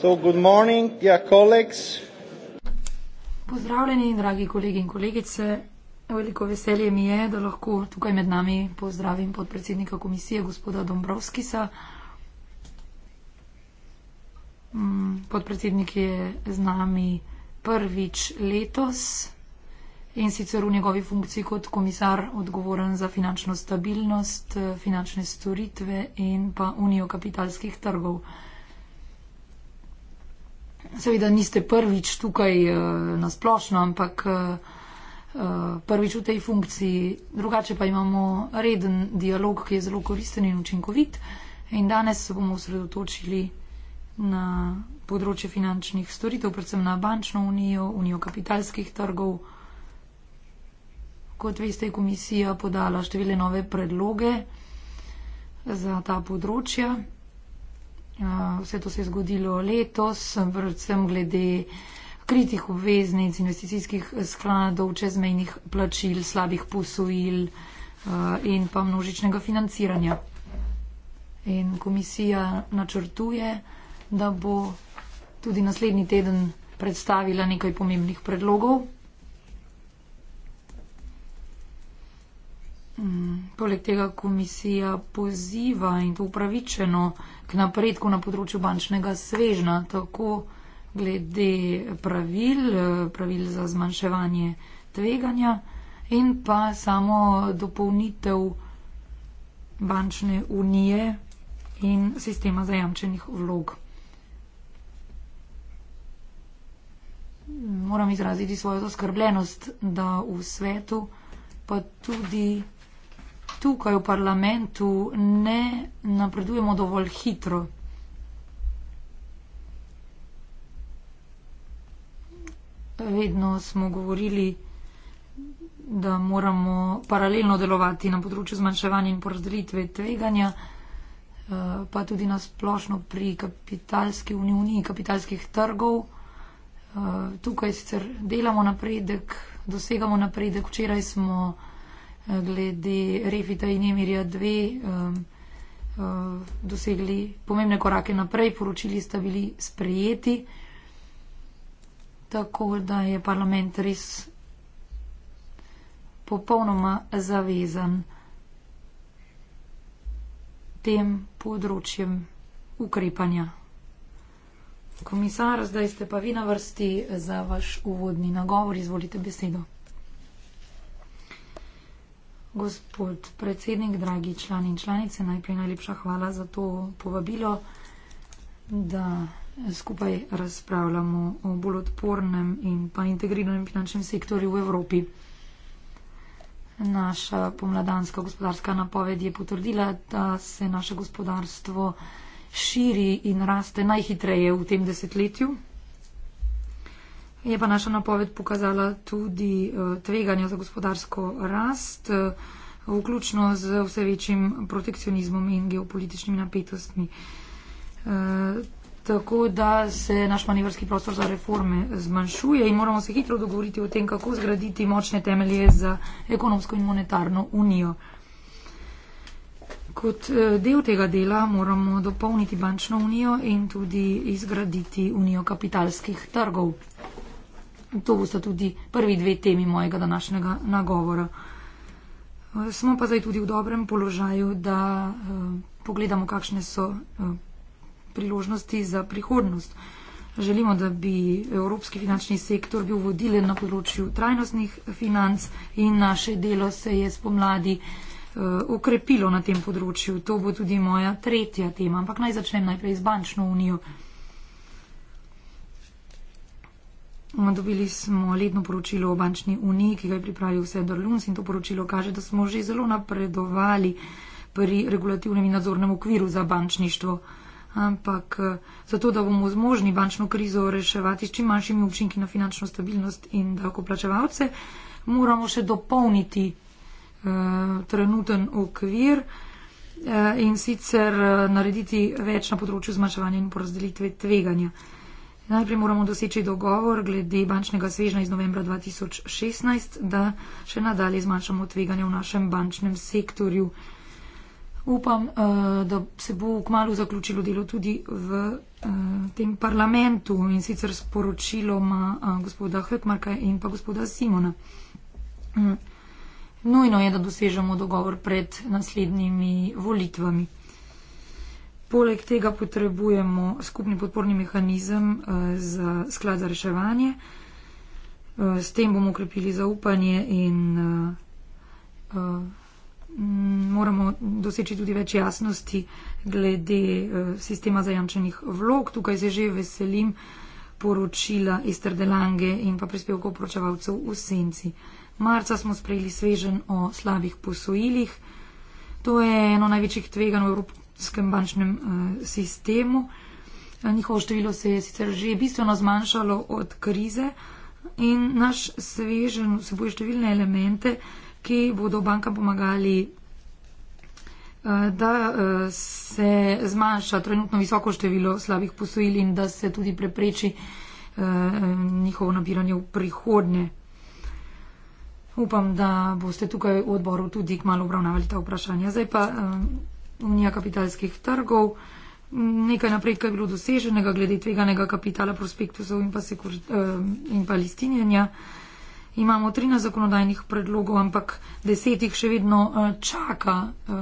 So, good morning, dear colleagues. Pozdravljeni, dragi kolegi in kolegice. Veliko veselje mi je, da lahko tukaj med nami pozdravim podpredsednika komisije, gospoda Dombrovskisa. Mm, podpredsednik je z nami prvič letos in sicer v njegovi funkciji kot komisar odgovoren za finančno stabilnost, finančne storitve in pa unijo kapitalskih trgov. Seveda niste prvič tukaj eh, na splošno, ampak eh, eh, prvič v tej funkciji. Drugače pa imamo reden dialog, ki je zelo koristen in učinkovit. In danes se bomo osredotočili na področje finančnih storitev, predvsem na bančno unijo, unijo kapitalskih trgov. Kot veste, je komisija podala številne nove predloge za ta področja. Ja, vse to se je zgodilo letos, predvsem glede kritih obveznic, investicijskih skladov, čezmejnih plačil, slabih posojil eh, in pa množičnega financiranja. In komisija načrtuje, da bo tudi naslednji teden predstavila nekaj pomembnih predlogov. Mm, poleg tega komisija poziva in to upravičeno k napredku na področju bančnega svežna, tako glede pravil, pravil za zmanjševanje tveganja in pa samo dopolnitev bančne unije in sistema zajamčenih vlog. Moram izraziti svojo zaskrbljenost, da v svetu pa tudi tukaj v parlamentu ne napredujemo dovolj hitro. Vedno smo govorili, da moramo paralelno delovati na področju zmanjševanja in porazdelitve tveganja, eh, pa tudi na splošno pri kapitalski uniji, kapitalskih trgov. Eh, tukaj sicer delamo napredek, dosegamo napredek. Včeraj smo glede Refita in Emirja 2 um, uh, dosegli pomembne korake naprej, poročili sta bili sprejeti, tako da je parlament res popolnoma zavezan tem področjem ukrepanja. Komisar, zdaj ste pa vi na vrsti za vaš uvodni nagovor, izvolite besedo. Gospod predsednik, dragi člani in članice, najprej najlepša hvala za to povabilo, da skupaj razpravljamo o bolj odpornem in pa integriranem finančnem sektorju v Evropi. Naša pomladanska gospodarska napoved je potrdila, da se naše gospodarstvo širi in raste najhitreje v tem desetletju. Je pa naša napoved pokazala tudi eh, tveganja za gospodarsko rast, eh, vključno z vse večjim protekcionizmom in geopolitičnimi napetostmi. Eh, tako da se naš manevrski prostor za reforme zmanjšuje in moramo se hitro dogovoriti o tem, kako zgraditi močne temelje za ekonomsko in monetarno unijo. Kot del tega dela moramo dopolniti bančno unijo in tudi izgraditi unijo kapitalskih trgov to bosta tudi prvi dve temi mojega današnjega nagovora. Eh, smo pa zdaj tudi v dobrem položaju, da eh, pogledamo, kakšne so eh, priložnosti za prihodnost. Želimo, da bi evropski finančni sektor bil vodilen na področju trajnostnih financ in naše delo se je spomladi ukrepilo na tem področju. To bo tudi moja tretja tema, ampak naj začnem najprej z bančno unijo. Dobili smo letno poročilo o bančni uniji, ki ga je pripravil Sedor Luns in to poročilo kaže, da smo že zelo napredovali pri regulativnem in nadzornem okviru za bančništvo. Ampak eh, zato, da bomo zmožni bančno krizo reševati s čim manjšimi učinki na finančno stabilnost in davkoplačevalce, moramo še dopolniti uh, trenuten okvir uh, in sicer uh, narediti več na področju zmanjševanja in porazdelitve tveganja. Uh, Najprej moramo doseči dogovor glede bančnega svežna iz novembra 2016, da še nadalje zmanjšamo tveganje v našem bančnem sektorju. Upam, eh, da se bo v kmalu zaključilo delo tudi v eh, tem parlamentu in sicer s poročilom eh, gospoda Hökmarka in pa gospoda Simona. Hm. Nujno je, da dosežemo dogovor pred naslednjimi volitvami. Poleg tega potrebujemo skupni podporni mehanizem eh, za sklad za reševanje. Eh, s tem bomo ukrepili zaupanje in eh, moramo doseči tudi več jasnosti glede sistema zajamčenih vlog. Tukaj se že veselim poročila Ester Delange in pa prispevkov poročevalcev v Senci. Marca smo sprejeli svežen o slabih posojilih. To je eno največjih tveganj v Evropi slovenskem bančnem uh, sistemu. Eh, njihovo število se je sicer že bistveno zmanjšalo od krize in naš svežen vsebuje številne elemente, ki bodo bankam pomagali, eh, da se zmanjša trenutno visoko število slabih posojil in da se tudi prepreči njihovo nabiranje v prihodnje. Upam, da boste tukaj v odboru tudi kmalo obravnavali ta vprašanja. Zdaj pa unija kapitalskih trgov, nekaj napredka je bilo doseženega glede tveganega kapitala prospektusov in pa, sekur, eh, in pa listinjenja. Imamo 13 zakonodajnih predlogov, ampak desetih še vedno eh, čaka eh,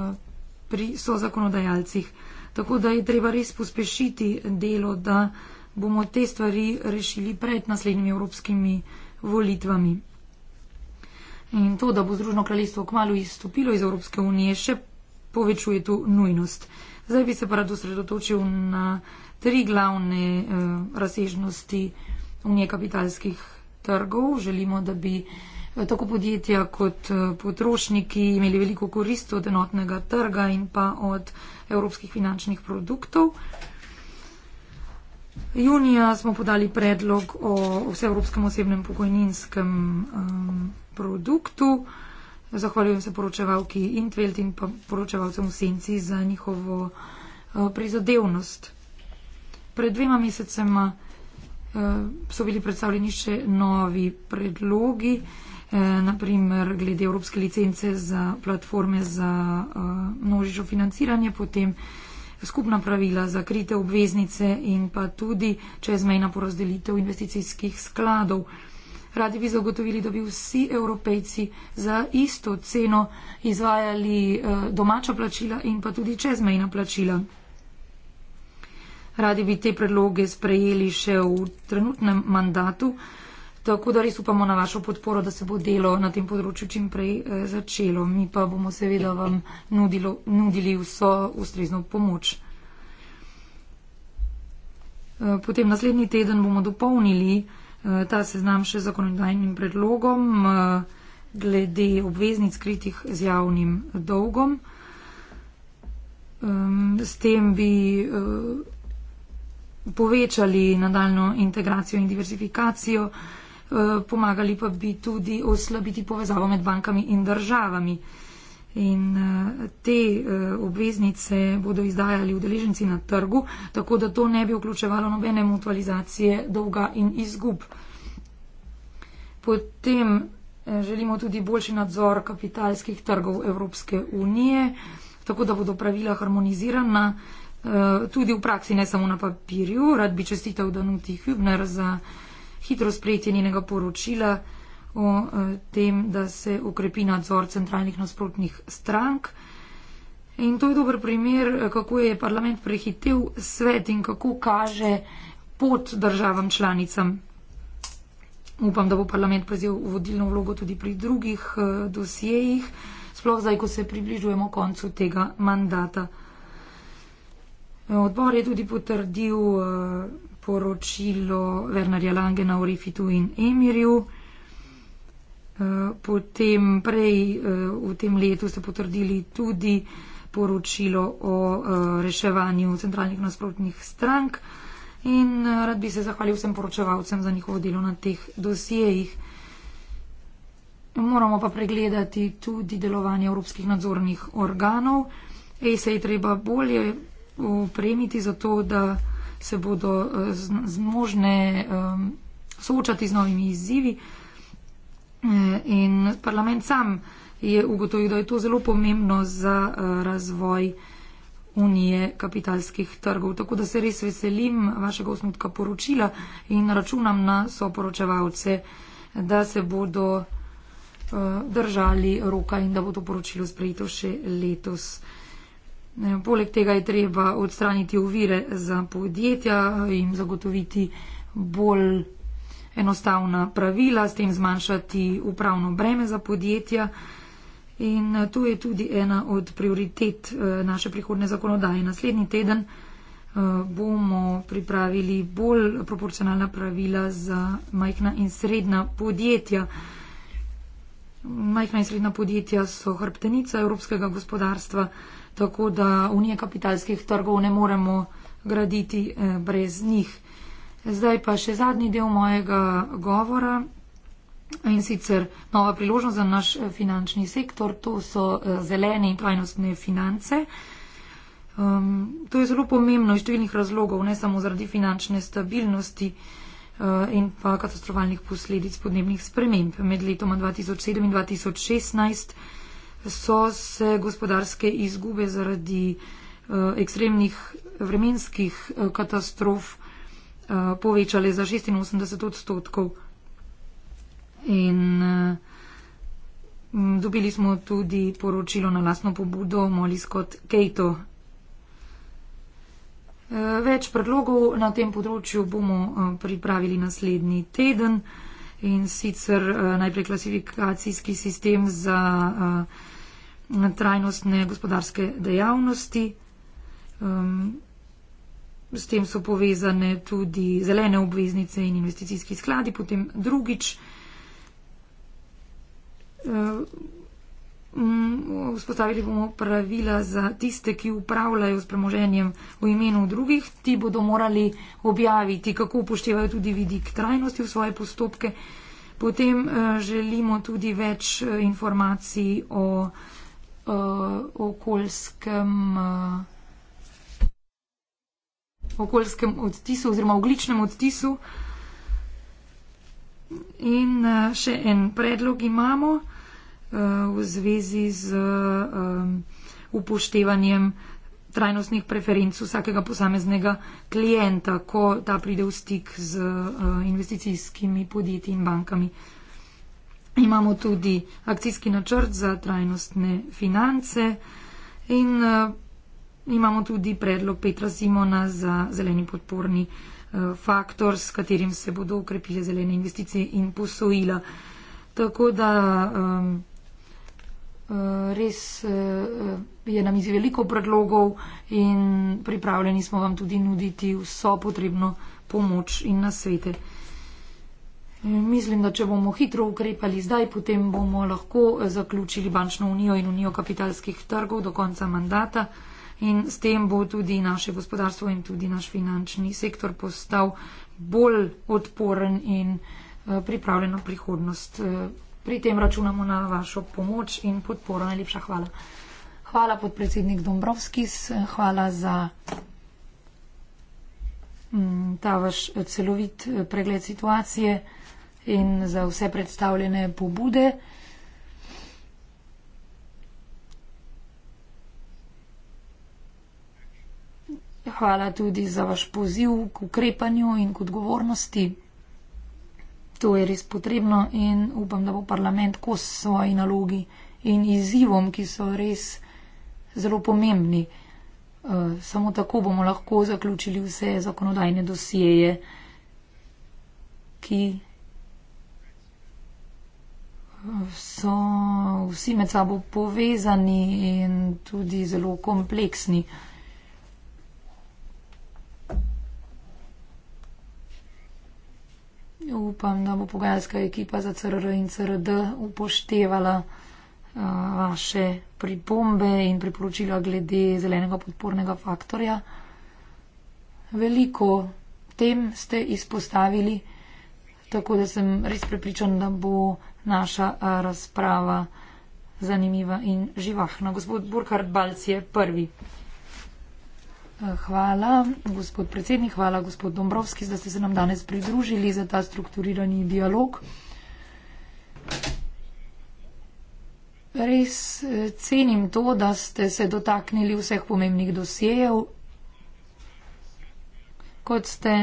pri sozakonodajalcih. Tako da je treba res pospešiti delo, da bomo te stvari rešili pred naslednjimi evropskimi volitvami. In to, da bo Združeno kraljestvo kmalo izstopilo iz Evropske unije, še povečuje to nujnost. Zdaj bi se pa rad osredotočil na tri glavne eh, razsežnosti unije kapitalskih trgov. Želimo, da bi eh, tako podjetja kot eh, potrošniki imeli veliko korist od enotnega trga in pa od evropskih finančnih produktov. Junija smo podali predlog o vseevropskem osebnem pokojninskem eh, produktu. Eh, Zahvaljujem se poročevalki Intveld in poročevalcem v Senci za njihovo eh, prizadevnost. Pred dvema mesecema eh, so bili predstavljeni še novi predlogi, eh, naprimer glede evropske licence za platforme za množično financiranje, potem skupna pravila za krite obveznice in pa tudi čezmejna porazdelitev investicijskih skladov radi bi zagotovili, da bi vsi evropejci za isto ceno izvajali eh, domača plačila in pa tudi čezmejna plačila. Radi bi te predloge sprejeli še v trenutnem mandatu, tako da res upamo na vašo podporo, da se bo delo na tem področju čim prej eh, začelo. Mi pa bomo seveda vam nudilo, nudili vso ustrezno pomoč. Eh, potem naslednji teden bomo dopolnili uh, ta seznam še zakonodajnim predlogom glede obveznic kritih z javnim dolgom. S tem bi e, povečali nadaljno integracijo in diversifikacijo, e, pomagali pa bi tudi oslabiti povezavo med bankami in državami. In eh, te eh, obveznice bodo izdajali udeleženci na trgu, tako da to ne bi vključevalo nobene mutualizacije dolga in izgub. Potem eh, želimo tudi boljši nadzor kapitalskih trgov Evropske unije, tako da bodo pravila harmonizirana tudi v praksi, ne samo na papirju. Rad bi čestital Danuti Hübner za hitro sprejetje njenega poročila o eh, tem, da se ukrepi nadzor centralnih nasprotnih strank. In to je dober primer, eh, kako je parlament prehitev svet in kako kaže pot državam članicam. Upam, da bo parlament prezel vodilno vlogo tudi pri drugih eh, dosjejih, sploh zdaj, ko se približujemo koncu tega mandata. Odbor je tudi potrdil poročilo Vernarja Lange na Orifitu in Emirju. Eh, potem prej eh, v tem letu ste potrdili tudi poročilo o eh, reševanju centralnih nasprotnih strank in rad bi se zahvalil vsem poročevalcem za njihovo delo na teh dosijejih. Moramo pa pregledati tudi delovanje evropskih nadzornih organov. Ej se je treba bolje upremiti za to, da se bodo zmožne soočati z novimi izzivi. In parlament sam je ugotovil, da je to zelo pomembno za eh, razvoj unije kapitalskih trgov. Tako da se res veselim vašega osnutka poročila in računam na soporočevalce, da se bodo eh, držali roka in da bo to poročilo sprejeto še letos. Eh, poleg tega je treba odstraniti ovire za podjetja in zagotoviti bolj enostavna pravila, s tem zmanjšati upravno breme za podjetja. In eh, to je tudi ena od prioritet eh, naše prihodne zakonodaje. Naslednji teden eh, bomo pripravili bolj proporcionalna pravila za majhna in srednja podjetja. Majhna in srednja podjetja so hrbtenica evropskega gospodarstva, tako da unije kapitalskih trgov ne moremo graditi brez njih. Zdaj pa še zadnji del mojega govora in sicer nova priložnost za naš eh, finančni sektor, to so eh, zelene in trajnostne finance. Um, to je zelo pomembno iz številnih razlogov, ne samo zaradi finančne stabilnosti uh, in pa katastrofalnih posledic podnebnih sprememb. Med letoma 2007 in 2016 so se gospodarske izgube zaradi uh, ekstremnih vremenskih uh, katastrof uh, Eh, povečali za 86 odstotkov. In uh, dobili smo tudi poročilo na lastno pobudo Molly Scott Kato. Uh, eh, več predlogov na tem področju bomo uh, pripravili naslednji teden in sicer uh, najprej klasifikacijski sistem za uh, trajnostne gospodarske dejavnosti. Um, S tem so povezane tudi zelene obveznice in investicijski skladi. Potem drugič, eh, mm, vzpostavili bomo pravila za tiste, ki upravljajo s premoženjem v imenu drugih. Ti bodo morali objaviti, kako upoštevajo tudi vidik trajnosti v svoje postopke. Potem eh, želimo tudi več eh, informacij o okoljskem. O okoljskem odtisu oziroma ogličnem odtisu. In eh, še en predlog imamo eh, v zvezi z eh, upoštevanjem trajnostnih preferenc vsakega posameznega klijenta, ko ta pride v stik z investicijskimi podjetji in bankami. Imamo tudi akcijski načrt za trajnostne finance in Imamo tudi predlog Petra Simona za zeleni podporni eh, faktor, s katerim se bodo ukrepile zelene investicije in posojila. Tako da um, res eh, je na mizi veliko predlogov in pripravljeni smo vam tudi nuditi vso potrebno pomoč in nasvete. Mislim, da če bomo hitro ukrepali zdaj, potem bomo lahko zaključili bančno unijo in unijo kapitalskih trgov do konca mandata in s tem bo tudi naše gospodarstvo in tudi naš finančni sektor postal bolj odporen in eh, pripravljen na prihodnost. Eh, pri tem računamo na vašo pomoč in podporo. Najlepša hvala. Hvala podpredsednik Dombrovski, eh, hvala za mm, ta vaš celovit pregled situacije in za vse predstavljene pobude. hvala tudi za vaš poziv k ukrepanju in k odgovornosti. To je res potrebno in upam, da bo parlament kos svoji nalogi in izzivom, ki so res zelo pomembni. Eh, samo tako bomo lahko zaključili vse zakonodajne dosjeje, ki eh, so vsi med sabo povezani in tudi zelo kompleksni. upam, da bo pogajalska ekipa za CRR in CRD upoštevala eh, vaše pripombe in priporočila glede zelenega podpornega faktorja. Veliko tem ste izpostavili, tako da sem res prepričan, da bo naša eh, razprava zanimiva in živahna. Gospod Burkhard Balc je prvi. Hvala, gospod predsednik, hvala, gospod Dombrovski, da ste se nam danes pridružili za ta strukturirani dialog. Res eh, cenim to, da ste se dotaknili vseh pomembnih dosijev. Kot ste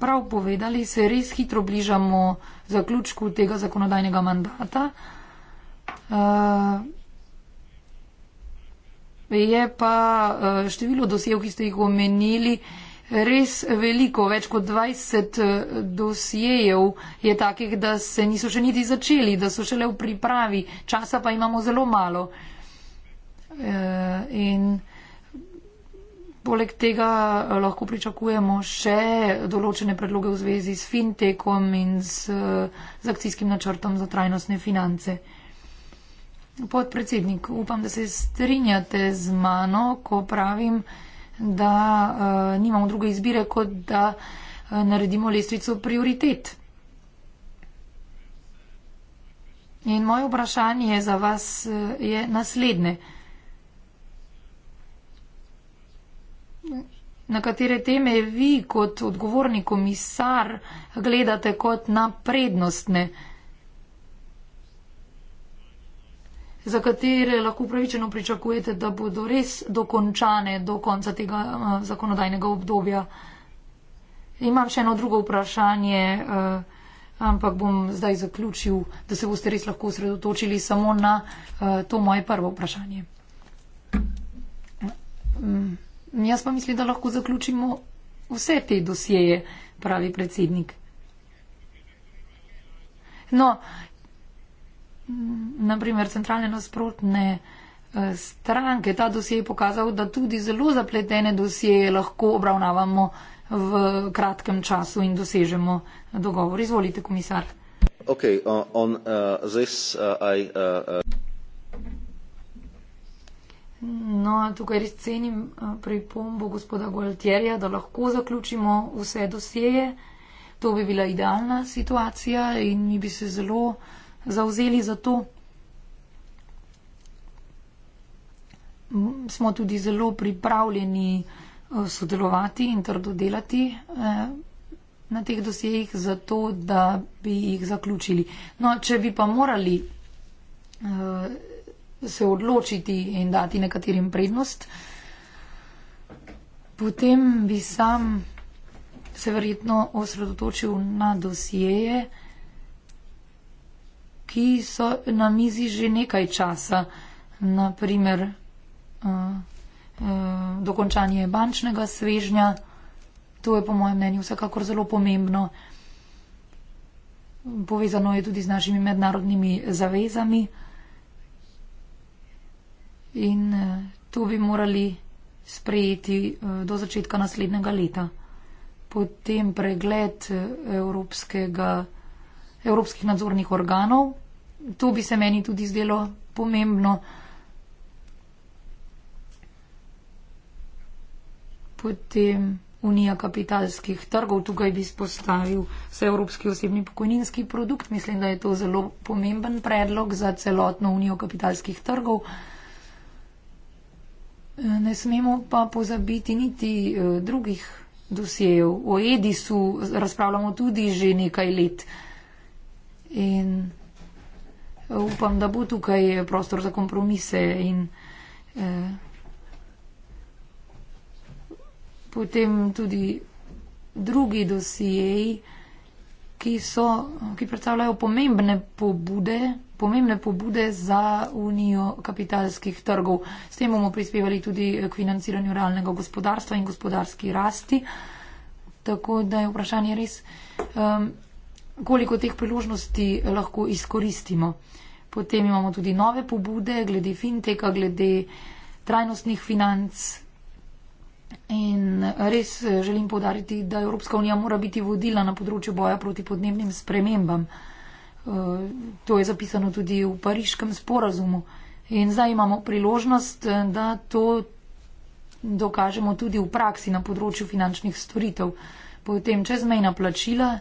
prav povedali, se res hitro bližamo zaključku tega zakonodajnega mandata. Uh, je pa eh, število dosjev, ki ste jih omenili, res veliko, več kot 20 eh, dosjejev je takih, da se niso še niti začeli, da so šele v pripravi, časa pa imamo zelo malo. Eh, in poleg tega lahko pričakujemo še določene predloge v zvezi s fintekom in z, z akcijskim načrtom za trajnostne finance. Podpredsednik, upam, da se strinjate z mano, ko pravim, da uh, nimamo druge izbire, kot da uh, naredimo lestvico prioritet. In moje vprašanje za vas eh, je naslednje. Na katere teme vi kot odgovorni komisar gledate kot na prednostne? Uh, za katere lahko pravičeno pričakujete, da bodo res dokončane do konca tega eh, zakonodajnega obdobja. Imam še eno drugo vprašanje, eh, ampak bom zdaj zaključil, da se boste res lahko osredotočili samo na eh, to moje prvo vprašanje. Mm, jaz pa mislim, da lahko zaključimo vse te dosjeje, pravi predsednik. No, naprimer centralne nasprotne eh, stranke, ta dosje je pokazal, da tudi zelo zapletene dosje lahko obravnavamo v kratkem času in dosežemo dogovor. Izvolite, komisar. Okay, uh, on, uh, this, uh, I, uh, uh... No, tukaj res cenim uh, pripombo gospoda Gualtierja, da lahko zaključimo vse dosjeje. To bi bila idealna situacija in mi bi se zelo uh, zauzeli za to. Smo tudi zelo pripravljeni eh, sodelovati in trdo delati eh, na teh dosejih, zato da bi jih zaključili. No, če bi pa morali eh, se odločiti in dati nekaterim prednost, potem bi sam se verjetno osredotočil na dosjeje ki so na mizi že nekaj časa, naprimer uh, eh, uh, eh, dokončanje bančnega svežnja. To je po mojem mnenju vsekakor zelo pomembno. Povezano je tudi z našimi mednarodnimi zavezami in eh, to bi morali sprejeti do začetka naslednjega leta. Potem pregled Evropskega evropskih nadzornih organov. To bi se meni tudi zdelo pomembno. Potem Unija kapitalskih trgov, tukaj bi spostavil se Evropski osebni pokojninski produkt. Mislim, da je to zelo pomemben predlog za celotno Unijo kapitalskih trgov. Ne smemo pa pozabiti niti eh, drugih dosjejev. O Edisu razpravljamo tudi že nekaj let. In upam, da bo tukaj prostor za kompromise in eh, potem tudi drugi dosijeji, ki, so, ki predstavljajo pomembne pobude, pomembne pobude za unijo kapitalskih trgov. S tem bomo prispevali tudi k financiranju realnega gospodarstva in gospodarski rasti. Tako da je vprašanje res. Eh, koliko teh priložnosti lahko izkoristimo. Potem imamo tudi nove pobude glede finteka, glede trajnostnih financ. In res želim povdariti, da Evropska unija mora biti vodila na področju boja proti podnebnim spremembam. Eh, to je zapisano tudi v pariškem sporazumu. In zdaj imamo priložnost, eh, da to dokažemo tudi v praksi na področju finančnih storitev. Potem čezmejna plačila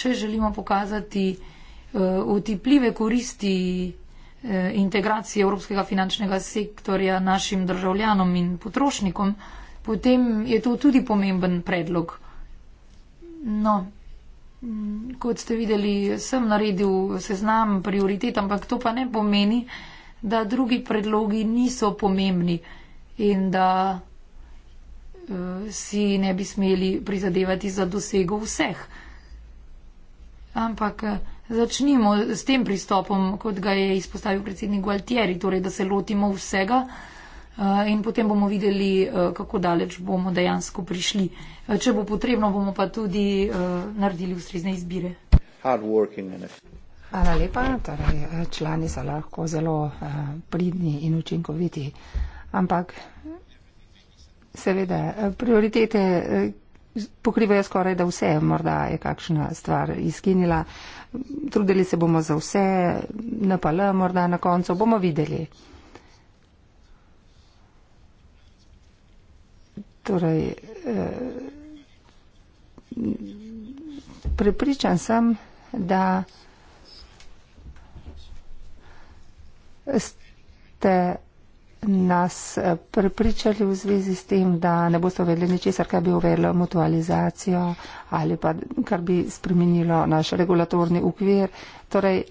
če želimo pokazati eh, otipljive koristi eh, integracije evropskega finančnega sektorja našim državljanom in potrošnikom, potem je to tudi pomemben predlog. No, mm, kot ste videli, sem naredil seznam prioritet, ampak to pa ne pomeni, da drugi predlogi niso pomembni in da uh, si ne bi smeli prizadevati za dosego vseh. Uh, Ampak eh, začnimo s tem pristopom, kot ga je izpostavil predsednik Gualtieri, torej da se lotimo vsega eh, in potem bomo videli, eh, kako daleč bomo dejansko prišli. Če bo potrebno, bomo pa tudi naredili ustrezne izbire. Hvala lepa. Torej, člani so lahko zelo pridni in učinkoviti. Ampak seveda prioritete, pokrivajo skoraj da vse, morda je kakšna stvar izginila. Trudili se bomo za vse, na PL morda na koncu bomo videli. Torej, eh, prepričan sem, da ste nas eh, prepričali v zvezi s tem, da ne boste uvedli ničesar, kar bi uvedlo mutualizacijo ali pa kar bi spremenilo naš regulatorni ukvir. Torej,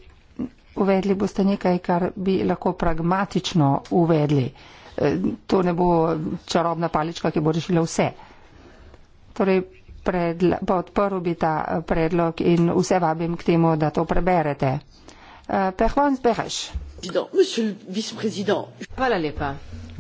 uvedli boste nekaj, kar bi lahko pragmatično uvedli. Eh, to ne bo čarobna palička, ki bo rešila vse. Torej, podprl bi ta eh, predlog in vse vabim k temu, da to preberete. Uh, Pehvan zbehaš. Hvala lepa,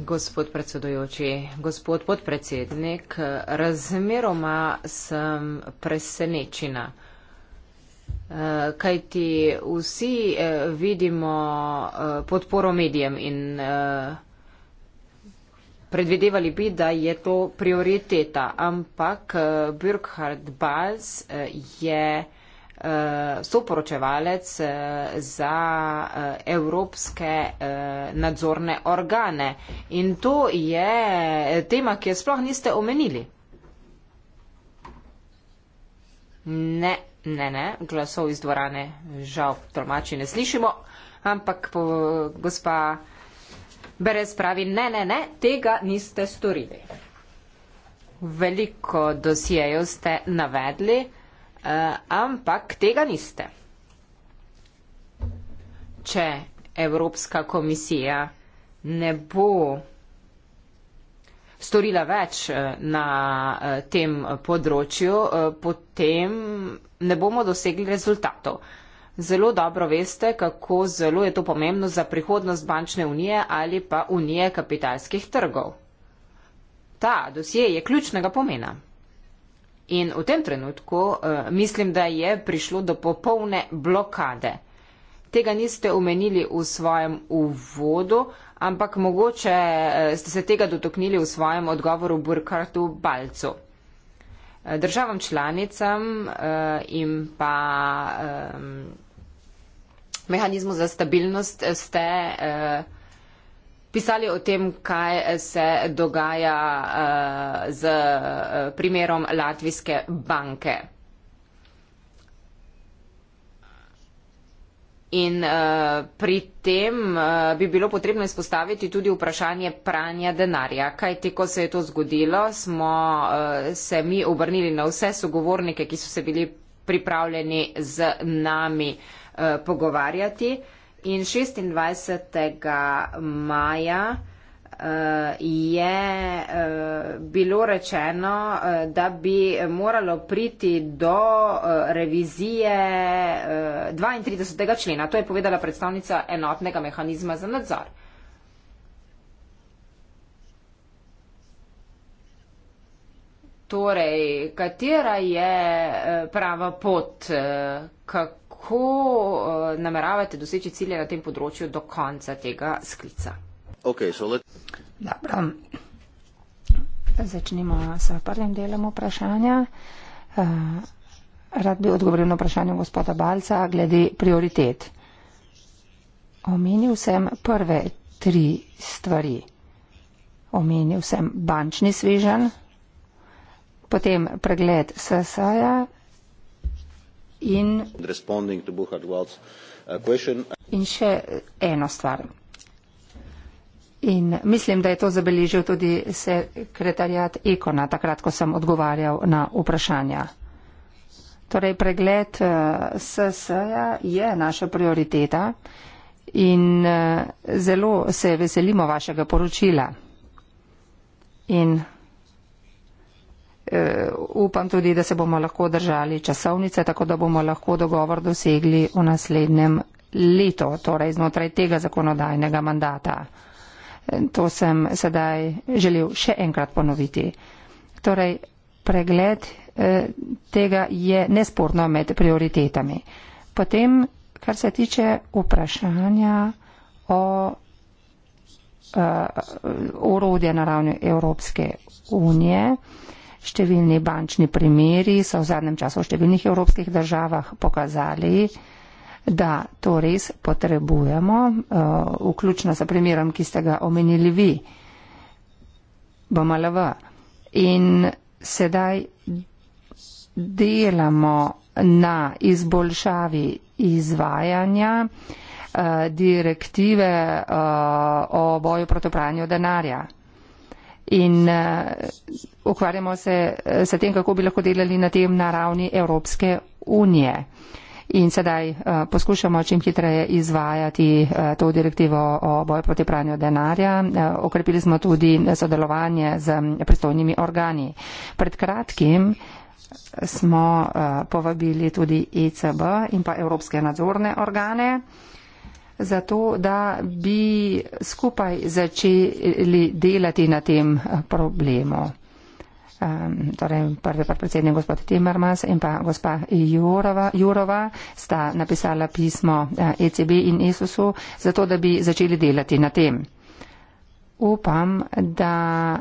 gospod predsedujoči. Gospod podpredsednik, razmeroma sem presenečena, eh, kaj ti vsi eh, vidimo eh, podporo medijem in predvidevali bi, da je to prioriteta, ampak Burkhard Bals je predsednik, Eh, soporočevalec eh, za eh, evropske nadzorne organe. In to je tema, ki jo sploh niste omenili. Ne, ne, ne, glasov iz dvorane žal tolmači ne slišimo, ampak po, gospa Berez pravi, ne, ne, ne, tega niste storili. Veliko dosijejo ste navedli. Eh, ampak tega niste. Če Evropska komisija ne bo storila več eh, na eh, tem področju, potem ne bomo dosegli rezultatov. Zelo dobro veste, kako zelo je to pomembno za prihodnost bančne unije ali pa unije kapitalskih trgov. Ta dosje je ključnega pomena. In v tem trenutku uh, mislim, da je prišlo do popolne blokade. Tega niste omenili v svojem uvodu, ampak mogoče uh, ste se tega dotoknili v svojem odgovoru Burkartu Balcu. Eh, državam članicam uh, in pa um, mehanizmu za stabilnost ste. Uh, pisali o tem, kaj se dogaja eh, z eh, primerom Latvijske banke. In uh, pri tem uh, bi bilo potrebno izpostaviti tudi vprašanje pranja denarja, kaj te, ko se je to zgodilo, smo uh, se mi obrnili na vse sogovornike, ki so se bili pripravljeni z nami uh, pogovarjati. Uh, In 26. maja uh, je uh, bilo rečeno, uh, da bi moralo priti do uh, revizije uh, 32. člena. To je povedala predstavnica enotnega mehanizma za nadzor. Torej, katera je prava pot, kako? kako uh, nameravate doseči cilje na tem področju do konca tega sklica? Okay, let... Dobro. Začnimo s prvim delom vprašanja. Uh, rad bi odgovoril na vprašanje gospoda Balca glede prioritet. Omenil sem prve tri stvari. Omenil sem bančni svežen, potem pregled SSA-ja In, uh, in še eh, eno stvar. In mislim, da je to zabeležil tudi sekretarjat Ikona, takrat, ko sem odgovarjal na vprašanja. Torej, pregled eh, SS-ja je naša prioriteta in eh, zelo se veselimo vašega poročila. In Eh, upam tudi, da se bomo lahko držali časovnice, tako da bomo lahko dogovor dosegli v naslednjem letu, torej znotraj tega zakonodajnega mandata. Eh, to sem sedaj želel še enkrat ponoviti. Torej, pregled eh, tega je nesporno med prioritetami. Potem, kar se tiče vprašanja o uh, urodje na ravni Evropske unije, uh, Številni bančni primeri so v zadnjem času v številnih evropskih državah pokazali, da to res potrebujemo, eh, vključno sa primerom, ki ste ga omenili vi, BMLV. In sedaj delamo na izboljšavi izvajanja eh, direktive eh, o boju proti pranju denarja in uh, ukvarjamo se eh, s tem, kako bi lahko delali na tem na ravni Evropske unije. In sedaj uh, poskušamo čim hitreje izvajati uh, to direktivo o boju proti pranju denarja. Uh, okrepili smo tudi sodelovanje z pristojnimi organi. Pred kratkim smo uh, povabili tudi ECB in pa Evropske nadzorne organe. Uh, zato, da bi skupaj začeli delati na tem problemu. Um, torej, prvi predsednik gospod Timmermans in pa gospa Jurova, Jurova sta napisala pismo ECB eh, e in ESUS-u, zato da bi začeli delati na tem. Upam, da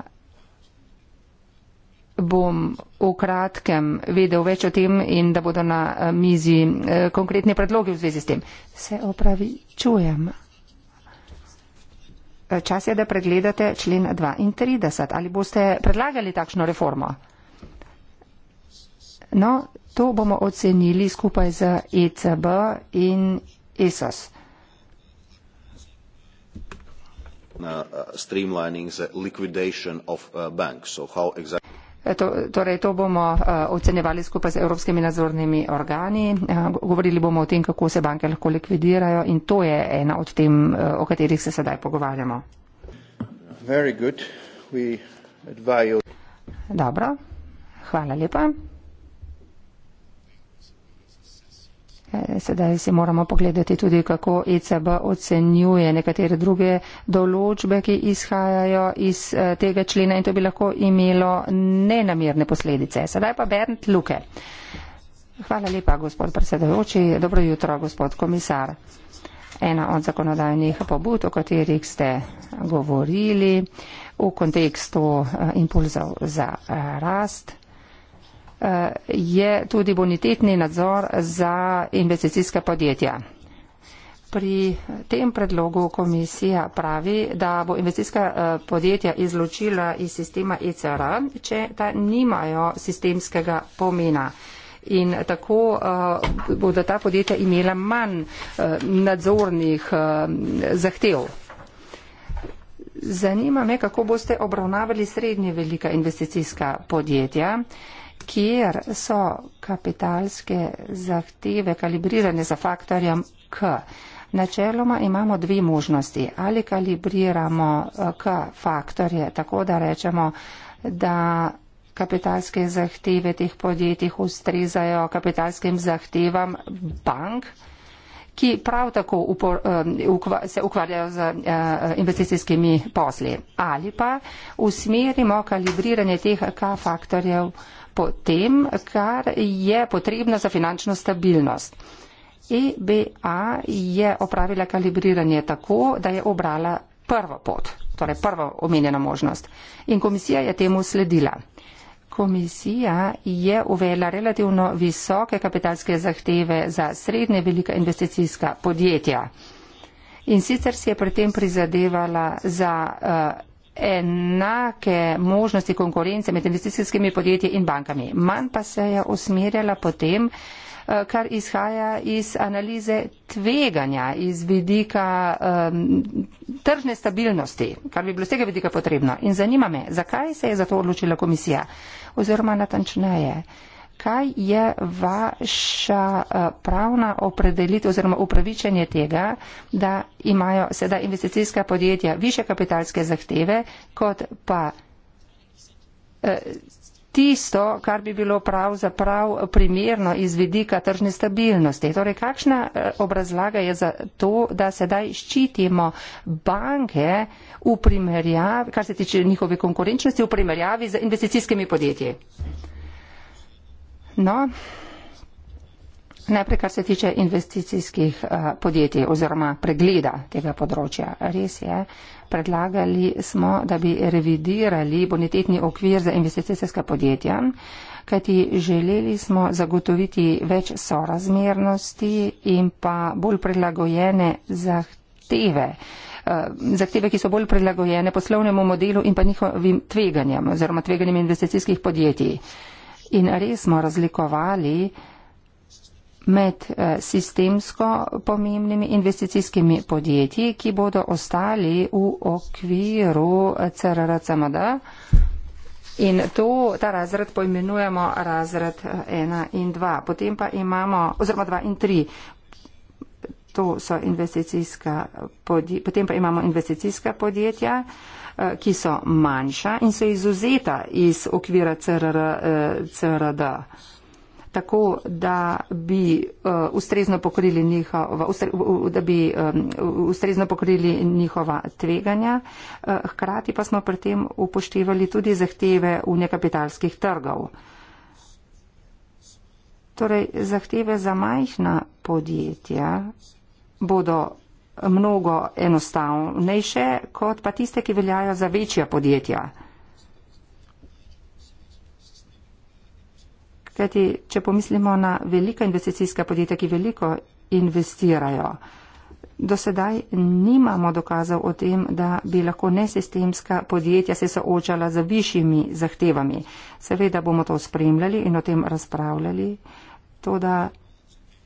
bom v kratkem vedel več o tem in da bodo na eh, mizi eh, konkretni predlogi v zvezi s tem. Se opravi, čujem. Eh, čas je, da pregledate člen 32. Ali boste predlagali takšno reformo? No, to bomo ocenili skupaj z ECB in ESOS. Streamlining the liquidation of banks. So how exactly... E, to, torej, to bomo uh, ocenjevali skupaj z evropskimi nadzornimi organi. Uh, govorili bomo o tem, kako se banke lahko likvidirajo in to je ena od tem, uh, o katerih se sedaj pogovarjamo. Dobro, hvala lepa. Sedaj si moramo pogledati tudi, kako ECB ocenjuje nekatere druge določbe, ki izhajajo iz eh, tega člena in to bi lahko imelo nenamirne posledice. Sedaj pa Bernd Luke. Hvala lepa, gospod predsedujoči. Dobro jutro, gospod komisar. Ena od zakonodajnih pobud, o katerih ste govorili v kontekstu eh, impulzov za eh, rast. Eh, je tudi bonitetni nadzor za investicijska podjetja. Pri tem predlogu komisija pravi, da bo investicijska eh, podjetja izločila iz sistema ECR, če ta nimajo sistemskega pomena. In tako uh, bodo ta podjetja imela manj uh, nadzornih uh, zahtev. Zanima me, kako boste obravnavali srednje velika investicijska podjetja. Uh, kjer so kapitalske zahteve kalibrirane za faktorjem K. Načeloma imamo dve možnosti. Ali kalibriramo eh, K faktorje tako, da rečemo, da kapitalske zahteve teh podjetij ustrezajo kapitalskim zahtevam bank, ki prav tako upor, eh, ukva, se ukvarjajo z eh, investicijskimi posli. Ali pa usmerimo kalibriranje teh K faktorjev po tem, kar je potrebno za finančno stabilnost. EBA je opravila kalibriranje tako, da je obrala prvo pot, torej prvo omenjeno možnost. In komisija je temu sledila. Komisija je uvela relativno visoke kapitalske zahteve za srednje velika investicijska podjetja. In sicer si je pri tem prizadevala za uh, enake možnosti konkurence med investicijskimi podjetji in bankami. Manj pa se je usmerjala potem, eh, kar izhaja iz analize tveganja, iz vidika um, tržne stabilnosti, kar bi bilo z tega vidika potrebno. In zanima me, zakaj se je za to odločila komisija oziroma natančneje kaj je vaša eh, pravna opredelitev oziroma upravičenje tega, da imajo sedaj investicijska podjetja više kapitalske zahteve, kot pa eh, tisto, kar bi bilo pravzaprav primerno iz vidika tržne stabilnosti. Torej, kakšna eh, obrazlaga je za to, da sedaj ščitimo banke v primerjavi, kar se tiče njihove konkurenčnosti, v primerjavi z investicijskimi podjetji? No, najprej, kar se tiče investicijskih eh, podjetij oziroma pregleda tega področja. Res je, predlagali smo, da bi revidirali bonitetni okvir za investicijske podjetja, kajti želeli smo zagotoviti več sorazmernosti in pa bolj prilagojene zahteve. Eh, zahteve, ki so bolj prilagojene poslovnemu modelu in pa njihovim tveganjem oziroma tveganjem investicijskih podjetij. In res smo razlikovali med eh, sistemsko pomembnimi investicijskimi podjetji, ki bodo ostali v okviru eh, CRRCMD. In to, ta razred poimenujemo razred 1 eh, in 2. Potem pa imamo, oziroma 2 in 3. To so investicijska podjetja. Potem pa imamo investicijska podjetja. Eh, ki so manjša in so izuzeta iz okvira CRR, eh, CRD. Tako, da bi, uh, ustrezno, pokrili njihova, ustre, da bi um, ustrezno pokrili njihova tveganja, uh, hkrati pa smo pri tem upoštevali tudi zahteve unekapitalskih trgov. Torej, zahteve za majhna podjetja bodo mnogo enostavnejše, kot pa tiste, ki veljajo za večja podjetja. Kajti, če pomislimo na velika investicijska podjetja, ki veliko investirajo, do sedaj nimamo dokazov o tem, da bi lahko nesistemska podjetja se soočala z višjimi zahtevami. Seveda bomo to spremljali in o tem razpravljali, to da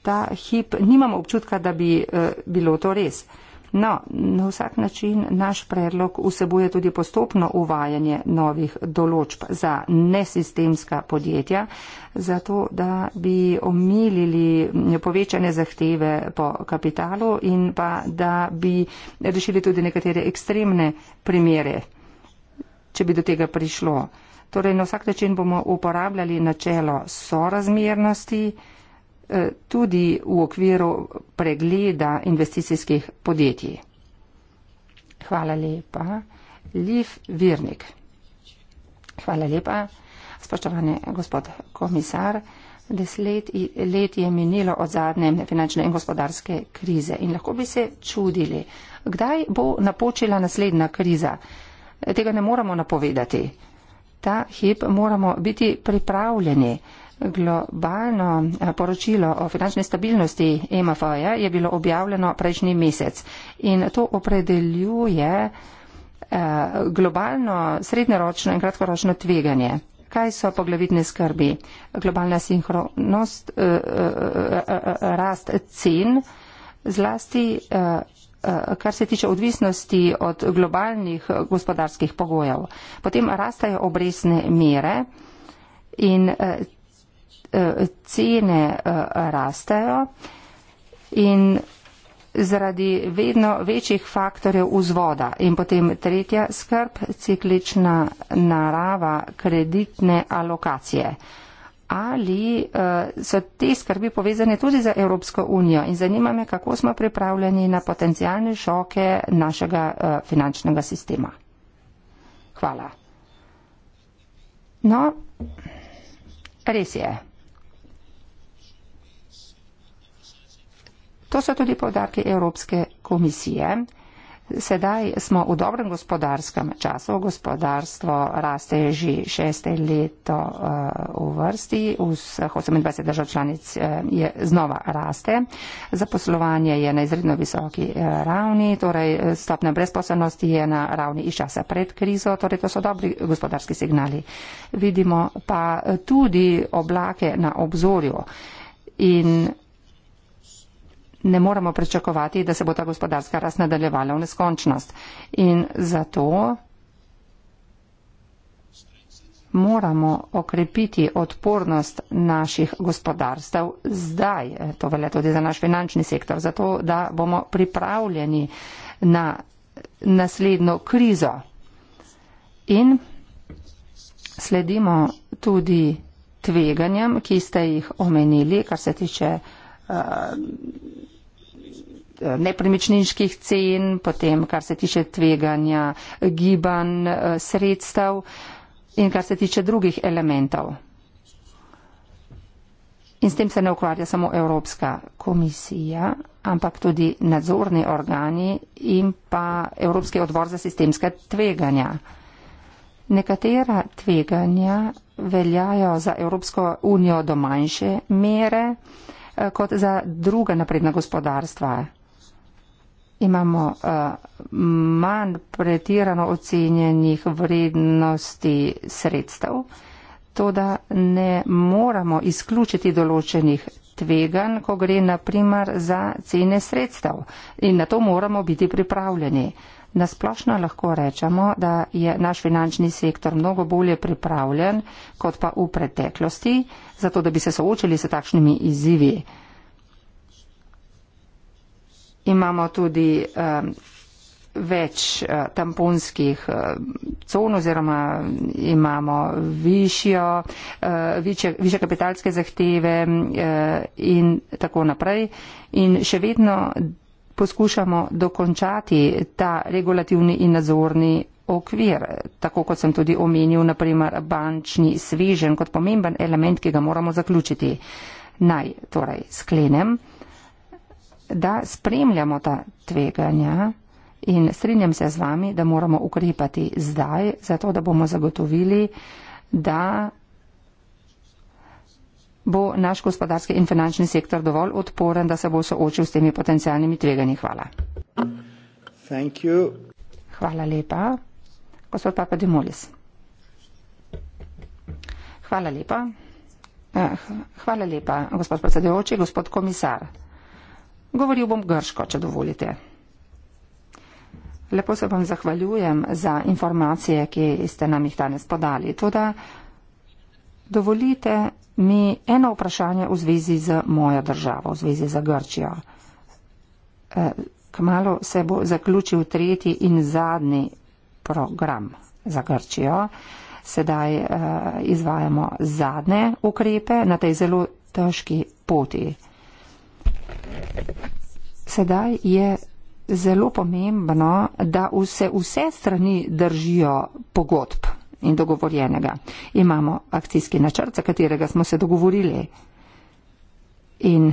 ta hip nimamo občutka, da bi eh, bilo to res. No, na vsak način naš predlog vsebuje tudi postopno uvajanje novih določb za nesistemska podjetja, zato da bi omilili povečane zahteve po kapitalu in pa da bi rešili tudi nekatere ekstremne primere, če bi do tega prišlo. Torej, na vsak način bomo uporabljali načelo sorazmernosti. Eh, tudi v okviru pregleda investicijskih podjetij. Hvala lepa. Liv Virnik. Hvala lepa, spoštovane gospod komisar. Deset let je minilo od zadnje finančne in gospodarske krize in lahko bi se čudili, kdaj bo napočila naslednja kriza. Tega ne moremo napovedati. Ta hip moramo biti pripravljeni. Globalno eh, poročilo o finančni stabilnosti MFO-ja je bilo objavljeno prejšnji mesec in to opredeljuje eh, globalno srednjeročno in kratkoročno tveganje. Kaj so poglavitne skrbi? Globalna sinhronost, eh, rast cen, zlasti kar se tiče odvisnosti od globalnih gospodarskih pogojev. Potem rastajo obresne mere in Eh, cene eh, rastejo in zaradi vedno večjih faktorjev vzvoda. In potem tretja skrb, ciklična narava kreditne alokacije. Ali uh, so te skrbi povezane tudi za Evropsko unijo in zanima me, kako smo pripravljeni na potencijalne šoke našega uh, finančnega sistema. Hvala. No, res je. To so tudi podatki Evropske komisije. Sedaj smo v dobrem gospodarskem času, gospodarstvo raste že šeste leto eh, v vrsti, vs 28 držav članic eh, je znova raste, zaposlovanje je na izredno visoki eh, ravni, torej stopna brezposobnosti je na ravni iz časa pred krizo, torej to so dobri gospodarski signali. Vidimo pa tudi oblake na obzorju in ne moremo pričakovati, da se bo ta gospodarska rast nadaljevala v neskončnost. In zato moramo okrepiti odpornost naših gospodarstv zdaj, to velja tudi za naš finančni sektor, zato da bomo pripravljeni na naslednjo krizo. In sledimo tudi tveganjem, ki ste jih omenili, kar se tiče uh, Eh, nepremičninskih cen, potem kar se tiče tveganja gibanj eh, sredstev in kar se tiče drugih elementov. In s tem se ne ukvarja samo Evropska komisija, ampak tudi nadzorni organi in pa Evropski odbor za sistemska tveganja. Nekatera tveganja veljajo za Evropsko unijo do manjše mere eh, kot za druga napredna gospodarstva imamo eh, manj pretirano ocenjenih vrednosti sredstev, to da ne moramo izključiti določenih tvegan, ko gre naprimer za cene sredstev in na to moramo biti pripravljeni. Nasplošno lahko rečemo, da je naš finančni sektor mnogo bolje pripravljen kot pa v preteklosti, zato da bi se soočili s takšnimi izzivi imamo tudi eh, več eh, tamponskih eh, con oziroma imamo višjo, višje, višje kapitalske zahteve in tako naprej. In še vedno poskušamo dokončati ta regulativni in nadzorni okvir, tako kot sem tudi omenil, naprimer bančni svežen kot pomemben element, ki ga moramo zaključiti. Naj torej sklenem da spremljamo ta tveganja in strinjam se z vami, da moramo ukrepati zdaj, zato da bomo zagotovili, da bo naš gospodarski in finančni sektor dovolj odporen, da se bo soočil s temi potencijalnimi tveganji. Hvala. Hvala lepa. Gospod Papa Dimolis. Hvala lepa. Eh, hvala lepa, gospod predsedujoči, gospod komisar. Govoril bom grško, če dovolite. Lepo se vam zahvaljujem za informacije, ki ste nam jih danes podali. Tudi dovolite mi eno vprašanje v zvezi z mojo državo, v zvezi z Grčijo. E, kmalo se bo zaključil tretji in zadnji program za Grčijo. Sedaj e, izvajamo zadnje ukrepe na tej zelo težki poti. Sedaj je zelo pomembno, da se vse strani držijo pogodb in dogovorjenega. Imamo akcijski načrt, za katerega smo se dogovorili. In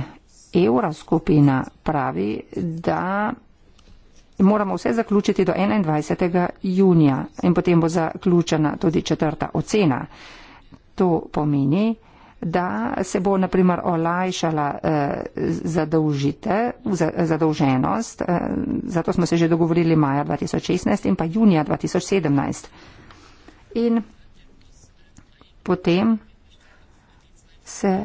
evra skupina pravi, da moramo vse zaključiti do 21. junija in potem bo zaključena tudi četrta ocena. To pomeni, da se bo naprimer olajšala eh, zadolženost. Eh, zato smo se že dogovorili maja 2016 in pa junija 2017. In potem se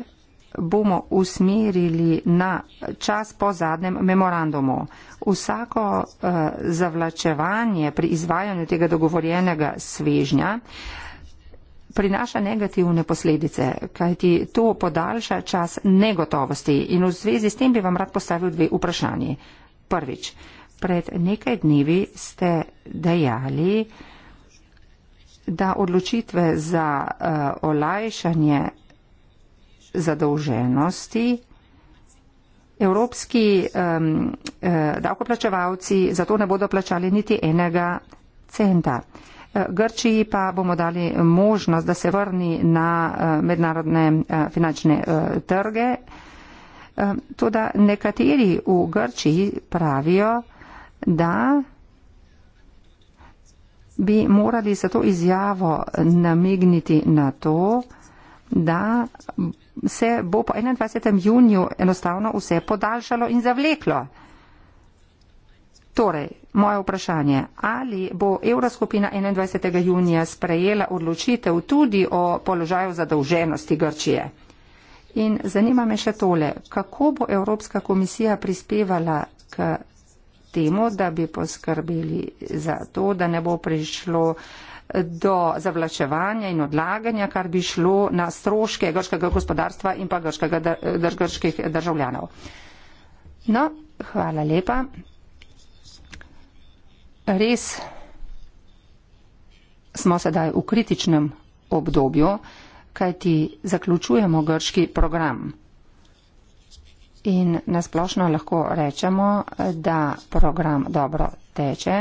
bomo usmerili na čas po zadnjem memorandumu. Vsako uh, zavlačevanje pri izvajanju tega dogovorjenega svežnja uh, prinaša negativne posledice, kajti to podaljša čas negotovosti in v zvezi s tem bi vam rad postavil dve vprašanje. Prvič, pred nekaj dnevi ste dejali, da odločitve za uh, olajšanje zadolženosti evropski um, uh, davkoplačevalci zato ne bodo plačali niti enega centa. Uh, Grčiji pa bomo dali možnost, da se vrni na eh, mednarodne eh, finančne eh, trge. Tudi nekateri v Grčiji pravijo, da bi morali za to izjavo namigniti na to, da se bo po 21. juniju enostavno vse podaljšalo in zavleklo. Torej, moje vprašanje, ali bo Evroskupina 21. junija sprejela odločitev tudi o položaju zadolženosti Grčije? In zanima me še tole, kako bo Evropska komisija prispevala k temu, da bi poskrbeli za to, da ne bo prišlo do zavlačevanja in odlaganja, kar bi šlo na stroške grškega gospodarstva in pa grških državljanov. No, hvala lepa res smo sedaj v kritičnem obdobju, kajti zaključujemo grški program. In nasplošno lahko rečemo, da program dobro teče.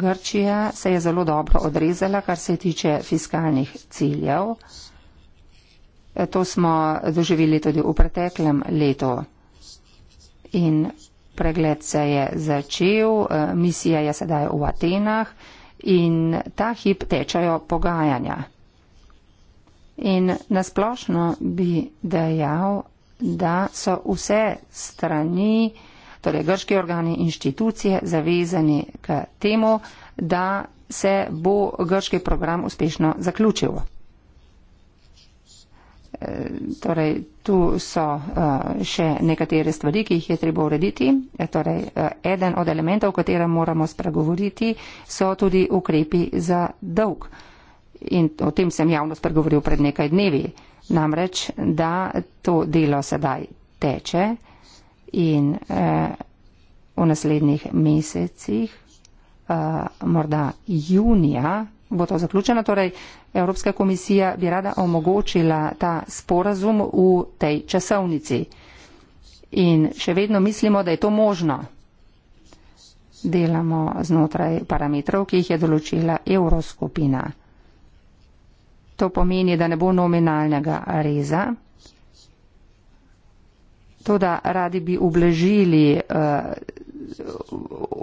Grčija se je zelo dobro odrezala, kar se tiče fiskalnih ciljev. To smo doživeli tudi v preteklem letu. In pregled se je začel, eh, misija je sedaj v Atenah in ta hip tečajo pogajanja. In nasplošno bi dejal, da so vse strani, torej grški organi in inštitucije, zavezani k temu, da se bo grški program uspešno zaključil. Torej, tu so eh, še nekatere stvari, ki jih je treba urediti. Eh, torej, eh, eden od elementov, o katerem moramo spregovoriti, so tudi ukrepi za dolg. In o tem sem javno spregovoril pred nekaj dnevi. Namreč, da to delo sedaj teče in v naslednjih mesecih, morda junija, bo to zaključeno. Torej, Evropska komisija bi rada omogočila ta sporazum v tej časovnici. In še vedno mislimo, da je to možno. Delamo znotraj parametrov, ki jih je določila Evroskupina. To pomeni, da ne bo nominalnega reza. To, da radi bi ublažili uh,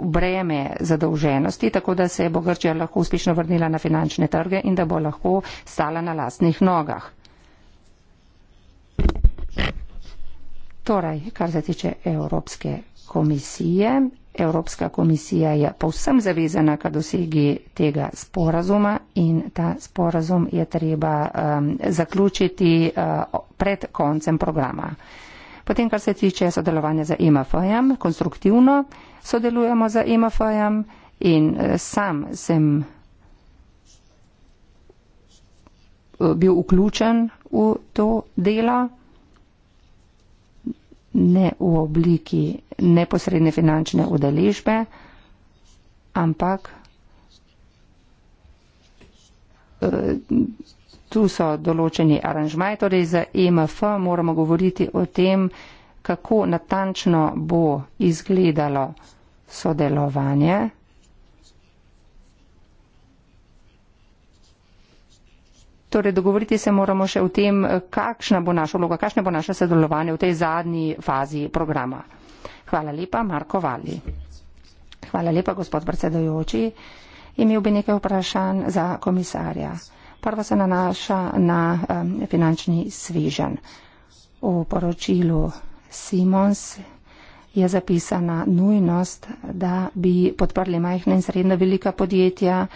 breme zadolženosti, tako da se bo Grčija lahko uspešno vrnila na finančne trge in da bo lahko stala na lastnih nogah. Torej, kar se tiče Evropske komisije. Evropska komisija je povsem zavezana k dosegi tega sporazuma in ta sporazum je treba um, zaključiti uh, pred koncem programa. Uh, Potem, kar se tiče sodelovanja z IMF-jem, konstruktivno sodelujemo z IMF-jem in eh, sam sem eh, bil vključen v to delo, ne v obliki neposredne finančne udeležbe, ampak eh, tu so določeni aranžmaji, torej za EMF moramo govoriti o tem, kako natančno bo izgledalo sodelovanje. Torej, dogovoriti se moramo še o tem, kakšna bo naša vloga, kakšne bo naše sodelovanje v tej zadnji fazi programa. Hvala lepa, Marko Vali. Hvala lepa, gospod predsedojoči. Imel bi nekaj vprašanj za komisarja. Prva se nanaša na um, finančni svežen. V poročilu Simons je zapisana nujnost, da bi podprli majhne in srednje velika podjetja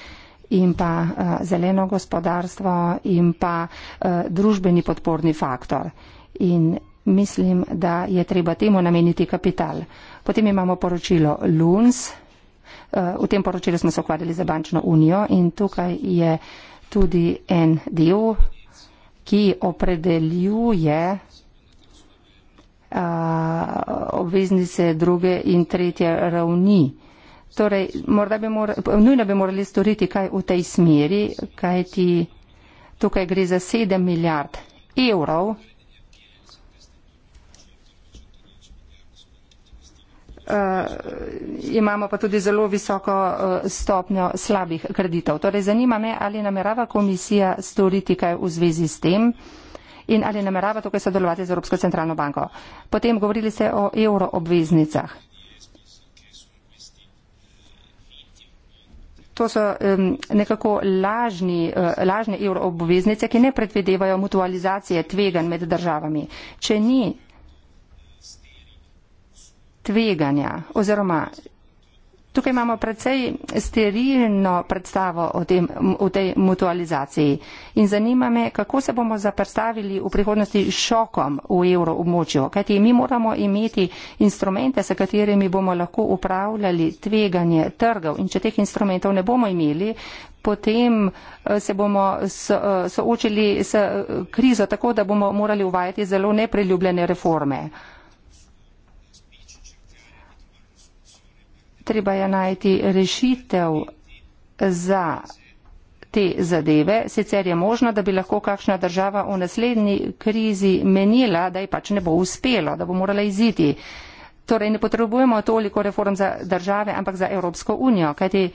in pa uh, zeleno gospodarstvo in pa uh, družbeni podporni faktor. In mislim, da je treba temu nameniti kapital. Potem imamo poročilo LUNS. Uh, v tem poročilu smo se ukvarjali za bančno unijo in tukaj je tudi en del, ki opredeljuje a, obveznice druge in tretje ravni. Torej, bi mora, nujno bi morali storiti kaj v tej smeri, kajti tukaj gre za 7 milijard evrov uh, imamo pa tudi zelo visoko uh, stopnjo slabih kreditov. Torej zanima me, ali namerava komisija storiti kaj v zvezi s tem in ali namerava tukaj sodelovati z Evropsko centralno banko. Potem govorili ste o euroobveznicah. To so um, nekako lažni, uh, lažne evroobveznice, ki ne predvidevajo mutualizacije tvegan med državami. Če ni tveganja oziroma tukaj imamo predvsej sterilno predstavo o, tem, o tej mutualizaciji in zanima me, kako se bomo zaprstavili v prihodnosti šokom v evroobmočju, kajti mi moramo imeti instrumente, s katerimi bomo lahko upravljali tveganje trgov in če teh instrumentov ne bomo imeli, potem eh, se bomo eh, soočili s eh, krizo tako, da bomo morali uvajati zelo nepriljubljene reforme. treba je najti rešitev za te zadeve. Sicer je možno, da bi lahko kakšna država v naslednji krizi menila, da ji pač ne bo uspelo, da bo morala iziti. Torej ne potrebujemo toliko reform za države, ampak za Evropsko unijo, kajti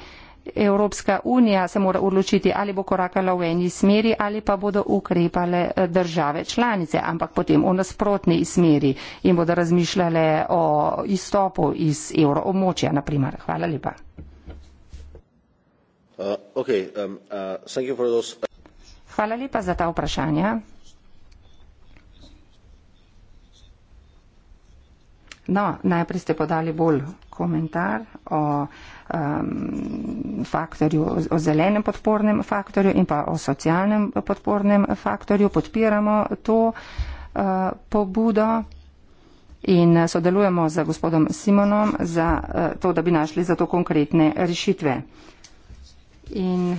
Evropska unija se mora odločiti, ali bo korakala v eni smeri ali pa bodo ukrepale eh, države članice, ampak potem v nasprotni smeri in bodo razmišljale o izstopu iz evroobmočja, naprimer. Hvala lepa. Uh, okay, um, uh, those, uh... Hvala lepa za ta vprašanja. No, najprej ste podali bolj komentar o um, faktorju, o zelenem podpornem faktorju in pa o socialnem podpornem faktorju. Podpiramo to uh, pobudo in uh, sodelujemo z gospodom Simonom za uh, to, da bi našli za to konkretne rešitve. In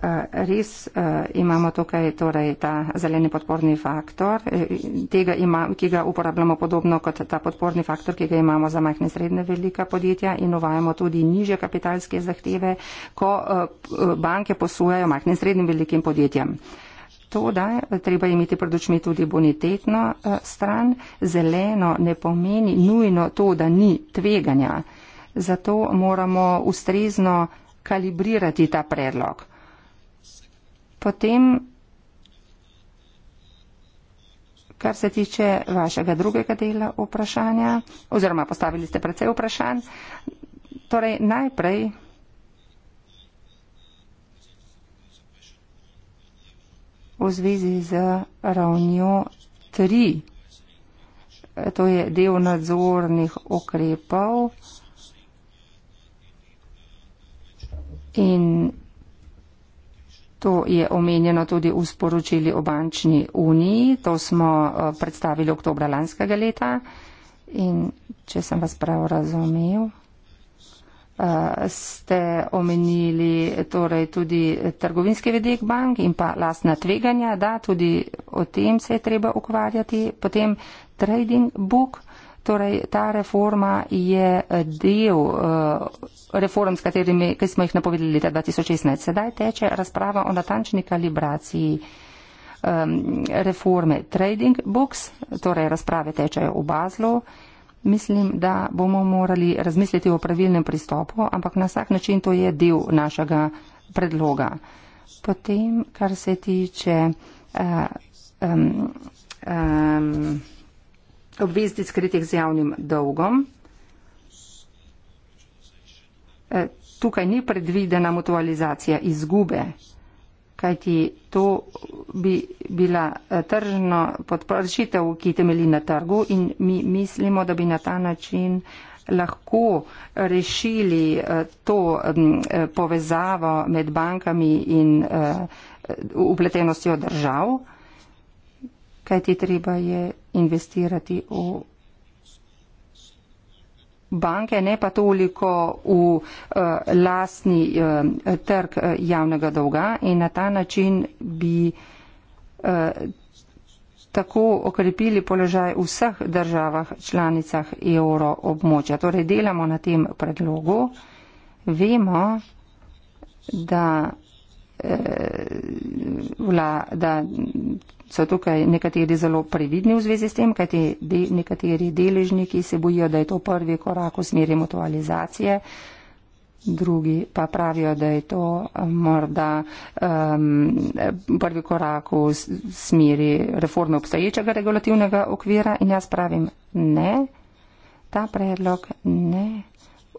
Eh, res eh, imamo tukaj torej ta zeleni podporni faktor, eh, ima, ki ga uporabljamo podobno kot ta podporni faktor, ki ga imamo za majhne srednje velika podjetja in uvajamo tudi niže kapitalske zahteve, ko banke posujajo majhnim srednjim velikim podjetjem. To, da treba imeti pred očmi tudi bonitetno stran, zeleno ne pomeni nujno to, da ni tveganja. Zato moramo ustrezno kalibrirati ta predlog. Potem, kar se tiče vašega drugega dela vprašanja, oziroma postavili ste precej vprašanj, torej najprej. v zvezi z ravnjo 3. To je del nadzornih ukrepov in To je omenjeno tudi v sporočili o bančni uniji. To smo eh, predstavili oktobra lanskega leta. In če sem vas prav razumel, eh, ste omenili torej tudi trgovinski vedek bank in pa lastna tveganja. Da, tudi o tem se je treba ukvarjati. Potem trading book. Torej, ta reforma je eh, del eh, reform, s katerimi smo jih napovedali leta 2016. Sedaj teče razprava o natančni kalibraciji ehm, reforme Trading Books, torej razprave tečejo v Bazlu. Mislim, da bomo morali razmisliti o pravilnem pristopu, ampak na vsak način to je del našega predloga. Potem, kar se tiče. Uh, um, um, obvezdi skritih z javnim dolgom. E, tukaj ni predvidena mutualizacija izgube, kajti to bi bila e, tržna podpršitev, ki temeli na trgu in mi mislimo, da bi na ta način lahko rešili e, to povezavo med bankami in upletenostjo držav kaj ti treba je investirati v banke, ne pa toliko v uh, lastni uh, trg uh, javnega dolga in na ta način bi uh, tako okrepili položaj v vseh državah članicah evro območja. Torej delamo na tem predlogu. Vemo, da, eh, vla, da so tukaj nekateri zelo previdni v zvezi s tem, kajti de, nekateri deležniki se bojijo, da je to prvi korak v smeri mutualizacije, drugi pa pravijo, da je to eh, morda um, prvi korak v smeri reforme obstoječega regulativnega okvira in jaz pravim ne, ta predlog ne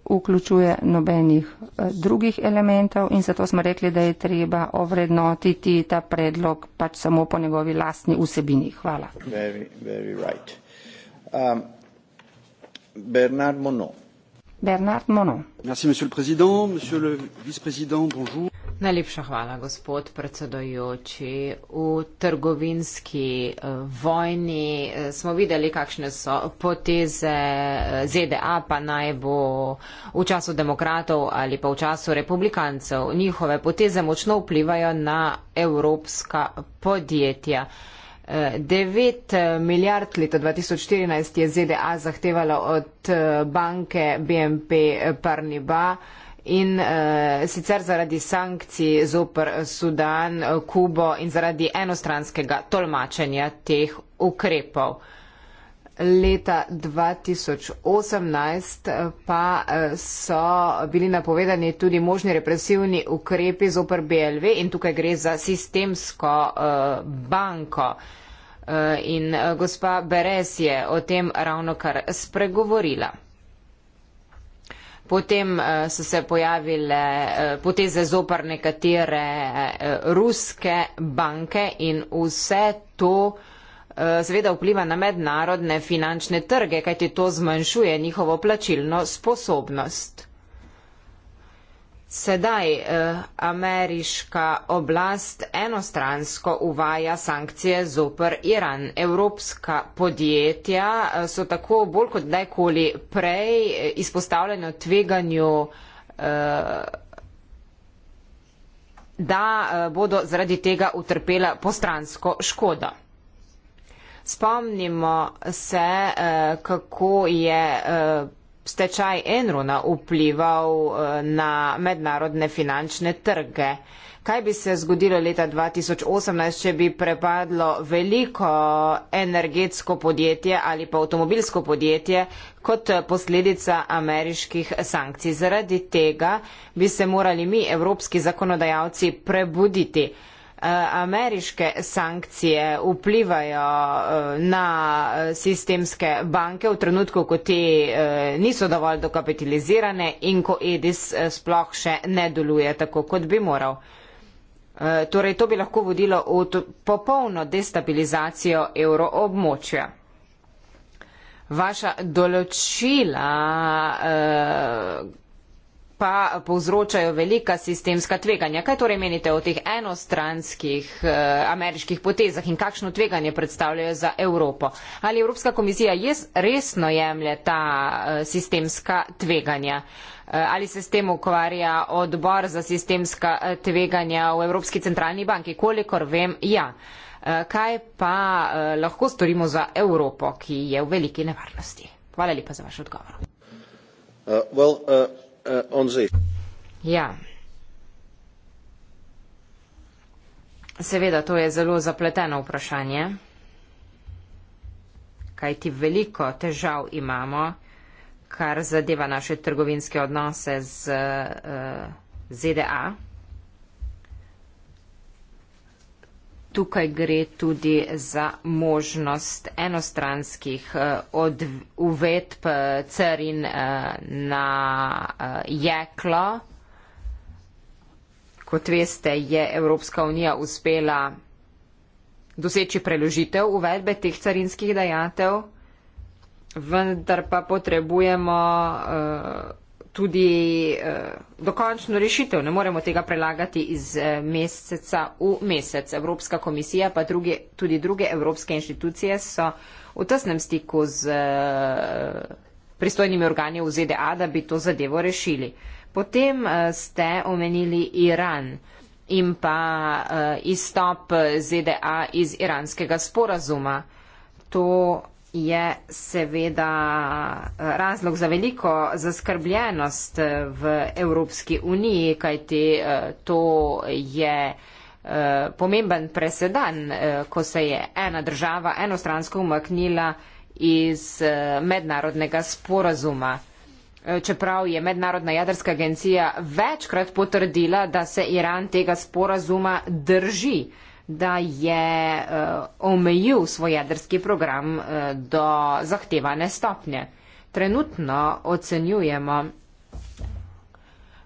vključuje nobenih eh, drugih elementov in zato smo rekli, da je treba ovrednotiti ta predlog pač samo po njegovi lastni vsebini. Hvala. Very, very right. um, Bernard Monod. Bernard Monod. Merci, monsieur le président, monsieur le vice-président, bonjour. Najlepša hvala, gospod predsedojoči. V trgovinski eh, vojni eh, smo videli, kakšne so poteze eh, ZDA, pa naj bo v času demokratov ali pa v času republikancev. Njihove poteze močno vplivajo na evropska podjetja. 9 milijard leta 2014 je ZDA zahtevalo od banke BNP Parniba in uh, sicer zaradi sankcij zopr Sudan, Kubo in zaradi enostranskega tolmačenja teh ukrepov. Leta 2018 eh, pa eh, so bili napovedani tudi možni represivni ukrepi z opr BLV in tukaj gre za sistemsko banko. In gospa Beres je o tem ravno kar spregovorila. Potem eh, so se pojavile eh, poteze zopr nekatere eh, ruske banke in vse to seveda vpliva na mednarodne finančne trge, kajti to zmanjšuje njihovo plačilno sposobnost. Sedaj eh, ameriška oblast enostransko uvaja sankcije zoper Iran. Evropska podjetja eh, so tako bolj kot dajkoli prej eh, izpostavljeno tveganju, eh, da eh, bodo zaradi tega utrpela postransko škodo. Spomnimo se, eh, kako je. Eh, stečaj Enrona vplival eh, na mednarodne finančne trge. Kaj bi se zgodilo leta 2018, če bi prepadlo veliko energetsko podjetje ali pa avtomobilsko podjetje kot posledica ameriških sankcij? Zaradi tega bi se morali mi, evropski zakonodajalci, prebuditi ameriške sankcije vplivajo eh, na eh, sistemske banke v trenutku, ko te eh, niso dovolj dokapitalizirane in ko Edis sploh še ne deluje tako, kot bi moral. Torej, to bi lahko vodilo v popolno destabilizacijo euroobmočja. Vaša določila. Uh, pa povzročajo velika sistemska tveganja. Kaj torej menite o teh enostranskih eh, ameriških potezah in kakšno tveganje predstavljajo za Evropo? Ali Evropska komisija resno jemlje ta eh, sistemska tveganja? Eh, ali se s tem ukvarja odbor za sistemska eh, tveganja v Evropski centralni banki? Kolikor vem, ja. Eh, kaj pa eh, lahko storimo za Evropo, ki je v veliki nevarnosti? Hvala lepa za vaš odgovor. Uh, well, uh uh, eh, onzet. Ja. Seveda, to je zelo zapleteno vprašanje, kaj ti veliko težav imamo, kar zadeva naše trgovinske odnose z uh, ZDA. tukaj gre tudi za možnost enostranskih eh, uvedb eh, carin eh, na jeklo. Kot veste, je Evropska unija uspela doseči preložitev uvedbe teh carinskih dajatev, vendar pa potrebujemo uh, tudi eh, dokončno rešitev. Ne moremo tega prelagati iz eh, meseca v mesec. Evropska komisija pa druge, tudi druge evropske inštitucije so v tesnem stiku z eh, pristojnimi organi v ZDA, da bi to zadevo rešili. Potem eh, ste omenili Iran in pa eh, izstop eh, ZDA iz iranskega sporazuma. To je seveda eh, razlog za veliko zaskrbljenost eh, v Evropski uniji, kajti eh, to je pomemben presedan, ko se je ena država enostransko umaknila iz mednarodnega sporazuma. Čeprav je Mednarodna jadrska agencija večkrat potrdila, da se Iran tega sporazuma drži da je uh, omejil svoj jedrski program uh, do zahtevane stopnje. Trenutno ocenjujemo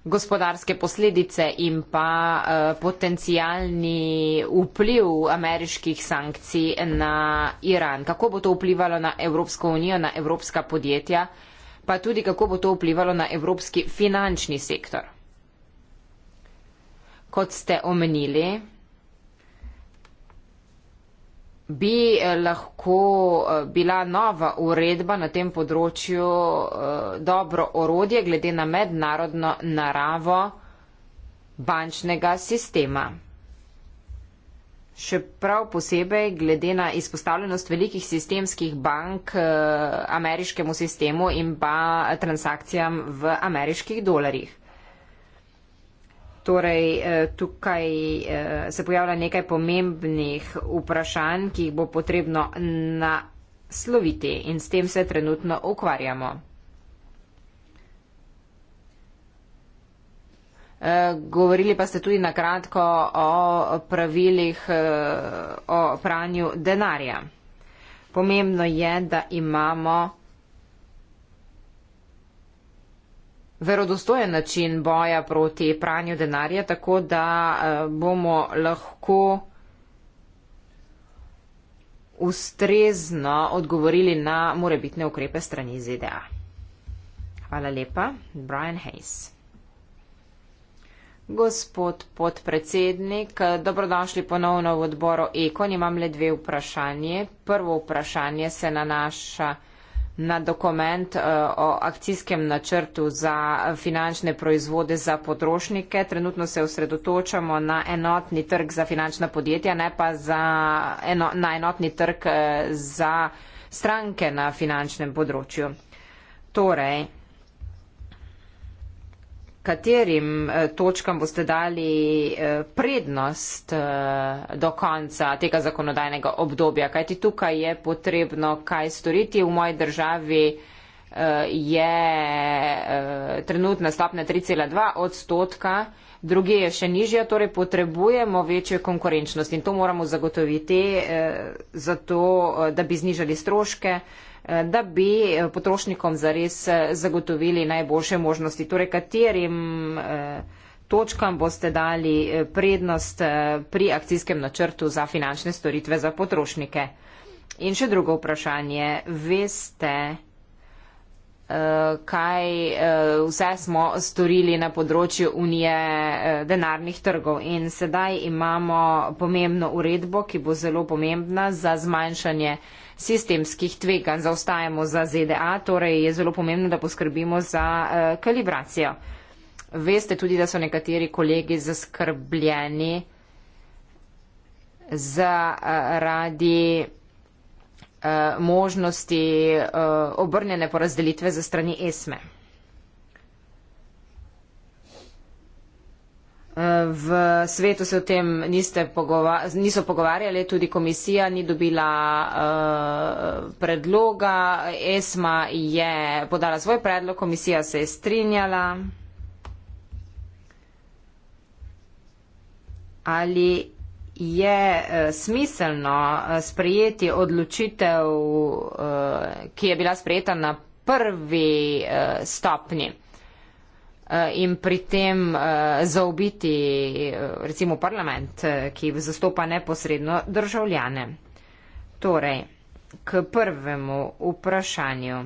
gospodarske posledice in pa uh, eh, potencijalni vpliv ameriških sankcij na Iran. Kako bo to vplivalo na Evropsko unijo, na evropska podjetja, pa tudi kako bo to vplivalo na evropski finančni sektor. Kot ste omenili, bi eh, lahko eh, bila nova uredba na tem področju eh, dobro orodje glede na mednarodno naravo bančnega sistema. Še prav posebej glede na izpostavljenost velikih sistemskih bank ameriškemu sistemu in pa transakcijam v ameriških dolarjih. Torej, eh, tukaj eh, se pojavlja nekaj pomembnih vprašanj, ki jih bo potrebno nasloviti in s tem se trenutno ukvarjamo. Eh, govorili pa ste tudi na kratko o pravilih o pranju denarja. Pomembno je, da imamo verodostojen način boja proti pranju denarja, tako da eh, bomo lahko ustrezno odgovorili na morebitne ukrepe strani ZDA. Hvala lepa. Brian Hayes. Gospod podpredsednik, dobrodošli ponovno v odboru Ekon. Imam le dve vprašanje. Prvo vprašanje se nanaša na na dokument eh, o akcijskem načrtu za finančne proizvode za potrošnike. Trenutno se osredotočamo na enotni trg za finančna podjetja, ne pa za eno, na enotni trg eh, za stranke na finančnem področju. Torej, katerim eh, točkam boste dali eh, prednost eh, do konca tega zakonodajnega obdobja, kajti tukaj je potrebno kaj storiti. V moji državi je trenutna stopna 3,2 odstotka, druge je še nižja, torej potrebujemo večjo konkurenčnost in to moramo zagotoviti, zato, da bi znižali stroške. Eh, da bi eh, potrošnikom zares eh, zagotovili najboljše možnosti. Torej, katerim točkam boste dali prednost pri akcijskem načrtu za finančne storitve za potrošnike? In še drugo vprašanje. Veste, kaj vse smo storili na področju Unije denarnih trgov. In sedaj imamo pomembno uredbo, ki bo zelo pomembna za zmanjšanje sistemskih tveganj, zaostajamo za ZDA, torej je zelo pomembno, da poskrbimo za eh, kalibracijo. Veste tudi, da so nekateri kolegi zaskrbljeni zaradi eh, eh, možnosti obrnjene porazdelitve za strani ESME. V svetu se o tem pogova niso pogovarjali, tudi komisija ni dobila uh, predloga. ESMA je podala svoj predlog, komisija se je strinjala. Ali je uh, smiselno eh, sprejeti odločitev, uh, ki je bila sprejeta na prvi uh, stopni? Eh, in pri tem eh, zaobiti eh, recimo parlament, ki zastopa neposredno državljane. Torej, k prvemu vprašanju,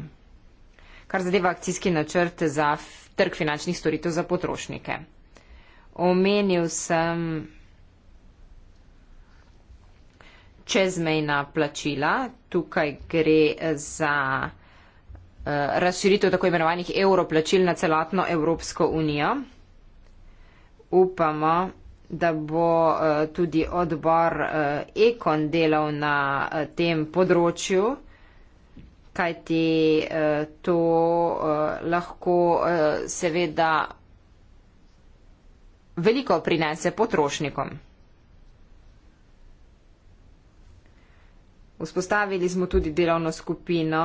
kar zadeva akcijski načrt za trg finančnih storitev za potrošnike. Omenil sem čezmejna plačila, tukaj gre za Eh, razširitev tako imenovanih evroplačil na celotno Evropsko unijo. Upamo, da bo eh, tudi odbor eh, Ekon delal na tem področju, kajti to lahko seveda veliko prinese potrošnikom. Vzpostavili smo tudi delovno skupino,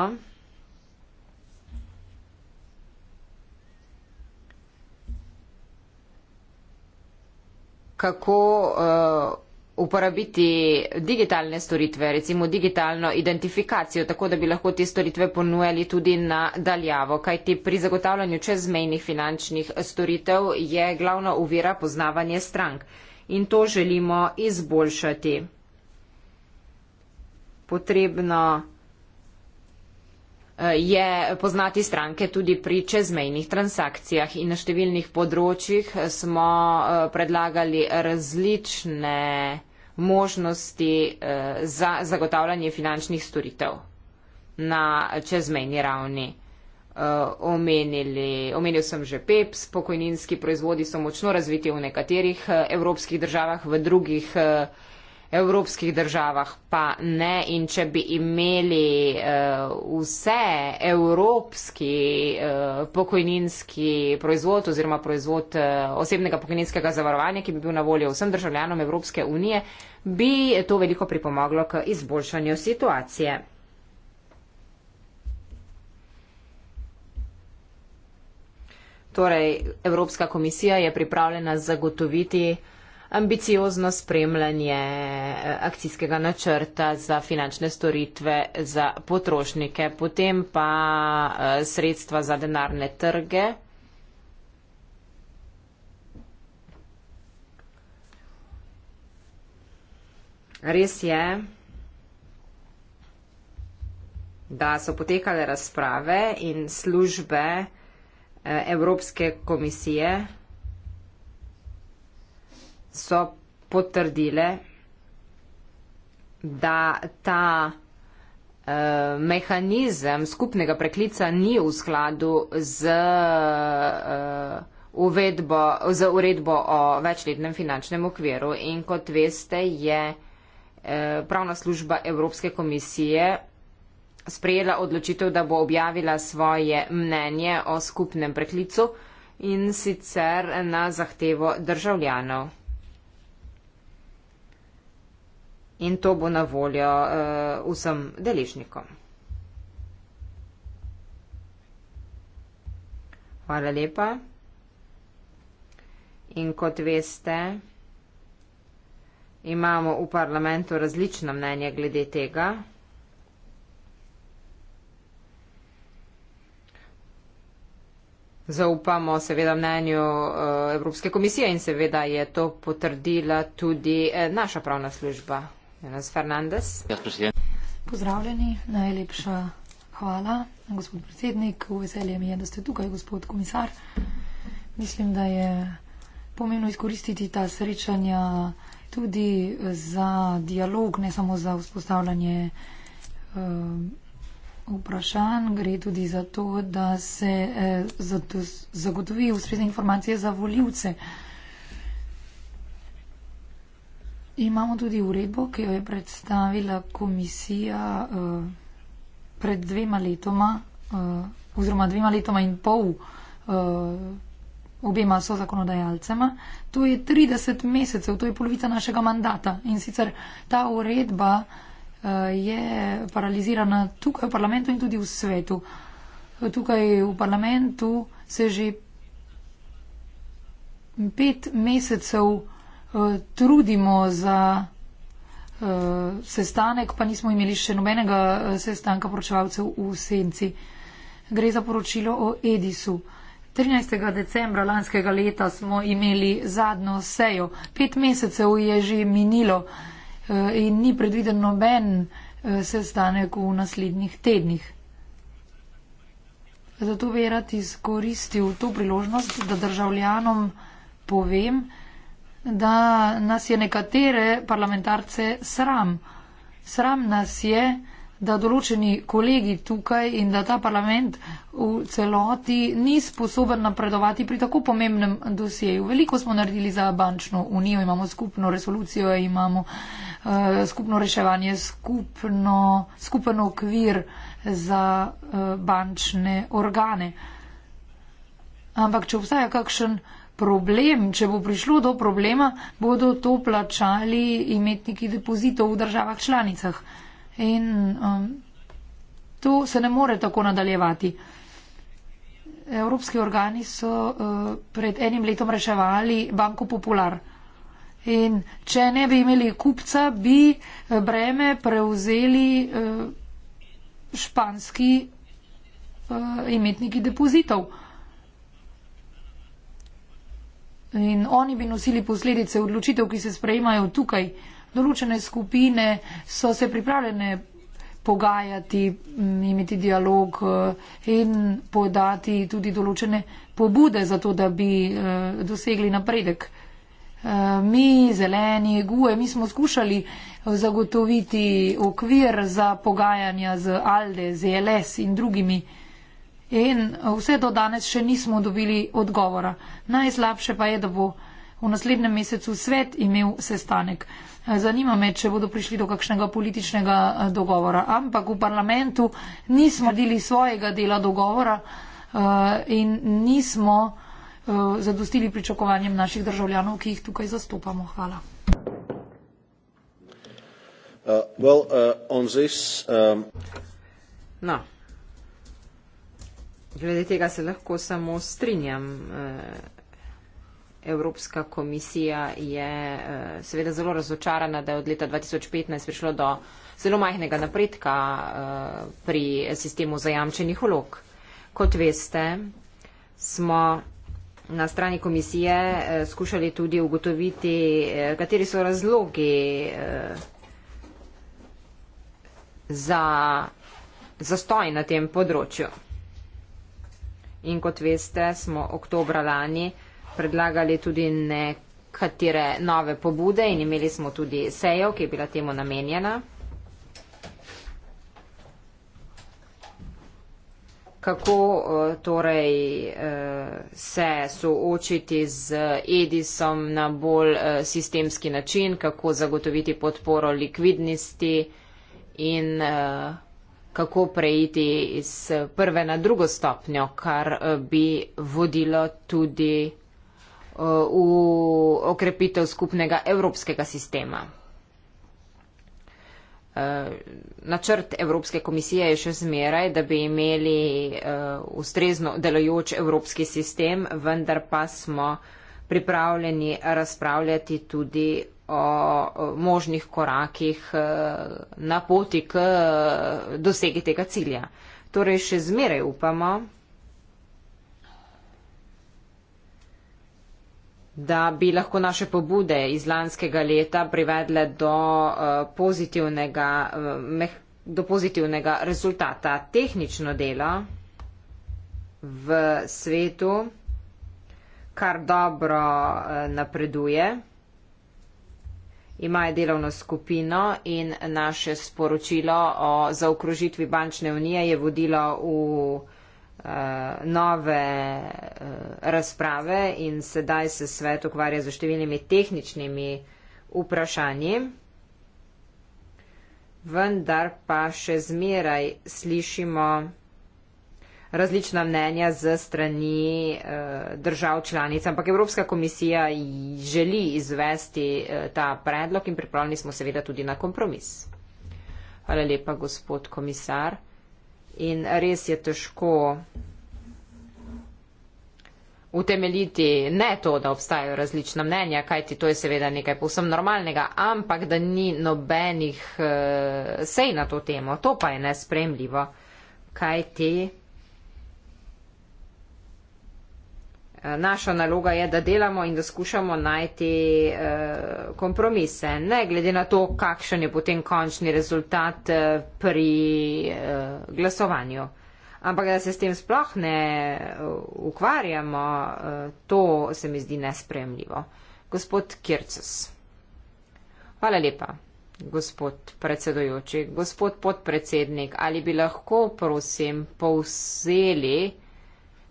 kako uh, uporabiti digitalne storitve, recimo digitalno identifikacijo, tako da bi lahko te storitve ponujali tudi na daljavo. Kajti pri zagotavljanju čezmejnih finančnih storitev je glavna uvira poznavanje strank in to želimo izboljšati. Potrebno je poznati stranke tudi pri čezmejnih transakcijah in na številnih področjih smo eh, predlagali različne možnosti eh, za zagotavljanje finančnih storitev na čezmejni ravni. Eh, omenili, omenil sem že PEPS, pokojninski proizvodi so močno razviti v nekaterih evropskih državah, v drugih evropskih državah pa ne. In če bi imeli uh, vse evropski uh, pokojninski proizvod oziroma proizvod uh, osebnega pokojninskega zavarovanja, ki bi bil na voljo vsem državljanom Evropske unije, bi to veliko pripomoglo k izboljšanju situacije. Torej, Evropska komisija je pripravljena zagotoviti ambiciozno spremljanje eh, akcijskega načrta za finančne storitve za potrošnike, potem pa eh, sredstva za denarne trge. Res je, da so potekale razprave in službe eh, Evropske komisije so potrdile, da ta eh, mehanizem skupnega preklica ni v skladu z, eh, uvedbo, z uredbo o večletnem finančnem okviru. In kot veste, je eh, pravna služba Evropske komisije sprejela odločitev, da bo objavila svoje mnenje o skupnem preklicu in sicer na zahtevo državljanov. in to bo na voljo uh, vsem deležnikom. Hvala lepa. In kot veste, imamo v parlamentu različno mnenje glede tega. Zaupamo seveda mnenju eh, Evropske komisije in seveda je to potrdila tudi eh, naša pravna služba. Jonas Fernandez. Pozdravljeni, najlepša hvala, gospod predsednik. Veselje mi je, da ste tukaj, gospod komisar. Mislim, da je pomembno izkoristiti ta srečanja tudi za dialog, ne samo za vzpostavljanje uh, vprašanj, gre tudi za to, da se eh, zato, zagotovi ustrezne informacije za voljivce. Uh, Imamo tudi uredbo, ki jo je predstavila komisija uh, pred dvema letoma, uh, oziroma dvema letoma in pol uh, obema so zakonodajalcema. To je 30 mesecev, to je polovica našega mandata. In sicer ta uredba uh, je paralizirana tukaj v parlamentu in tudi v svetu. Tukaj v parlamentu se že pet mesecev. Eh, trudimo za eh, sestanek, pa nismo imeli še nobenega eh, sestanka poročevalcev v senci. Gre za poročilo o Edisu. 13. decembra lanskega leta smo imeli zadnjo sejo. Pet mesecev je že minilo in ni predviden noben sestanek v naslednjih tednih. Zato bi rad izkoristil to priložnost, da državljanom povem, da nas je nekatere parlamentarce sram. Sram nas je, da določeni kolegi tukaj in da ta parlament v celoti ni sposoben napredovati pri tako pomembnem dosjeju. Veliko smo naredili za bančno unijo, imamo skupno resolucijo, imamo uh, skupno reševanje, skupno, skupen okvir za uh, bančne organe. Ampak, če obstaja kakšen uh, problem, če bo prišlo do problema, bodo to plačali imetniki depozitov v državah članicah. In um, to se ne more tako nadaljevati. Evropski organi so uh, pred enim letom reševali banko Popular. In če ne bi imeli kupca, bi eh, breme prevzeli uh, španski uh, imetniki depozitov. In oni bi nosili posledice odločitev, ki se sprejemajo tukaj. Določene skupine so se pripravljene pogajati, mm, imeti dialog eh, in podati tudi določene pobude za to, da bi eh, dosegli napredek. Eh, mi, zeleni, guje, mi smo skušali zagotoviti okvir za pogajanja z Alde, ZLS e in drugimi in vse do danes še nismo dobili odgovora. Najslabše pa je, da bo v naslednjem mesecu svet imel sestanek. Zanima me, če bodo prišli do kakšnega političnega eh, dogovora. Ampak v parlamentu nismo naredili svojega dela dogovora eh, in nismo eh, zadostili pričakovanjem naših državljanov, ki jih tukaj zastopamo. Hvala. Uh, well, uh, this, um... no. Glede tega se lahko samo strinjam. Eh, Evropska komisija je eh, seveda zelo razočarana, da je od leta 2015 prišlo do zelo majhnega napredka eh, pri sistemu zajamčenih vlog. Kot veste, smo na strani komisije skušali tudi ugotoviti, kateri so razlogi za zastoj na tem področju. In kot veste, smo oktobra lani predlagali tudi nekatere nove pobude in imeli smo tudi sejo, ki je bila temu namenjena. Kako eh, torej eh, se soočiti z Edisom na bolj eh, sistemski način, kako zagotoviti podporo likvidnosti in kako preiti iz prve na drugo stopnjo, kar eh, bi vodilo tudi eh, v okrepitev skupnega evropskega sistema. Eh, načrt Evropske komisije je še zmeraj, da bi imeli ustrezno delojoč evropski sistem, vendar pa smo pripravljeni razpravljati tudi o možnih korakih e, na poti k e, dosegi tega cilja. Torej, še zmeraj upamo, da bi lahko naše pobude iz lanskega leta privedle do e, pozitivnega, do pozitivnega rezultata. Tehnično delo v svetu kar dobro napreduje imajo delovno skupino in naše sporočilo o zaokrožitvi bančne unije je vodilo v eh, nove eh, razprave in sedaj se svet ukvarja z številnimi tehničnimi vprašanji. Vendar pa še zmeraj slišimo različna mnenja z strani eh, držav članic, ampak Evropska komisija želi izvesti eh, ta predlog in pripravljeni smo seveda tudi na kompromis. Hvala lepa, gospod komisar. In res je težko utemeljiti ne to, da obstajajo različna mnenja, kajti to je seveda nekaj povsem normalnega, ampak da ni nobenih eh, sej na to temo. To pa je nespremljivo, kajti. naša naloga je, da delamo in da skušamo najti eh, kompromise. Ne glede na to, kakšen je potem končni rezultat eh, pri eh, glasovanju. Ampak da se s tem sploh ne ukvarjamo, to se mi zdi nespremljivo. Gospod Kircus. Hvala lepa, gospod predsedojoči. Gospod podpredsednik, ali bi lahko, prosim, povzeli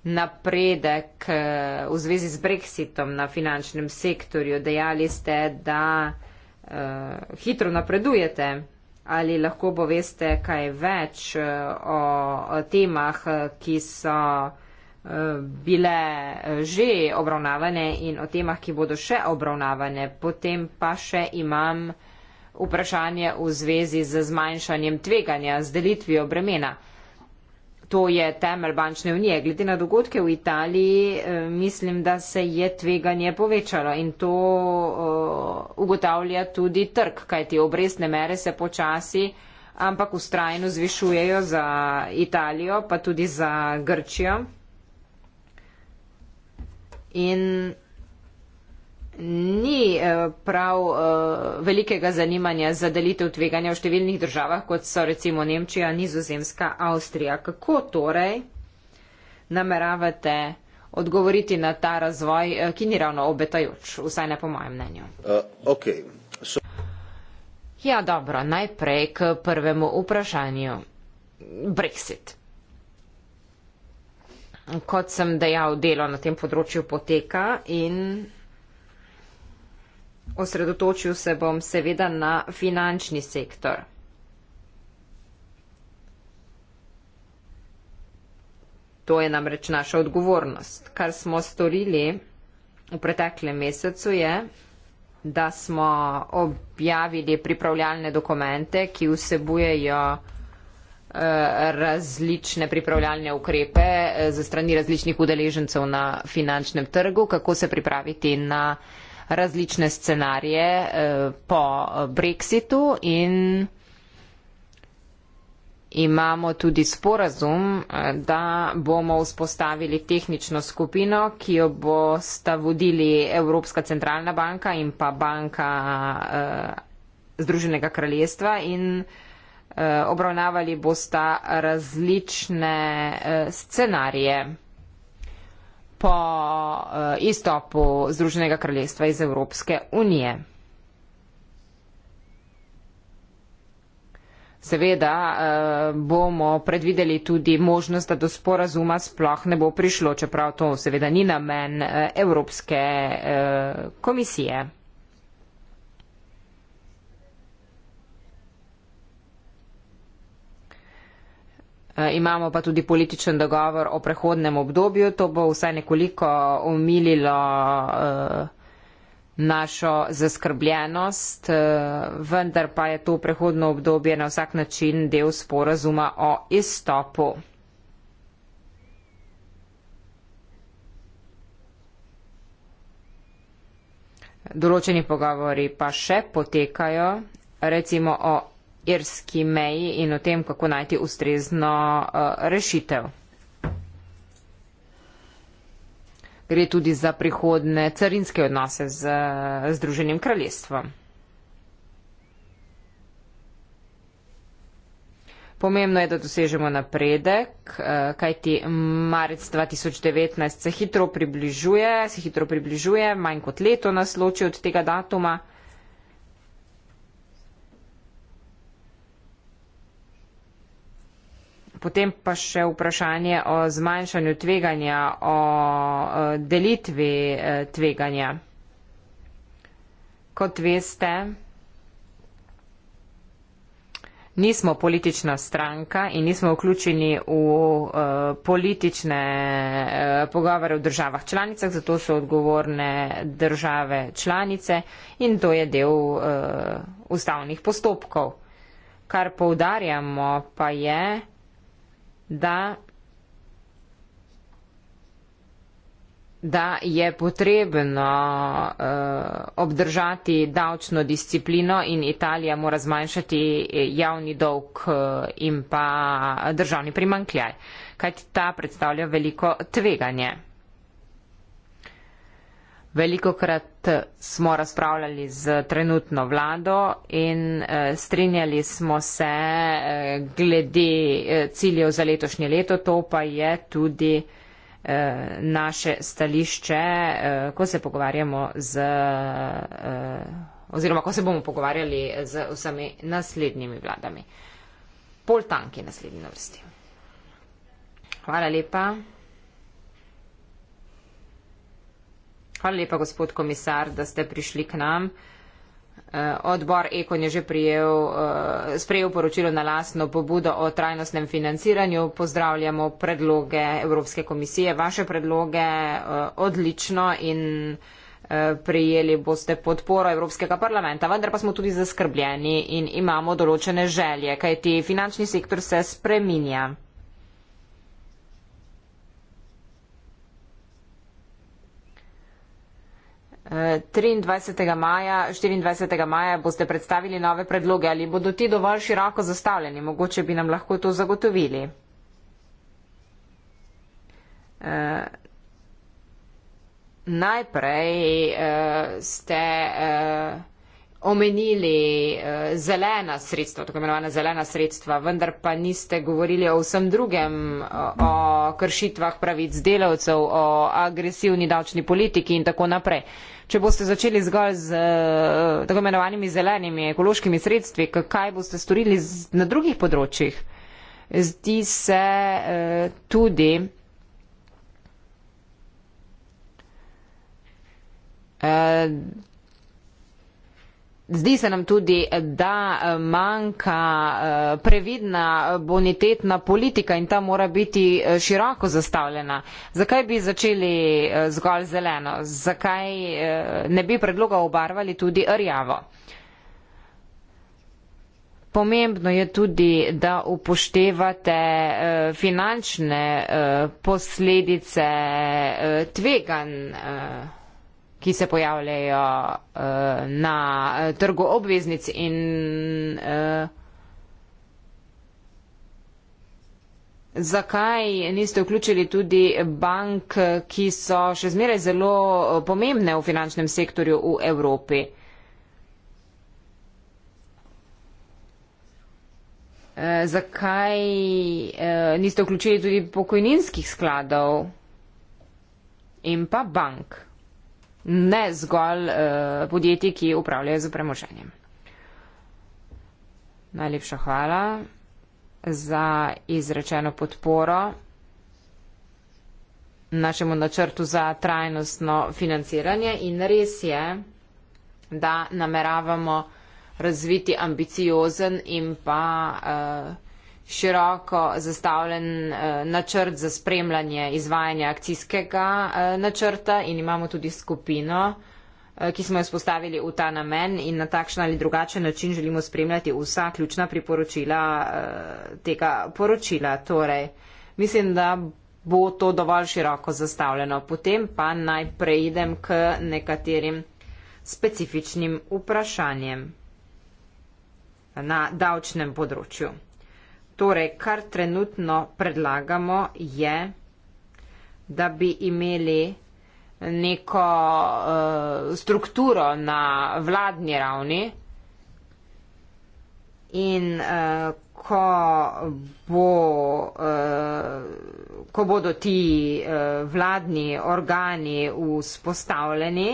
napredek eh, v zvezi z brexitom na finančnem sektorju. Dejali ste, da eh, hitro napredujete. Ali lahko poveste kaj več eh, o temah, ki so bile že obravnavane in o temah, ki bodo še obravnavane. Potem pa še imam vprašanje v zvezi z zmanjšanjem tveganja, z delitvijo bremena to je temelj bančne unije. Glede na dogodke v Italiji, eh, mislim, da se je tveganje povečalo in to eh, ugotavlja tudi trg, kajti obrestne mere se počasi, ampak ustrajno zvišujejo za Italijo, pa tudi za Grčijo. In ni eh, prav eh, velikega zanimanja za delitev tveganja v številnih državah, kot so recimo Nemčija, Nizozemska, Avstrija. Kako torej nameravate odgovoriti na ta razvoj, eh, ki ni ravno obetajoč, vsaj ne po mojem mnenju? Uh, okay. so... Ja, dobro, najprej k prvemu vprašanju. Brexit. Kot sem dejal, delo na tem področju poteka in Osredotočil se bom seveda na finančni sektor. To je namreč naša odgovornost. Kar smo storili v preteklem mesecu je, da smo objavili pripravljalne dokumente, ki vsebujejo eh, različne pripravljalne ukrepe za eh, strani različnih udeležencev na finančnem trgu, kako se pripraviti na finančni sektor različne scenarije eh, po Brexitu in imamo tudi sporazum, eh, da bomo vzpostavili tehnično skupino, ki jo bo sta vodili Evropska centralna banka in pa banka eh, Združenega kraljestva in obravnavali bosta različne scenarije po uh, izstopu Združenega kraljestva iz Evropske unije. Seveda uh, bomo predvideli tudi možnost, da do sporazuma sploh ne bo prišlo, čeprav to seveda ni namen uh, Evropske uh, komisije. Eh, imamo pa tudi političen dogovor o prehodnem obdobju. To bo vsaj nekoliko omililo eh, našo zaskrbljenost, eh, vendar pa je to prehodno obdobje na vsak način del sporazuma o izstopu. Določeni pogovori pa še potekajo, recimo o irski meji in o tem, kako najti ustrezno uh, rešitev. Gre tudi za prihodne carinske odnose z eh, Združenim kraljestvom. Pomembno je, da dosežemo napredek, eh, kajti marec 2019 se hitro približuje, se hitro približuje, manj kot leto nas loči od tega datuma. Potem pa še vprašanje o zmanjšanju tveganja, o e, delitvi e, tveganja. Kot veste, nismo politična stranka in nismo vključeni v e, politične pogovore v državah članicah, zato so odgovorne države članice in to je del ustavnih postopkov. Kar poudarjamo pa je, da, da je potrebno uh, obdržati davčno disciplino in Italija mora zmanjšati eh, javni dolg eh, in pa državni primankljaj, kajti ta predstavlja veliko tveganje. Veliko krat eh, smo razpravljali z trenutno vlado in eh, strinjali smo se eh, glede ciljev za letošnje leto, to pa je tudi naše stališče, ko se pogovarjamo z oziroma ko se bomo pogovarjali z vsemi naslednjimi vladami. Pol tanki naslednji na vrsti. Hvala lepa. Hvala lepa, gospod komisar, da ste prišli k nam. Eh, odbor Ekon je že prijel, eh, sprejel poročilo na lastno pobudo o trajnostnem financiranju. Pozdravljamo predloge Evropske komisije. Vaše predloge eh, odlično in prijeli boste podporo Evropskega parlamenta. Vendar pa smo tudi zaskrbljeni in imamo določene želje, kajti finančni sektor se spreminja. 23. maja, 24. maja boste predstavili nove predloge, ali bodo ti dovolj široko zastavljeni, mogoče bi nam lahko to zagotovili. Uh, najprej uh, ste. Uh, omenili eh, zelena sredstva, tako imenovana zelena sredstva, vendar pa niste govorili o vsem drugem, eh, o kršitvah pravic delavcev, o agresivni davčni politiki in tako naprej. Če boste začeli zgolj z eh, tako imenovanimi zelenimi ekološkimi sredstvi, kaj boste storili na drugih področjih? Zdi se tudi. Uh, Zdi se nam tudi, da eh, manjka eh, previdna eh, bonitetna politika in ta mora biti široko zastavljena. Zakaj bi začeli zgolj zeleno? Zakaj ne bi predloga obarvali tudi rjavo? Pomembno je tudi, da upoštevate finančne posledice tvegan ki se pojavljajo uh, na uh, trgu obveznic in uh, zakaj niste vključili tudi bank, ki so še zmeraj zelo pomembne v finančnem sektorju v Evropi. Uh, zakaj uh, niste vključili tudi pokojninskih skladov in pa bank? ne zgolj eh, podjetji, ki upravljajo z premoženjem. Najlepša hvala za izrečeno podporo našemu načrtu za trajnostno financiranje in res je, da nameravamo razviti ambiciozen in pa eh, široko zastavljen eh, načrt za spremljanje izvajanja akcijskega eh, načrta in imamo tudi skupino, eh, ki smo jo spostavili v ta namen in na takšen ali drugačen način želimo spremljati vsa ključna priporočila tega poročila. Torej, mislim, da bo to dovolj široko zastavljeno. Potem pa naj preidem k nekaterim specifičnim vprašanjem na davčnem področju. Torej, kar trenutno predlagamo je, da bi imeli neko uh, strukturo na vladni ravni in uh, ko, bo, uh, ko bodo ti uh, vladni organi vzpostavljeni,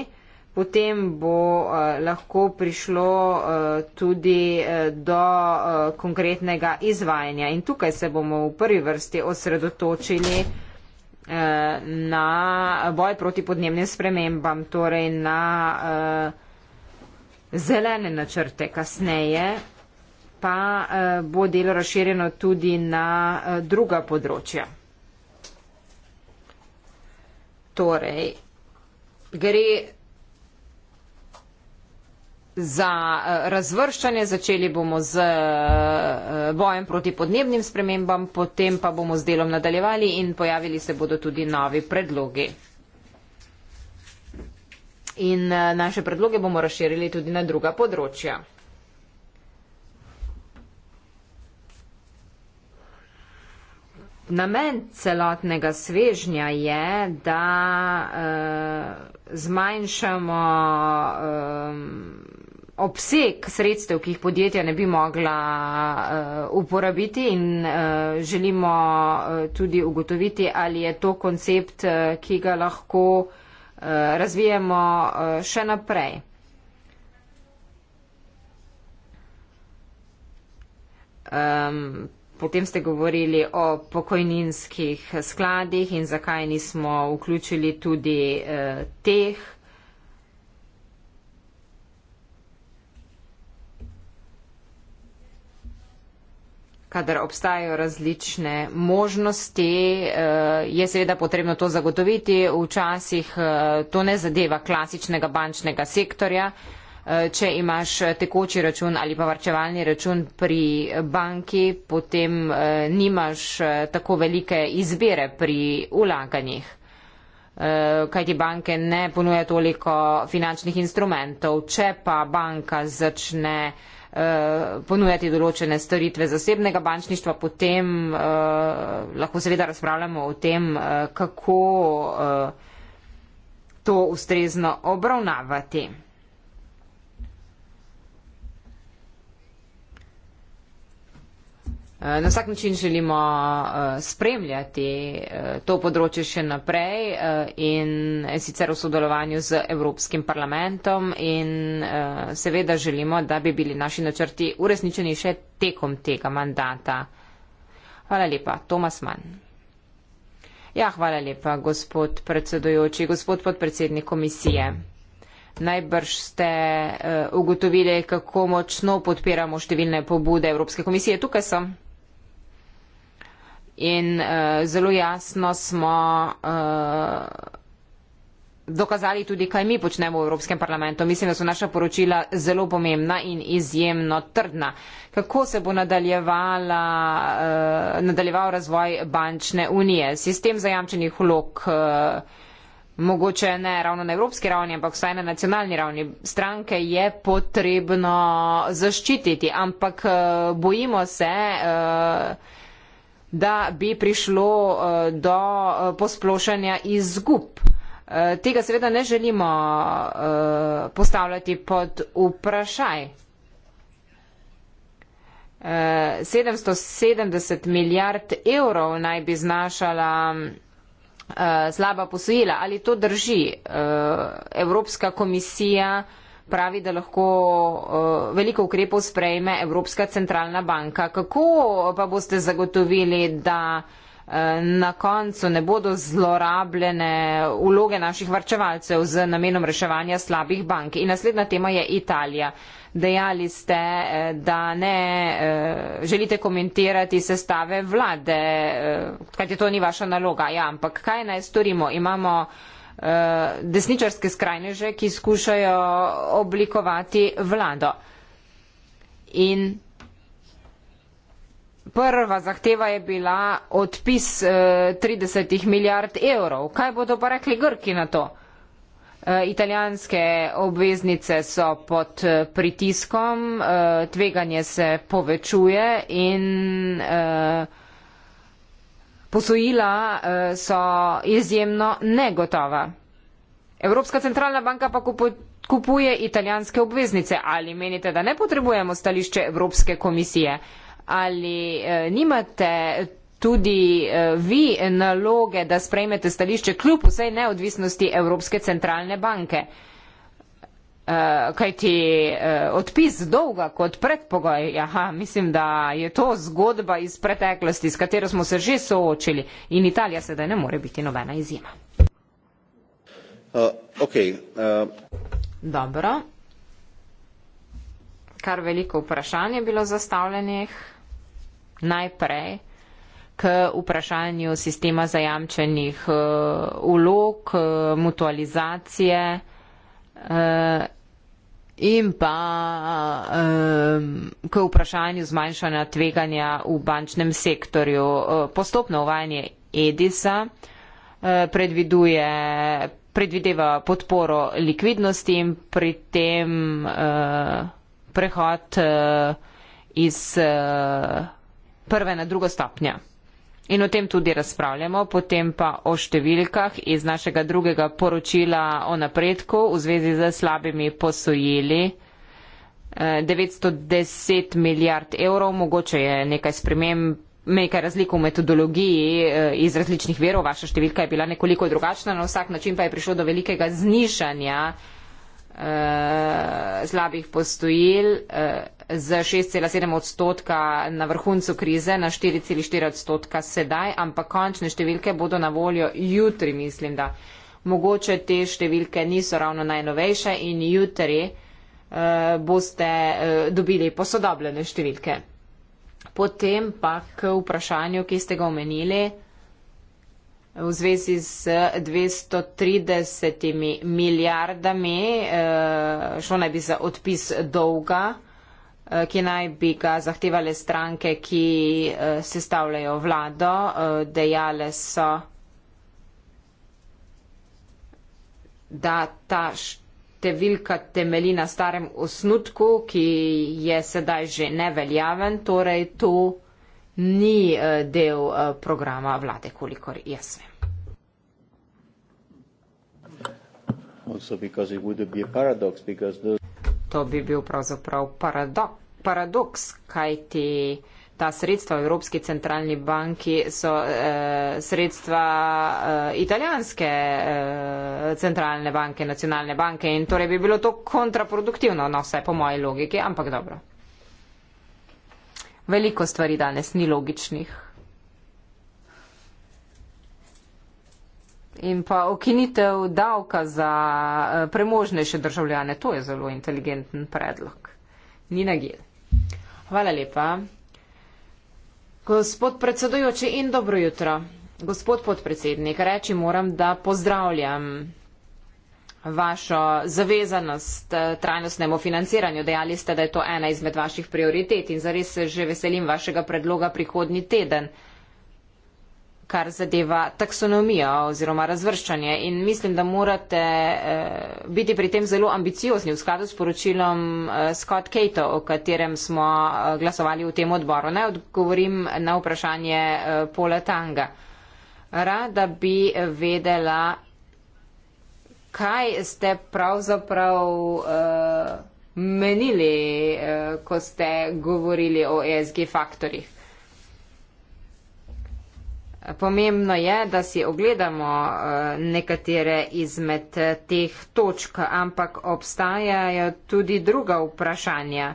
Potem bo uh, lahko prišlo uh, tudi uh, do uh, konkretnega izvajanja in tukaj se bomo v prvi vrsti osredotočili uh, na boj proti podnebnim spremembam, torej na uh, zelene načrte kasneje, pa uh, bo delo razširjeno tudi na uh, druga področja. Torej, gre za eh, razvrščanje, začeli bomo z eh, bojem proti podnebnim spremembam, potem pa bomo z delom nadaljevali in pojavili se bodo tudi novi predlogi. In eh, naše predloge bomo razširili tudi na druga področja. Namen celotnega svežnja je, da e, zmanjšamo e, obseg sredstev, ki jih podjetja ne bi mogla uh, uporabiti in uh, želimo uh, tudi ugotoviti, ali je to koncept, uh, ki ga lahko uh, razvijemo uh, še naprej. Um, Potem ste govorili o pokojninskih skladih in zakaj nismo vključili tudi eh, teh. kadar obstajajo različne možnosti, eh, je seveda potrebno to zagotoviti. Včasih eh, to ne zadeva klasičnega bančnega sektorja. Eh, če imaš tekoči račun ali pa varčevalni račun pri banki, potem nimaš tako velike izbire pri ulaganjih, kajti banke ne ponuja toliko finančnih instrumentov. Če pa banka začne Eh, ponujati določene storitve zasebnega bančništva, potem eh, lahko seveda razpravljamo o tem, eh, kako to ustrezno obravnavati. Eh, na vsak način želimo eh, spremljati eh, to področje še naprej in sicer v sodelovanju z Evropskim parlamentom in seveda želimo, da bi bili naši načrti uresničeni še tekom tega mandata. Hvala lepa, Tomas Mann. Ja, hvala lepa, gospod predsedojoči, gospod podpredsednik komisije. Najbrž ste ugotovili, kako močno podpiramo številne pobude Evropske komisije. Tukaj sem in uh, zelo jasno smo uh, dokazali tudi, kaj mi počnemo v Evropskem parlamentu. Mislim, da so naša poročila zelo pomembna in izjemno trdna. Kako se bo uh, nadaljeval razvoj bančne unije? Sistem zajamčenih vlog. Uh, Mogoče ne ravno na evropski ravni, ampak vsaj na nacionalni ravni. Stranke je potrebno zaščititi, ampak bojimo se. Uh da bi prišlo eh, do eh, posplošanja izgub. Eh, tega seveda ne želimo postavljati pod vprašaj. 770 milijard evrov naj bi znašala slaba posojila. Ali to drži? Evropska komisija pravi, da lahko eh, veliko ukrepov sprejme Evropska centralna banka. Kako pa boste zagotovili, da eh, na koncu ne bodo zlorabljene uloge naših varčevalcev z namenom reševanja slabih bank. In naslednja tema je Italija. Dejali ste, eh, da ne želite komentirati sestave vlade, kajti to ni vaša naloga. Ja, ampak kaj naj storimo? Imamo Eh, desničarske skrajneže, ki skušajo oblikovati vlado. In prva zahteva je bila odpis 30 eh, milijard evrov. Kaj bodo pa rekli Grki na to? Eh, italijanske obveznice so pod pritiskom, tveganje se povečuje in Posojila eh, so izjemno negotova. Evropska centralna banka pa kupuje italijanske obveznice. Ali menite, da ne potrebujemo stališče Evropske komisije? Ali eh, nimate tudi eh, vi naloge, da sprejmete stališče kljub vsej neodvisnosti Evropske centralne banke? Eh, kajti eh, odpis dolga kot predpogoj, aha, mislim, da je to zgodba iz preteklosti, s katero smo se že soočili in Italija sedaj ne more biti nobena izjema. Uh, okay, uh... Dobro. Kar veliko vprašanj je bilo zastavljenih najprej k vprašanju sistema zajamčenih uh, ulog, uh, mutualizacije. Eh, in pa um, k vprašanju zmanjšanja tveganja v bančnem sektorju. Eh, postopno uvajanje Edisa predviduje, predvideva podporo likvidnosti in pri tem uh, prehod uh, iz uh, prve na drugo stopnjo. In o tem tudi razpravljamo, potem pa o številkah iz našega drugega poročila o napredku v zvezi z slabimi posojili. 910 eh, milijard evrov, mogoče je nekaj sprememb, nekaj razlik v metodologiji eh, iz različnih verov, vaša številka je bila nekoliko drugačna, na vsak način pa je prišlo do velikega znižanja uh, slabih postojil uh, eh, z 6,7 odstotka na vrhuncu krize na 4,4 odstotka sedaj, ampak končne številke bodo na voljo jutri, mislim, da mogoče te številke niso ravno najnovejše in jutri uh, boste uh, dobili posodobljene številke. Potem pa k vprašanju, ki ste ga omenili v zvezi z 230 milijardami, eh, šlo naj bi za odpis dolga, eh, ki naj bi ga zahtevale stranke, ki eh, sestavljajo vlado, dejale so, da ta številka temelji na starem osnutku, ki je sedaj že neveljaven, torej tu. To ni eh, del eh, programa vlade, kolikor jaz vem. To bi bil pravzaprav paradok, paradoks, kajti ta sredstva v Evropski centralni banki so eh, sredstva eh, italijanske eh, centralne banke, nacionalne banke in torej bi bilo to kontraproduktivno, no vsaj po moji logiki, ampak dobro veliko stvari danes ni logičnih. In pa okinitev davka za eh, premožnejše državljane, to je zelo inteligenten predlog. Ni nagil. Hvala lepa. Gospod predsedujoči in dobro jutro. Gospod podpredsednik, reči moram, da pozdravljam vašo zavezanost eh, trajnostnemu financiranju. Dejali ste, da je to ena izmed vaših prioritet in zares se že veselim vašega predloga prihodnji teden, kar zadeva taksonomijo oziroma razvrščanje. In mislim, da morate eh, biti pri tem zelo ambiciozni v skladu s poročilom eh, Scott Cato, o katerem smo glasovali v tem odboru. Naj odgovorim na vprašanje Pola Tanga. Rada bi vedela, kaj ste pravzaprav uh, menili, uh, ko ste govorili o ESG faktorjih. Pomembno je, da si ogledamo uh, nekatere izmed teh točk, ampak obstajajo tudi druga vprašanja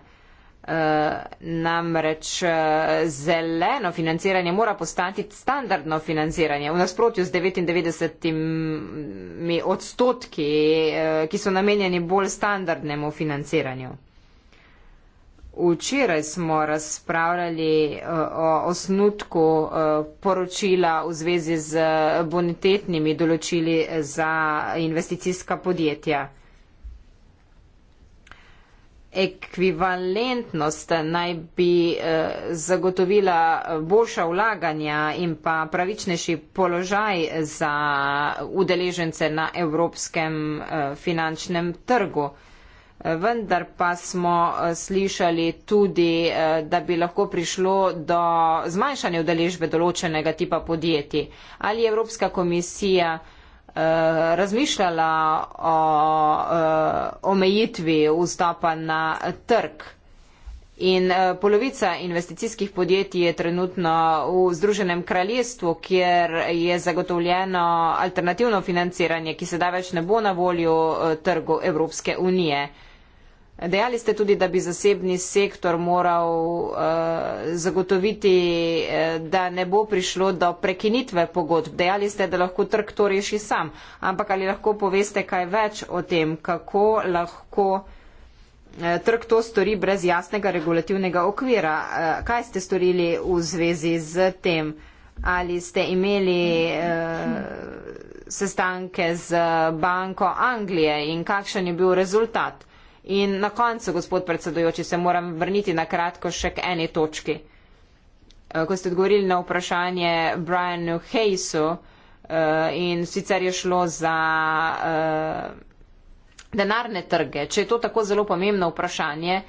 namreč eh, zeleno financiranje mora postati standardno financiranje v nasprotju z 99 odstotki, eh, ki so namenjeni bolj standardnemu financiranju. Včeraj smo razpravljali eh, o osnutku poročila v zvezi z bonitetnimi določili za investicijska podjetja ekvivalentnost naj bi eh, zagotovila eh, boljša vlaganja in pa pravičnejši položaj za udeležence na evropskem eh, finančnem trgu. Vendar pa smo slišali tudi, da bi lahko prišlo do zmanjšanja udeležbe določenega tipa podjetij. Ali Evropska komisija Eh, razmišljala o uh, omejitvi vstopa na trg. In uh, polovica investicijskih podjetij je trenutno v Združenem kraljestvu, kjer je zagotovljeno alternativno financiranje, ki se da več ne bo na voljo uh, trgu Evropske unije. Uh, Dejali ste tudi, da bi zasebni sektor moral uh, zagotoviti, eh, da ne bo prišlo do prekinitve pogodb. Dejali ste, da lahko trg to reši sam. Ampak ali lahko poveste kaj več o tem, kako lahko uh, trg to stori brez jasnega regulativnega okvira? Uh, kaj ste storili v zvezi z tem? Ali ste imeli uh, sestanke z Banko Anglije in kakšen je bil rezultat? In na koncu, gospod predsedujoči, se moram vrniti na kratko še k eni točki. Eh, ko ste odgovorili na vprašanje Brianu Hayesu eh, in sicer je šlo za eh, denarne trge, če je to tako zelo pomembno vprašanje,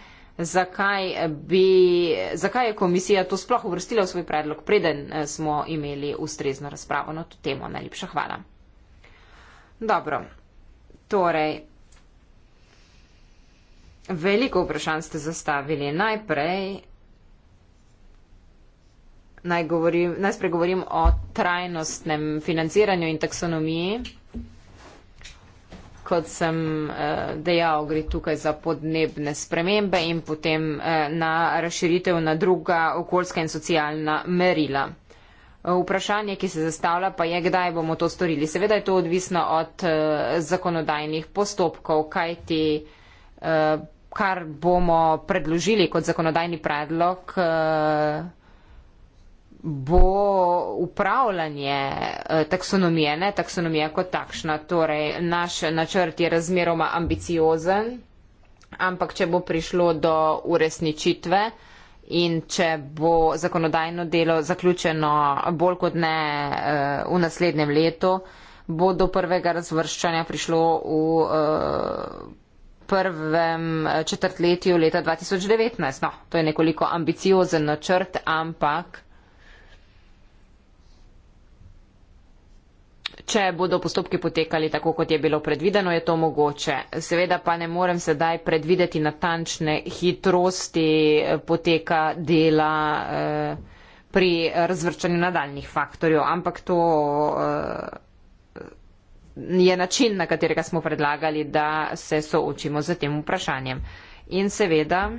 zakaj, bi, zakaj je komisija to sploh uvrstila v svoj predlog, preden smo imeli ustrezno razpravo na to temo. Najlepša hvala. Dobro, torej. Veliko vprašanj ste zastavili. Najprej naj, govorim, naj spregovorim o trajnostnem financiranju in taksonomiji. Kot sem eh, dejal, gre tukaj za podnebne spremembe in potem eh, na razširitev na druga okoljska in socialna merila. Eh, vprašanje, ki se zastavlja, pa je, kdaj bomo to storili. Seveda je to odvisno od zakonodajnih postopkov, kajti kar bomo predložili kot zakonodajni predlog, eh, bo upravljanje eh, taksonomije, ne taksonomija kot takšna. Torej, naš načrt je razmeroma ambiciozen, ampak če bo prišlo do uresničitve in če bo zakonodajno delo zaključeno bolj kot ne eh, v naslednjem letu, bo do prvega razvrščanja prišlo v prvem eh, četrtletju leta 2019. No, to je nekoliko ambiciozen načrt, ampak če bodo postopki potekali tako, kot je bilo predvideno, je to mogoče. Seveda pa ne morem sedaj predvideti natančne hitrosti eh, poteka dela eh, pri razvrščanju nadaljnih faktorjev, ampak to. Eh, je način, na katerega smo predlagali, da se soočimo z tem vprašanjem. In seveda,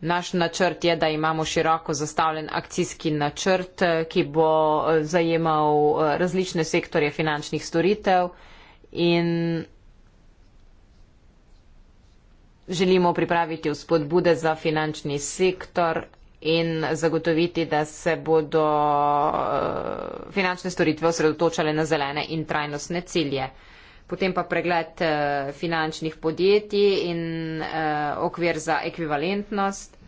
naš načrt je, da imamo široko zastavljen akcijski načrt, ki bo eh, zajemal eh, različne sektorje finančnih storitev in želimo pripraviti vzpodbude za finančni sektor in zagotoviti, da se bodo eh, finančne storitve osredotočale na zelene in trajnostne cilje. Potem pa pregled eh, finančnih podjetij in eh, okvir za ekvivalentnost.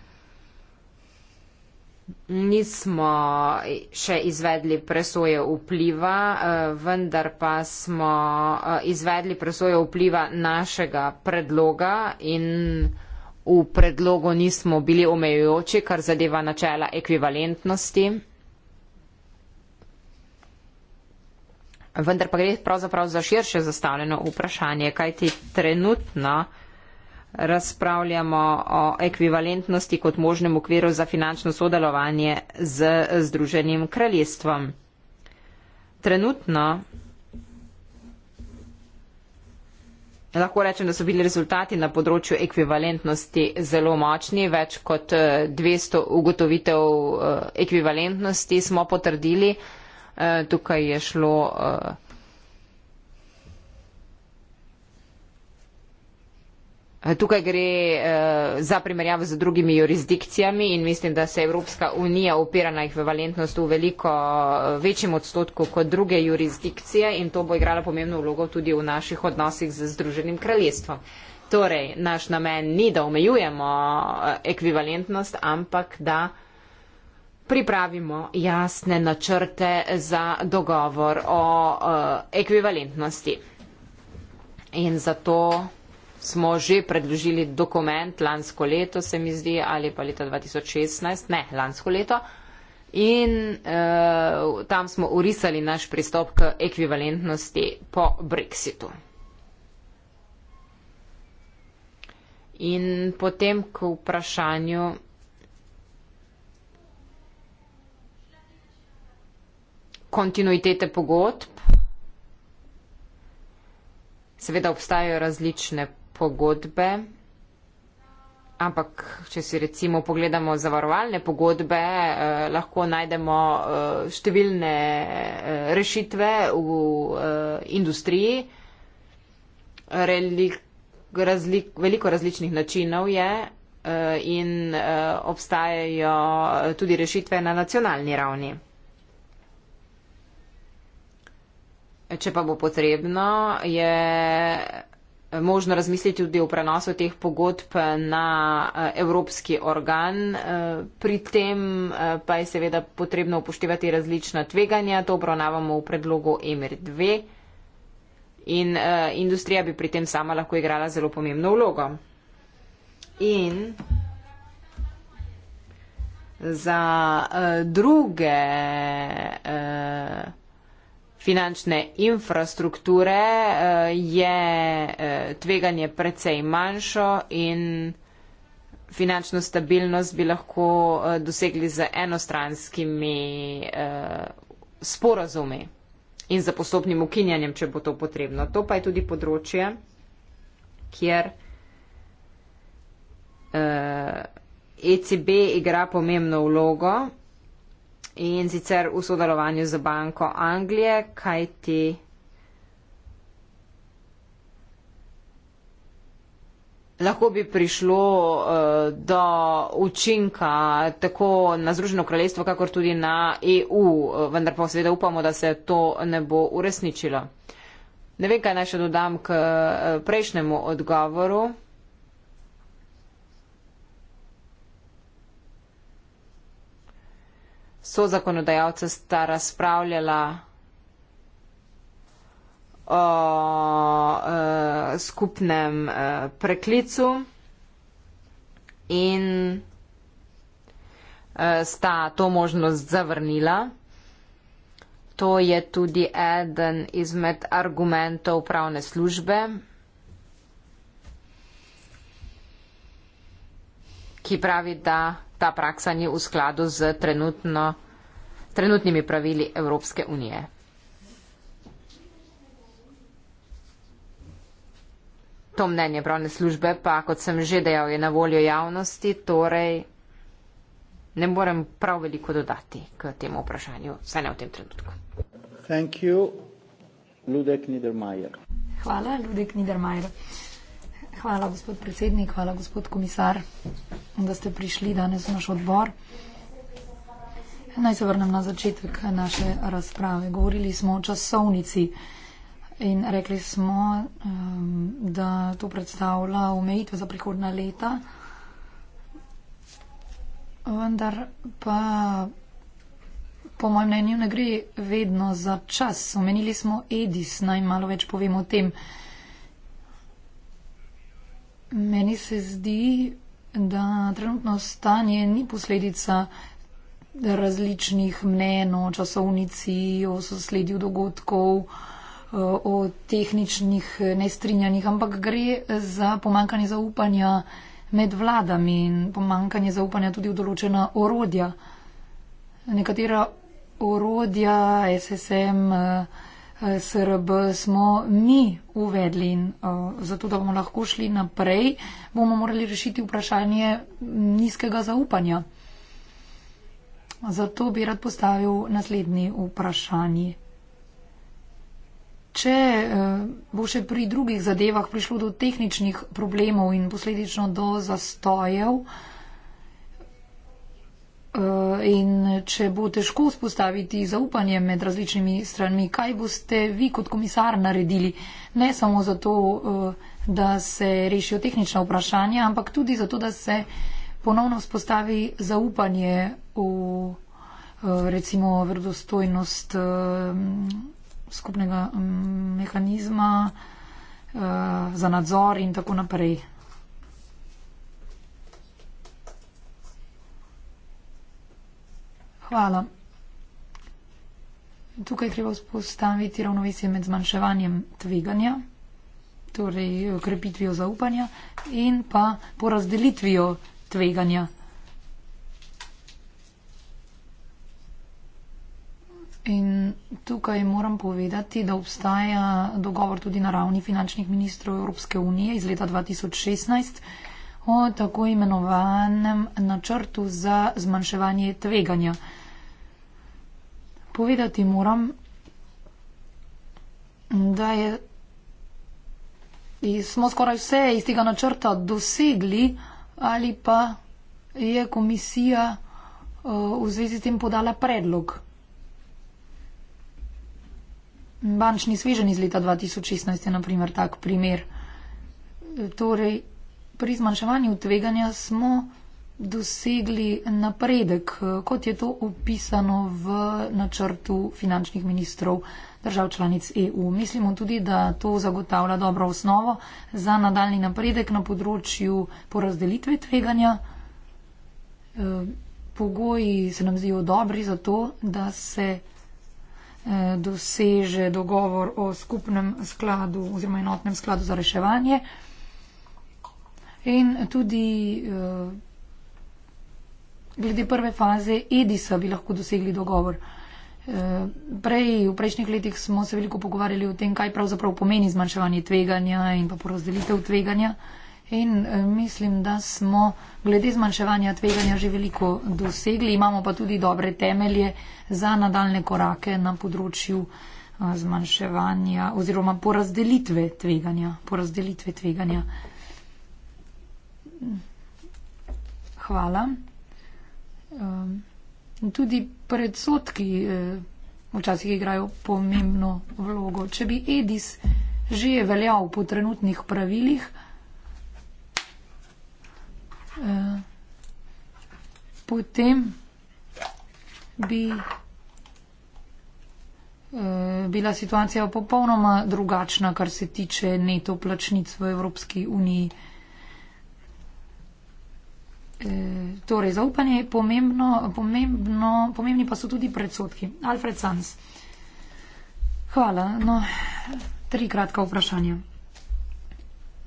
Nismo še izvedli presoje vpliva, vendar pa smo izvedli presoje vpliva našega predloga in uh, v predlogu nismo bili omejujoči, kar zadeva načela ekvivalentnosti. Vendar pa gre pravzaprav za širše zastavljeno vprašanje, kajti trenutno razpravljamo o ekvivalentnosti kot možnem okviru za finančno sodelovanje z Združenim kraljestvom. Trenutno Lahko rečem, da so bili rezultati na področju ekvivalentnosti zelo močni. Več kot 200 eh, ugotovitev eh, ekvivalentnosti smo potrdili. Eh, tukaj je šlo Tukaj gre uh, za primerjavo z drugimi jurisdikcijami in mislim, da se Evropska unija opira na ekvivalentnost v veliko uh, večjem odstotku kot druge jurisdikcije in to bo igralo pomembno vlogo tudi v naših odnosih z Združenim kraljestvom. Torej, naš namen ni, da omejujemo uh, ekvivalentnost, ampak da pripravimo jasne načrte za dogovor o uh, ekvivalentnosti. In zato smo že predložili dokument lansko leto, se mi zdi, ali pa leta 2016, ne, lansko leto. In uh, tam smo urisali naš pristop k ekvivalentnosti po Brexitu. In potem k vprašanju. kontinuitete pogodb. Seveda obstajajo različne pogodbe, ampak če si recimo pogledamo zavarovalne pogodbe, eh, lahko najdemo eh, številne eh, rešitve v eh, industriji. Relik, razlik, veliko različnih načinov je eh, in eh, obstajajo eh, tudi rešitve na nacionalni ravni. Če pa bo potrebno, je možno razmisliti tudi o prenosu teh pogodb na eh, evropski organ. Eh, pri tem eh, pa je seveda potrebno upoštevati različna tveganja, to obravnavamo v predlogu EMR2. In industrija bi pri tem sama lahko igrala zelo pomembno vlogo. In za uh, druge uh, finančne infrastrukture, eh, je eh, tveganje precej manjšo in finančno stabilnost bi lahko eh, dosegli z enostranskimi sporazumi in za postopnim ukinjanjem, če bo to potrebno. To pa je tudi področje, kjer ECB e igra pomembno vlogo in sicer v sodelovanju z banko Anglije, kaj ti. Lahko bi prišlo uh, do učinka tako na Združeno kraljestvo, kakor tudi na EU, eh, vendar pa seveda upamo, da se to ne bo uresničilo. Ne vem, kaj naj še dodam k eh, prejšnjemu odgovoru. so zakonodajalce sta razpravljala o e, skupnem e, preklicu in e, sta to možnost zavrnila. To je tudi eden izmed argumentov pravne službe, ki pravi, da ta praksa ni v skladu z trenutno, trenutnimi pravili Evropske unije. To mnenje pravne službe pa, kot sem že dejal, je na voljo javnosti, torej ne morem prav veliko dodati k temu vprašanju, vsaj ne v tem trenutku. Hvala, Ludek Niedermayer. Hvala, Ludek Niedermayer. Hvala, gospod predsednik, hvala, gospod komisar, da ste prišli danes v naš odbor. Naj se vrnem na začetek naše razprave. Govorili smo o časovnici in rekli smo, um, da to predstavlja omejitve za prihodna leta, vendar pa po mojem mnenju ne gre vedno za čas. Omenili smo Edis, naj malo več povem o tem. Meni se zdi, da trenutno stanje ni posledica različnih mnen o časovnici, o sosledju dogodkov, eh, o tehničnih nestrinjanjih, ampak gre za pomankanje zaupanja med vladami in pomankanje zaupanja tudi v določena orodja. Nekatera orodja, SSM, SRB smo mi uvedli in zato, da bomo lahko šli naprej, bomo morali rešiti vprašanje nizkega zaupanja. Zato bi rad postavil naslednji vprašanje. Če e, bo še pri drugih zadevah prišlo do tehničnih problemov in posledično do zastojev, Eh, in če bo težko vzpostaviti zaupanje med različnimi stranmi, kaj boste vi kot komisar naredili? Ne samo zato, eh, da se rešijo tehnična vprašanja, ampak tudi zato, da se ponovno vzpostavi zaupanje v eh, recimo verodostojnost skupnega mm, mehanizma za nadzor in tako naprej. Hvala. Tukaj treba vzpostaviti ravnovesje med zmanjševanjem tveganja, torej krepitvijo zaupanja in pa porazdelitvijo tveganja. In tukaj moram povedati, da obstaja dogovor tudi na ravni finančnih ministrov Evropske unije iz leta 2016, o tako imenovanem načrtu za zmanjševanje tveganja. Povedati moram, da je, smo skoraj vse iz tega načrta dosegli ali pa je komisija eh, v zvezi s tem podala predlog. Bančni sveženj iz leta 2016 je naprimer tak primer. Torej, pri zmanjševanju tveganja smo dosegli napredek, kot je to opisano v načrtu finančnih ministrov držav članic EU. Mislimo tudi, da to zagotavlja dobro osnovo za nadaljni napredek na področju porazdelitve tveganja. E, pogoji se nam zdijo dobri za to, da se e, doseže dogovor o skupnem skladu oziroma enotnem skladu za reševanje. In tudi uh, glede prve faze Edisa bi lahko dosegli dogovor. Eh, prej, v prejšnjih letih smo se veliko pogovarjali o tem, kaj pravzaprav pomeni zmanjševanje tveganja in pa porazdelitev tveganja. In eh, mislim, da smo glede zmanjševanja tveganja že veliko dosegli, imamo pa tudi dobre temelje za nadaljne korake na področju zmanjševanja oziroma porazdelitve tveganja. Porazdelitve tveganja. Hvala. Ehm, tudi predsotki eh, včasih igrajo pomembno vlogo. Če bi Edis že veljal po trenutnih pravilih, eh, potem bi eh, bila situacija popolnoma drugačna, kar se tiče neto plačnic v Evropski uniji. Eh, torej, zaupanje je pomembno, pomembno, pomembni pa so tudi predsotki. Alfred Sans. Hvala. No, tri kratka vprašanja.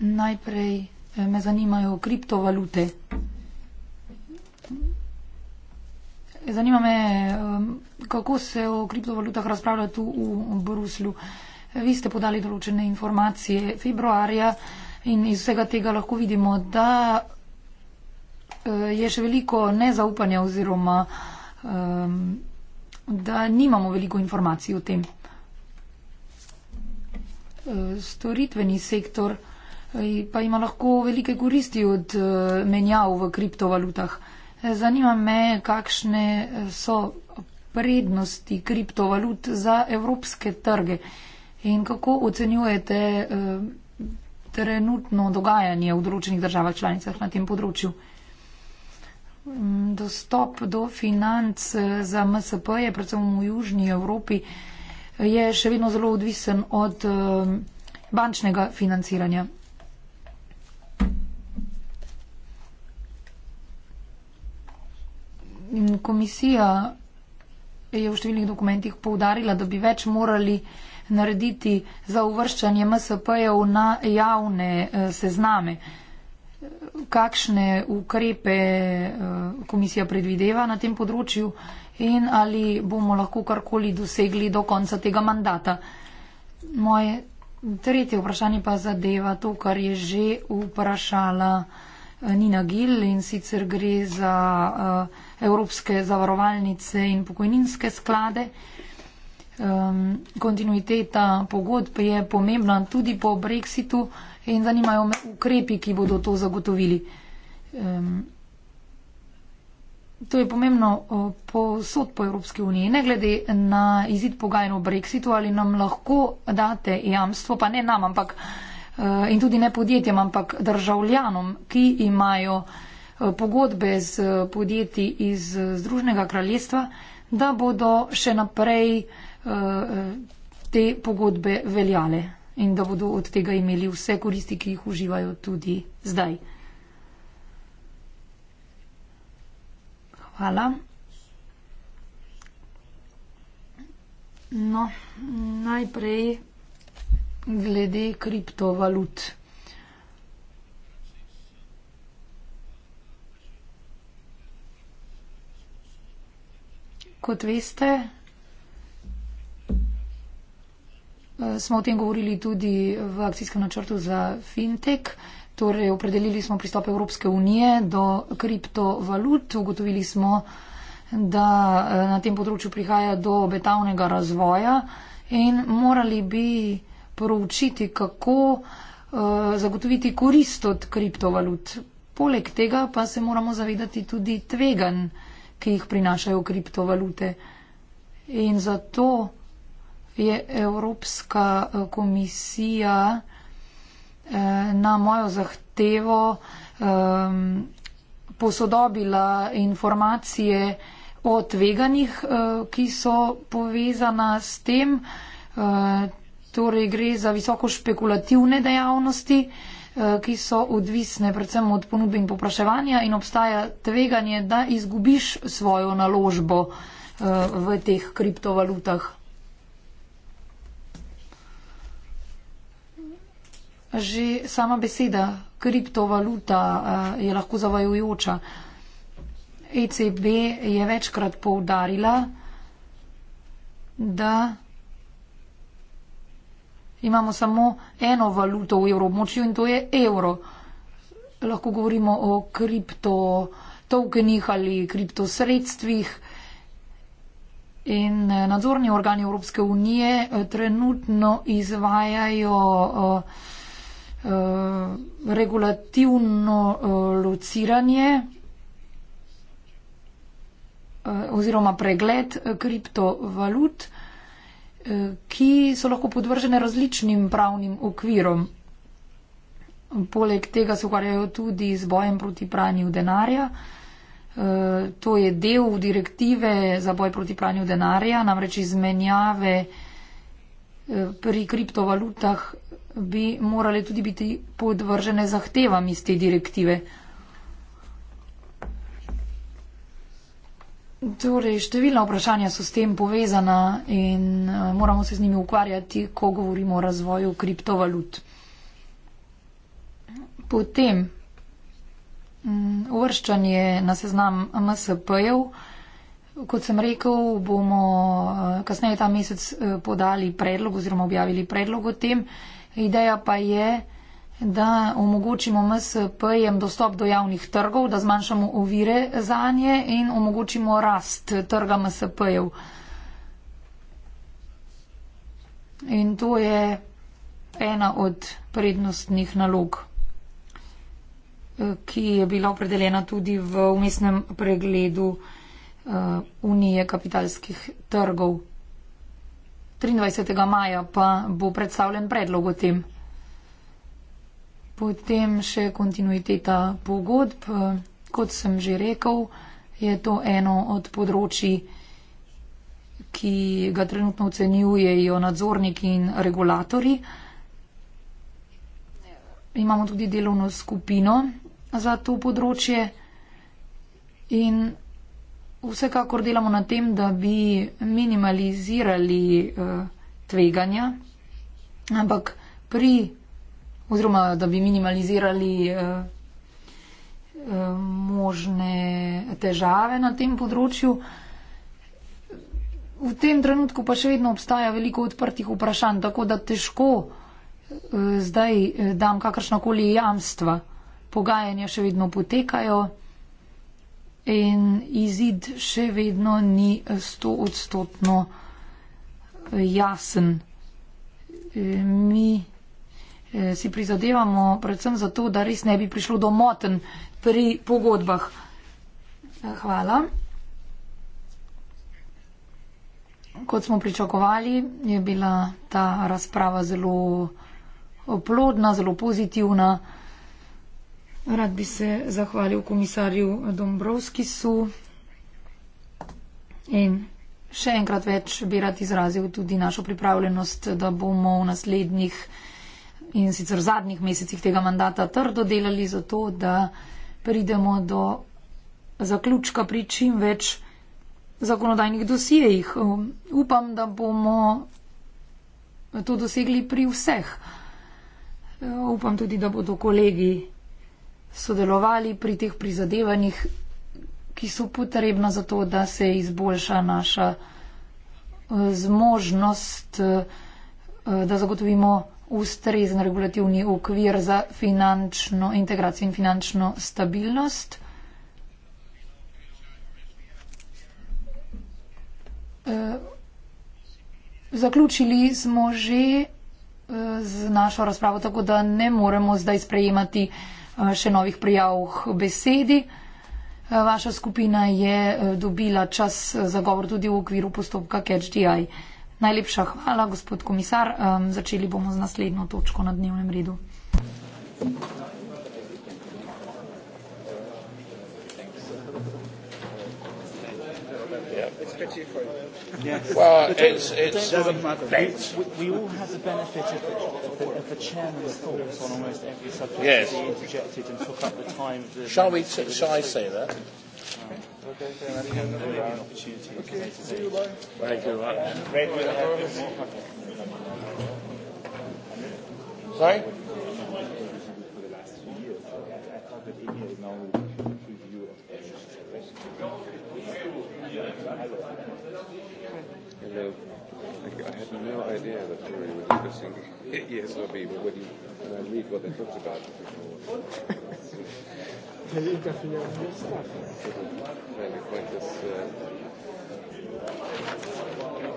Najprej eh, me zanimajo kriptovalute. Zanima me, eh, kako se o kriptovalutah razpravlja tu v Bruslju. Vi ste podali določene informacije februarja in iz vsega tega lahko vidimo, da Eh, je še veliko nezaupanja oziroma da nimamo veliko informacij o tem. Eh, storitveni sektor eh, pa ima lahko velike koristi od menjav v kriptovalutah. Zanima me, kakšne so prednosti kriptovalut za evropske trge in kako ocenjujete trenutno dogajanje v določenih državah članicah na tem področju dostop do financ eh, za MSP je predvsem v Južni Evropi je še vedno zelo odvisen od eh, bančnega financiranja. Komisija je v številnih dokumentih poudarila, da bi več morali narediti za uvrščanje MSP-jev na javne eh, sezname kakšne ukrepe eh, komisija predvideva na tem področju in ali bomo lahko karkoli dosegli do konca tega mandata. Moje tretje vprašanje pa zadeva to, kar je že vprašala eh, Nina Gil in sicer gre za eh, evropske zavarovalnice in pokojninske sklade um, kontinuiteta pogodb je pomembna tudi po brexitu in zanimajo me ukrepi, ki bodo to zagotovili. Um, to je pomembno posod po Evropski uniji. Ne glede na izid pogajanj o brexitu, ali nam lahko date jamstvo, pa ne nam, ampak e, in tudi ne podjetjem, ampak državljanom, ki imajo e, pogodbe z podjetji iz Združnega kraljestva, da bodo še naprej Eh, te pogodbe veljale in da bodo od tega imeli vse koristi, ki jih uživajo tudi zdaj. Hvala. No, najprej glede kriptovalut. Kot veste, Eh, smo o tem govorili tudi v akcijskem načrtu za fintech. Torej, opredelili smo pristop Evropske unije do kriptovalut, ugotovili smo, da eh, na tem področju prihaja do obetavnega razvoja in morali bi poročiti, kako eh, zagotoviti korist od kriptovalut. Poleg tega pa se moramo zavedati tudi tvegan, ki jih prinašajo kriptovalute. In zato je Evropska eh, komisija eh, na mojo zahtevo ehm, posodobila informacije o tveganjih, eh, ki so povezana s tem. Torej gre za visoko špekulativne dejavnosti, ki so odvisne predvsem od ponudbe in popraševanja in obstaja tveganje, da izgubiš svojo naložbo v teh kriptovalutah. Že sama beseda kriptovaluta eh, je lahko zavajujoča. ECB je večkrat poudarila, da imamo samo eno valuto v evromočju in to je evro. Lahko govorimo o kriptotokenih ali kriptosredstvih. In eh, nadzorni organi Evropske unije eh, trenutno izvajajo uh, Eh, regulativno uh, lociranje uh, oziroma pregled kriptovalut, uh, ki so lahko podvržene različnim pravnim okvirom. Poleg tega se ukvarjajo tudi z bojem proti pranju denarja. To je del direktive za boj proti pranju denarja, namreč izmenjave pri kriptovalutah bi morale tudi biti podvržene zahtevam iz te direktive. Torej, številna vprašanja so s tem povezana in eh, moramo se z njimi ukvarjati, ko govorimo o razvoju kriptovalut. Potem mm, uvrščanje na seznam MSP-jev. Kot sem rekel, bomo eh, kasneje ta mesec eh, podali predlog oziroma objavili predlog o tem. Ideja pa je, da omogočimo MSP-jem dostop do javnih trgov, da zmanjšamo ovire za nje in omogočimo rast trga MSP-jev. In to je ena od prednostnih nalog, ki je bila opredeljena tudi v umestnem pregledu eh, Unije kapitalskih trgov. 23. maja pa bo predstavljen predlog o tem. Potem še kontinuiteta pogodb. Kot sem že rekel, je to eno od področji, ki ga trenutno ocenjujejo nadzorniki in regulatori. Imamo tudi delovno skupino za to področje in Vsekakor delamo na tem, da bi minimalizirali uh, tveganja, ampak pri, oziroma da bi minimalizirali uh, uh, možne težave na tem področju. V tem trenutku pa še vedno obstaja veliko odprtih vprašanj, tako da težko uh, zdaj dam kakršnakoli jamstva. Pogajanja še vedno potekajo in izid še vedno ni stoodstotno eh, jasen. Eh, mi eh, si prizadevamo predvsem zato, da res ne bi prišlo do moten pri pogodbah. Hvala. Kot smo pričakovali, je bila ta razprava zelo oplodna, zelo pozitivna. Rad bi se zahvalil komisarju Dombrovskisu in še enkrat več bi rad izrazil tudi našo pripravljenost, da bomo v naslednjih in sicer zadnjih mesecih tega mandata trdo delali za to, da pridemo do zaključka pri čim več zakonodajnih dosijejih. Um, upam, da bomo to dosegli pri vseh. Uh, upam tudi, da bodo kolegi sodelovali pri teh prizadevanjih, ki so potrebna za to, da se izboljša naša eh, zmožnost, eh, da zagotovimo ustrezen regulativni okvir za finančno integracijo in finančno stabilnost. Eh, zaključili smo že z našo razpravo, tako da ne moremo zdaj sprejemati Eh, še novih prijav k besedi. Eh, vaša skupina je eh, dobila čas za govor tudi v okviru postopka Catch DI. Najlepša hvala, gospod komisar. Začeli bomo z naslednjo točko na dnevnem redu. Yeah, it's pretty for you well, it's, it's, it doesn't matter. It's, we, we all have the benefit of the, of, the, of the chairman's thoughts on almost every subject. Yes. That he interjected and took up the time. Of the shall we t- shall I say that? Sorry? Thank you. Hello. I had no idea that Tory would be missing. Yes, it would be, but when, you, when I read what they talked about before. They interfere with your stuff. It's a fairly pointless. Uh,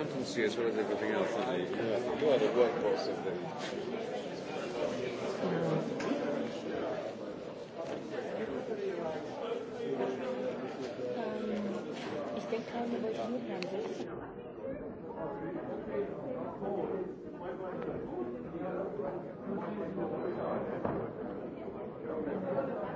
accountancy as well as everything else, aren't they? Yeah, well, the workbox of them. Thank you.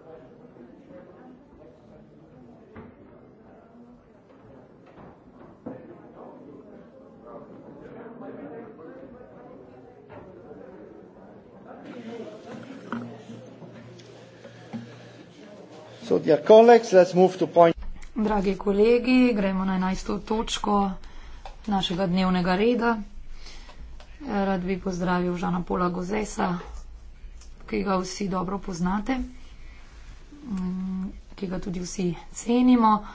Dragi kolegi, gremo na 11. točko našega dnevnega reda. Rad bi pozdravil Žana Pola Gozesa, ki ga vsi dobro poznate, mm, ki ga tudi vsi cenimo.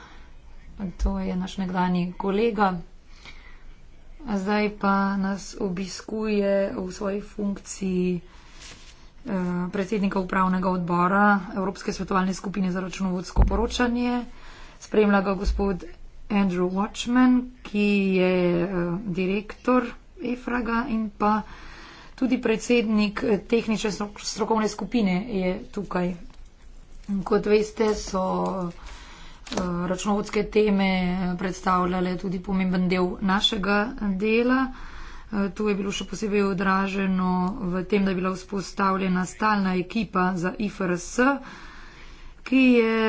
To je naš nekdani kolega. Zdaj pa nas obiskuje v svoji funkciji. Eh, predsednika upravnega odbora Evropske svetovalne skupine za računovodsko poročanje. Spremlja ga gospod Andrew Watchman, ki je eh, direktor EFRAGA in pa tudi predsednik eh, tehnične strokovne skupine je tukaj. Kot veste, so računovodske teme predstavljale tudi pomemben del našega dela. Eh, tu je bilo še posebej odraženo v tem, da je bila vzpostavljena stalna ekipa za IFRS, ki je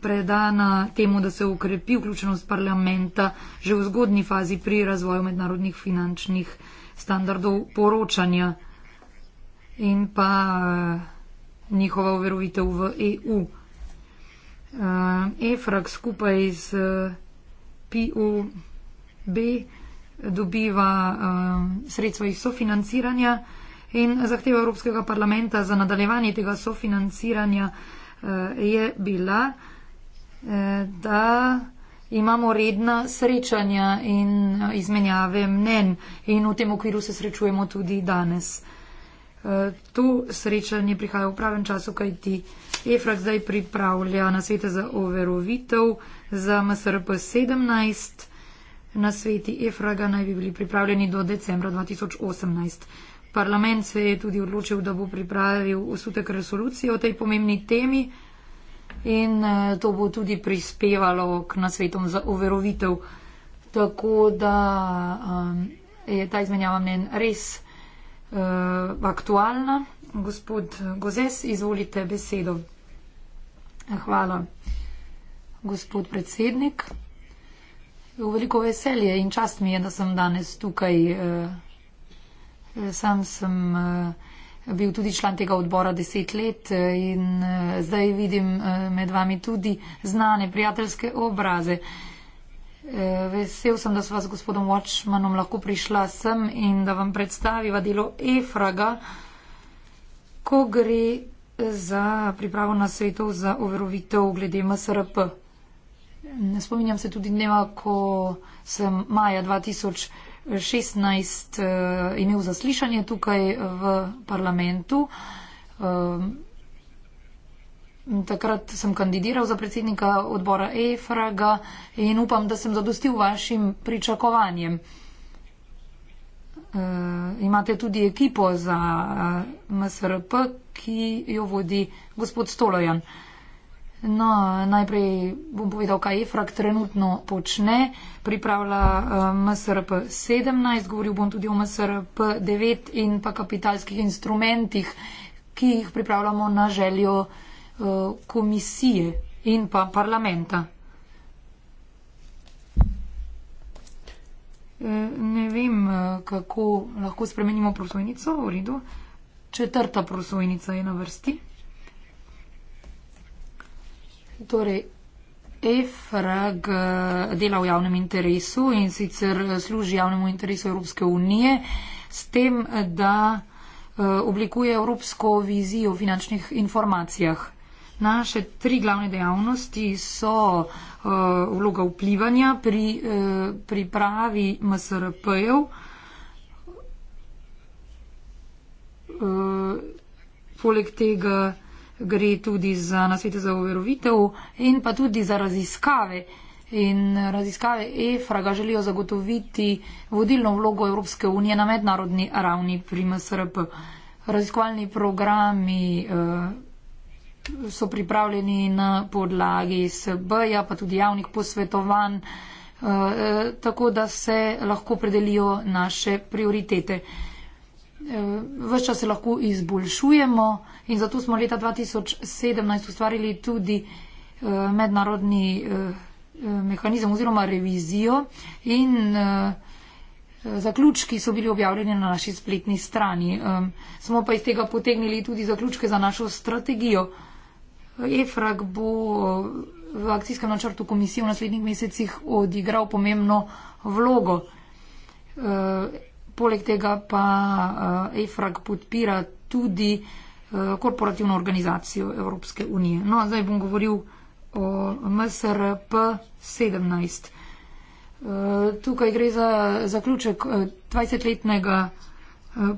predana temu, da se ukrepi vključenost parlamenta že v zgodni fazi pri razvoju mednarodnih finančnih standardov poročanja in pa eh, njihova uverovitev v EU. Efrak eh, e skupaj z PUB dobiva um, sredstva iz sofinanciranja in zahteva Evropskega parlamenta za nadaljevanje tega sofinanciranja uh, je bila, uh, da imamo redna srečanja in uh, izmenjave mnen in v tem okviru se srečujemo tudi danes. To srečanje prihaja v pravem času, kajti EFRAK zdaj pripravlja na svete za overovitev za MSRP 17. Na sveti Efraga naj bi bili pripravljeni do decembra 2018. Parlament se je tudi odločil, da bo pripravil usutek resolucije o tej pomembni temi in eh, to bo tudi prispevalo k nasvetom za overovitev. Tako da um, je ta izmenjava mnen res uh, aktualna. Gospod Gozes, izvolite besedo. Hvala. Gospod predsednik. Veliko veselje in čast mi je, da sem danes tukaj. Eh, eh, sam sem eh, bil tudi član tega odbora deset let in zdaj vidim med vami tudi znane prijateljske obraze. Vesel sem, da sva s gospodom Watchmanom lahko prišla sem in da vam predstaviva delo Efraga, ko gre za pripravo na svetov za overovitev glede MSRP. Ne spominjam se tudi dneva, ko sem maja 2016 uh, eh, imel zaslišanje tukaj v parlamentu. Uh, takrat sem kandidiral za predsednika odbora EFRAGA in upam, da sem zadostil vašim pričakovanjem. Uh, imate tudi ekipo za uh, MSRP, ki jo vodi gospod Stolojan. Uh, No, najprej bom povedal, kaj EFRAK trenutno počne. Pripravlja uh, MSRP 17, govoril bom tudi o MSRP 9 in pa kapitalskih instrumentih, ki jih pripravljamo na željo uh, komisije in pa parlamenta. Eh, ne vem, eh, kako lahko spremenimo prosojnico, v redu. Četrta prosojnica je na vrsti. Torej, EFRAG dela v javnem interesu in sicer eh, služi javnemu interesu Evropske unije s tem, da eh, oblikuje evropsko vizijo o finančnih informacijah. Naše tri glavne dejavnosti so uh, vloga vplivanja pri uh, pripravi MSRP-jev, uh, poleg tega gre tudi za nasvete za uverovitev in pa tudi za raziskave. In raziskave EFRA ga želijo zagotoviti vodilno vlogo Evropske unije na mednarodni ravni pri MSRP. Raziskovalni programi eh, so pripravljeni na podlagi SB-ja, pa tudi javnih posvetovanj, eh, eh, tako da se lahko predelijo naše prioritete. Eh, vse čas se lahko izboljšujemo in zato smo leta 2017 ustvarili tudi eh, mednarodni eh, mehanizem oziroma revizijo in zaključki so bili objavljeni na naši spletni strani. Smo pa iz tega potegnili tudi zaključke za našo strategijo. EFRAG bo v akcijskem načrtu komisije v naslednjih mesecih odigral pomembno vlogo poleg tega pa uh, EFRAG podpira tudi uh, korporativno organizacijo Evropske unije. No, zdaj bom govoril o MSRP 17. Uh, tukaj gre za zaključek 20-letnega eh,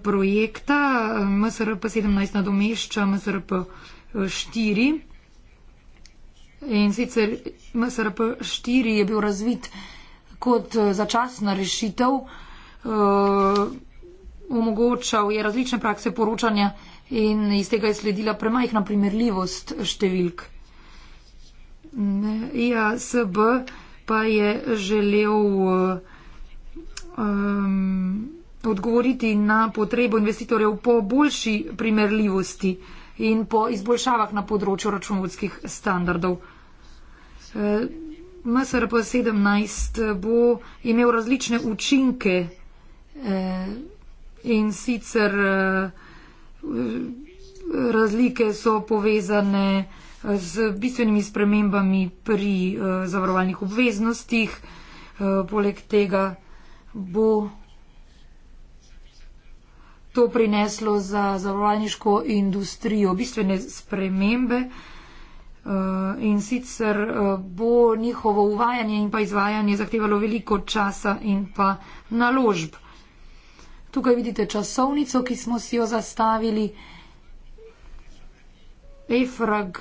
projekta. MSRP 17 nadomešča MSRP 4. In sicer MSRP 4 je bil razvit kot začasna rešitev uh, Eh, omogočal je različne prakse poročanja in iz tega je sledila premajhna primerljivost številk. IASB pa je želel um, odgovoriti na potrebo investitorjev po boljši primerljivosti in po izboljšavah na področju računovodskih standardov. E, MSRP 17 bo imel različne učinke Eh, in sicer eh, razlike so povezane eh, z bistvenimi spremembami pri zavarovalnih obveznostih. Poleg tega bo to prineslo za zavarovalniško industrijo bistvene spremembe in sicer bo njihovo uvajanje in pa izvajanje zahtevalo veliko časa in pa naložb. Tukaj vidite časovnico, ki smo si jo zastavili. Efrag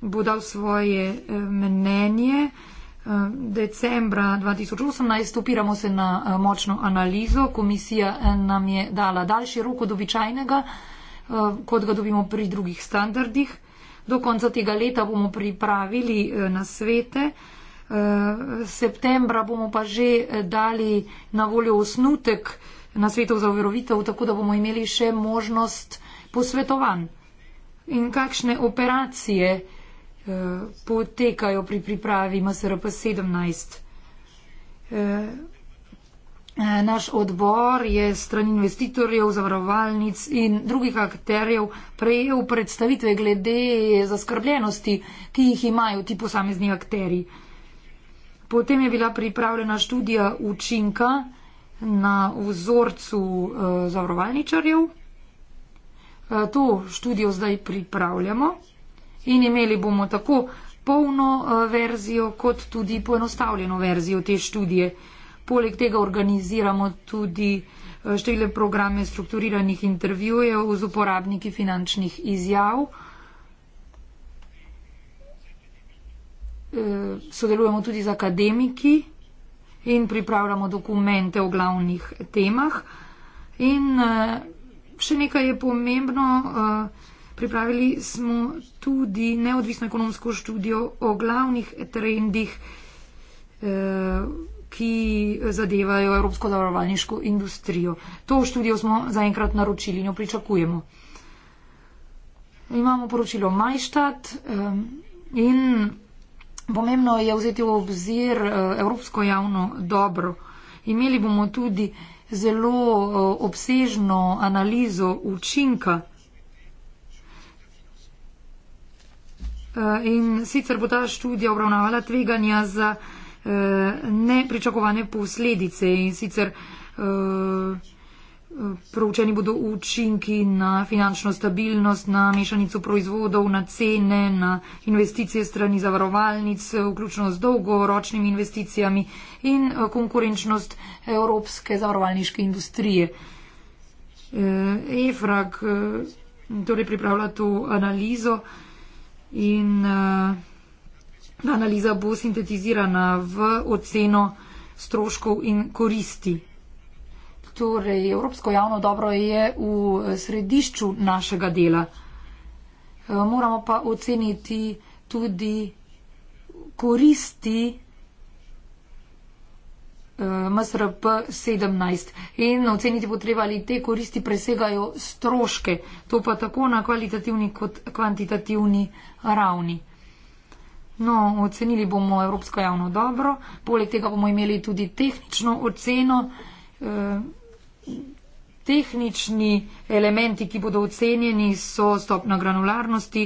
bo dal svoje eh, mnenje. Eh, decembra 2018 stopiramo se na eh, močno analizo. Komisija nam je dala daljši rok od običajnega, kot ga dobimo pri drugih standardih. Do konca tega leta bomo pripravili na svete. Septembra bomo pa že dali na voljo osnutek na svetu za uverovitev, tako da bomo imeli še možnost posvetovanj. In kakšne operacije eh, potekajo pri pripravi MSRP 17? Eh, eh, naš odbor je stran investitorjev, zavarovalnic in drugih akterjev prejel predstavitve glede zaskrbljenosti, ki jih imajo ti posamezni akteri. Potem je bila pripravljena študija učinka na vzorcu uh, zavarovalničarjev. Uh, to študijo zdaj pripravljamo in imeli bomo tako polno uh, verzijo, kot tudi poenostavljeno verzijo te študije. Poleg tega organiziramo tudi uh, števile programe strukturiranih intervjujev z uporabniki finančnih izjav. Sodelujemo tudi z akademiki, in pripravljamo dokumente o glavnih temah. In eh, še nekaj je pomembno, eh, pripravili smo tudi neodvisno ekonomsko študijo o glavnih trendih, eh, ki zadevajo evropsko zavarovalniško industrijo. To študijo smo zaenkrat naročili in jo pričakujemo. Imamo poročilo Majštat in Pomembno je vzeti v obzir eh, evropsko javno dobro. Imeli bomo tudi zelo eh, obsežno analizo učinka. Eh, in sicer bo ta študija obravnavala tveganja za nepričakovane posledice in sicer proučeni bodo učinki na finančno stabilnost, na mešanico proizvodov, na cene, na investicije strani zavarovalnic, vključno z dolgoročnimi investicijami in eh, konkurenčnost evropske zavarovalniške industrije. Eh, EFRAG eh, torej pripravlja to analizo in analiza bo sintetizirana v oceno stroškov in koristi. Torej, evropsko javno dobro je v središču našega dela. Eh, moramo pa oceniti tudi koristi eh, MSRP 17 in oceniti potreba, ali te koristi presegajo stroške, to pa tako na kvalitativni kot kvantitativni ravni. No, ocenili bomo evropsko javno dobro, poleg tega bomo imeli tudi tehnično oceno. Eh, tehnični elementi, ki bodo ocenjeni, so stopna granularnosti,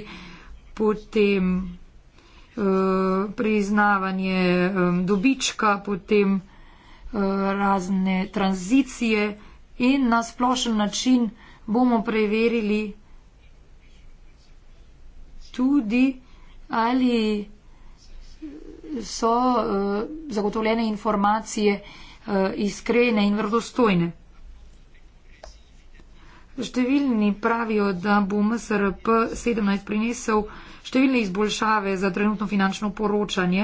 potem eh, priznavanje eh, dobička, potem eh, razne tranzicije in na splošen način bomo preverili tudi, ali so zagotovljene informacije iskrene in vrdostojne. Številni pravijo, da bo MSRP 17 prinesel številne izboljšave za trenutno finančno poročanje,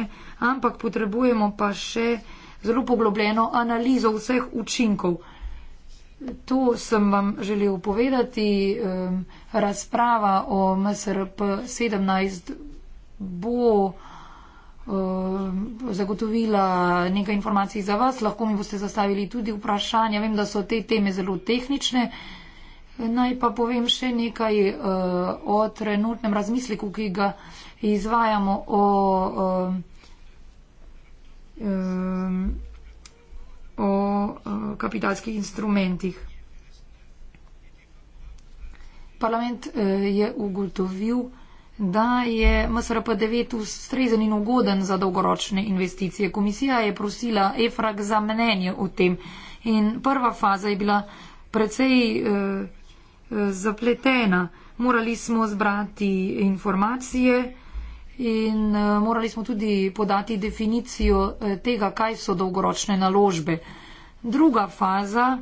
ampak potrebujemo pa še zelo poglobljeno analizo vseh učinkov. To sem vam želel povedati. Ehm, razprava o MSRP 17 bo ehm, zagotovila nekaj informacij za vas. Lahko mi boste zastavili tudi vprašanja. Vem, da so te teme zelo tehnične. Naj pa povem še nekaj uh, o trenutnem razmisliku, ki ga izvajamo o, uh, um, o uh, kapitalskih instrumentih. Parlament uh, je ugotovil, da je MSRP9 ustrezen in ugoden za dolgoročne investicije. Komisija je prosila EFRAG za mnenje o tem in prva faza je bila precej. Uh, zapletena. Morali smo zbrati informacije in eh, morali smo tudi podati definicijo eh, tega, kaj so dolgoročne naložbe. Druga faza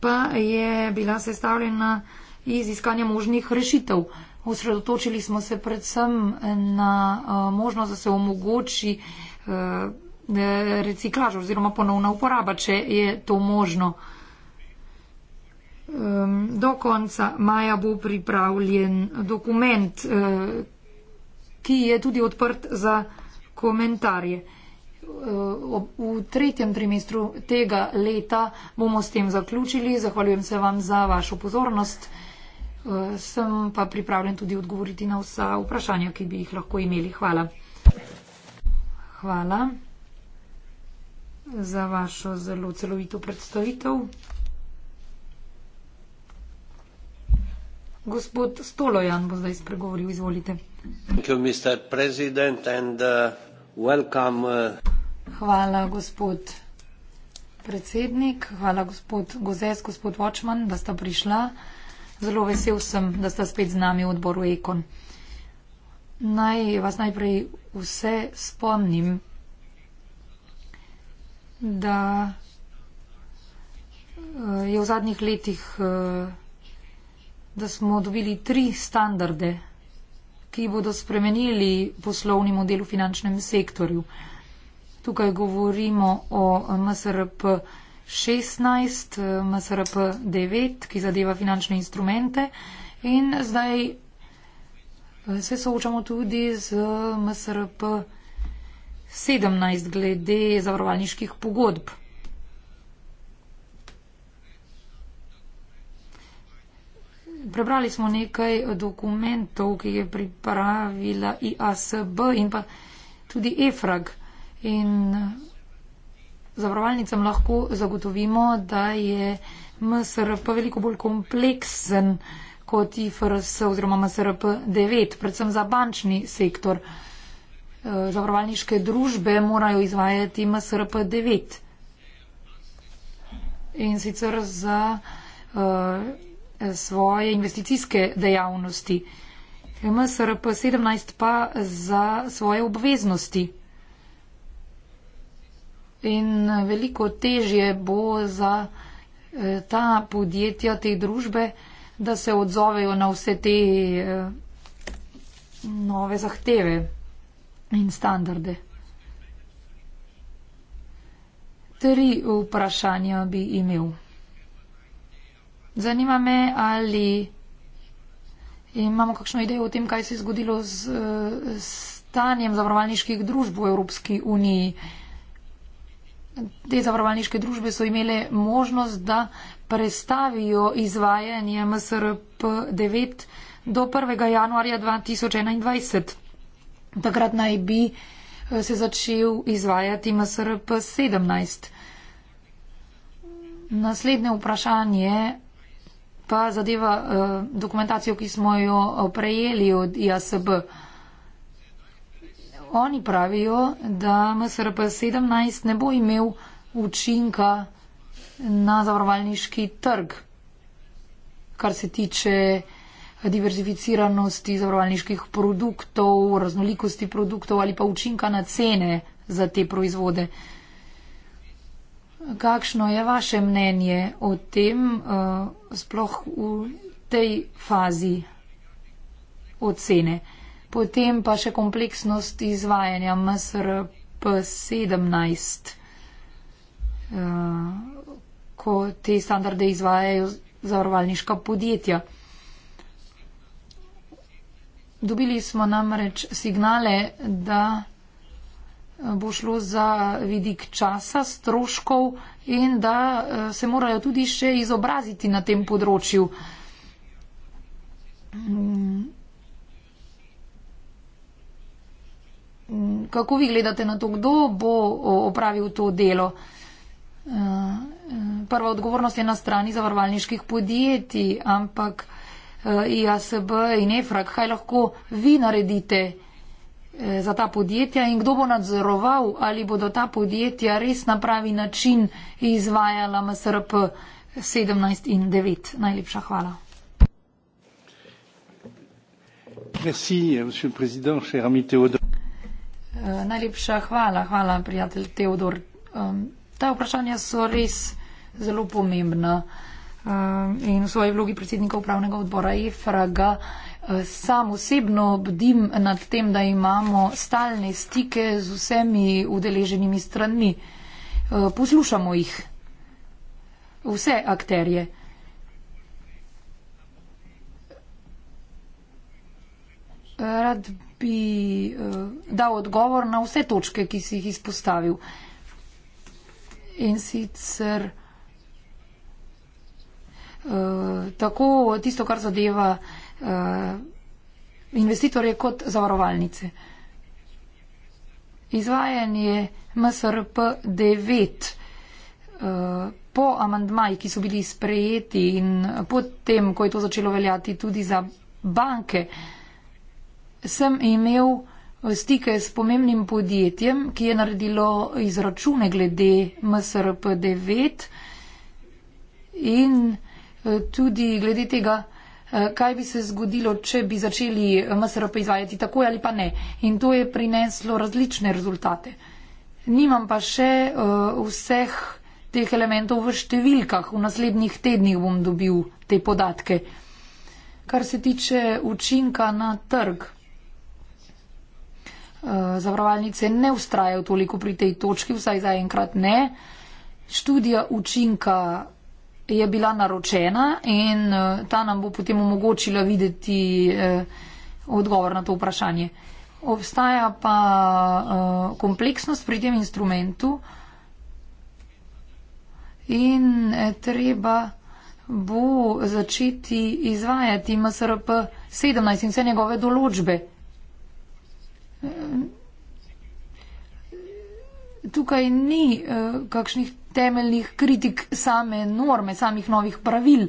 pa je bila sestavljena iz iskanja možnih rešitev. Osredotočili smo se predvsem na eh, možnost, da se omogoči reciklaž oziroma ponovna uporaba, če je to možno um, do konca maja bo pripravljen eh, dokument, uh, ki je tudi odprt za komentarje. Eh, v tretjem trimestru tega leta bomo s tem zaključili. Zahvaljujem se vam za vašo pozornost. Sem pa pripravljen tudi odgovoriti na vsa vprašanja, ki bi jih lahko imeli. Hvala. Hvala za vašo zelo celovito predstavitev. Gospod Stolojan bo zdaj spregovoril, izvolite. Uh, uh, hvala, gospod predsednik, hvala, gospod Gozes, gospod Vočman, da sta prišla. Zelo vesel sem, da sta spet z nami v odboru Ekon. Naj vas najprej vse spomnim, da uh, je v zadnjih letih da smo dobili tri standarde, ki bodo spremenili poslovni model v finančnem sektorju. Tukaj govorimo o MSRP 16, MSRP 9, ki zadeva finančne instrumente in zdaj eh, se soočamo tudi z MSRP 17 glede zavarovalniških pogodb. prebrali smo nekaj dokumentov, ki je pripravila IASB in pa tudi EFRAG. In zavarovalnicam lahko zagotovimo, da je MSRP veliko bolj kompleksen kot IFRS oziroma MSRP 9, predvsem za bančni sektor. E, zavarovalniške družbe morajo izvajati MSRP 9. In sicer za uh, svoje investicijske dejavnosti. MSRP 17 pa za svoje obveznosti. In veliko težje bo za eh, ta podjetja, te družbe, da se odzovejo na vse te eh, nove zahteve in standarde. Tri vprašanja bi imel. Zanima me, ali imamo kakšno idejo o tem, kaj se je zgodilo z, z eh, stanjem zavarovalniških družb v Evropski uniji. Te zavarovalniške družbe so imele možnost, da prestavijo izvajanje MSRP 9 do 1. januarja 2021. Takrat naj bi eh, se začel izvajati MSRP 17. Naslednje vprašanje pa zadeva uh, dokumentacijo, ki smo jo eh, prejeli od IASB. Oni pravijo, da MSRP 17 ne bo imel učinka na zavarovalniški trg, kar se tiče eh, diverzificiranosti zavarovalniških produktov, raznolikosti produktov ali pa učinka na cene za te proizvode. Uh, Kakšno je vaše mnenje o tem, uh, sploh v tej fazi ocene? Potem pa še kompleksnost izvajanja MSRP 17, uh, ko te standarde izvajajo zavarovalniška podjetja. Dobili smo namreč signale, da bo šlo za vidik časa, stroškov in da eh, se morajo tudi še izobraziti na tem področju. Mm. Kako vi gledate na to, kdo bo opravil to delo? Eh, eh, prva odgovornost je na strani zavarvalniških podjetij, ampak ISB in EFRAK, kaj lahko vi naredite? Eh, za ta podjetja in kdo bo nadzoroval, ali bodo ta podjetja res na pravi način izvajala MSRP 17 in 9. Najlepša hvala. Merci, président, cher ami uh, najlepša hvala, hvala, prijatelj Teodor. Um, ta vprašanja so res zelo pomembna um, in v svoji vlogi predsednika upravnega odbora EFRA-ga Sam osebno bdim nad tem, da imamo stalne stike z vsemi udeleženimi stranmi. Poslušamo jih, vse akterje. Rad bi eh, dal odgovor na vse točke, ki si jih izpostavil. In sicer eh, tako tisto, kar zadeva Eh, investitorje kot zavarovalnice. Izvajanje MSRP 9 uh, eh, po amandmaji, ki so bili sprejeti in potem, ko je to začelo veljati tudi za banke, sem imel stike s pomembnim podjetjem, ki je naredilo izračune glede MSRP 9 in eh, tudi glede tega, Eh, kaj bi se zgodilo, če bi začeli MSRP izvajati tako ali pa ne. In to je prineslo različne rezultate. Nimam pa še uh, vseh teh elementov v številkah. V naslednjih tednih bom dobil te podatke. Kar se tiče učinka na trg. Eh, zavarovalnice ne ustrajajo toliko pri tej točki, vsaj zaenkrat ne. Študija učinka je bila naročena in eh, ta nam bo potem omogočila videti eh, odgovor na to vprašanje. Obstaja pa eh, kompleksnost pri tem instrumentu in treba bo začeti izvajati MSRP 17 in vse njegove določbe. Tukaj ni uh, kakšnih temeljnih kritik same norme, samih novih pravil,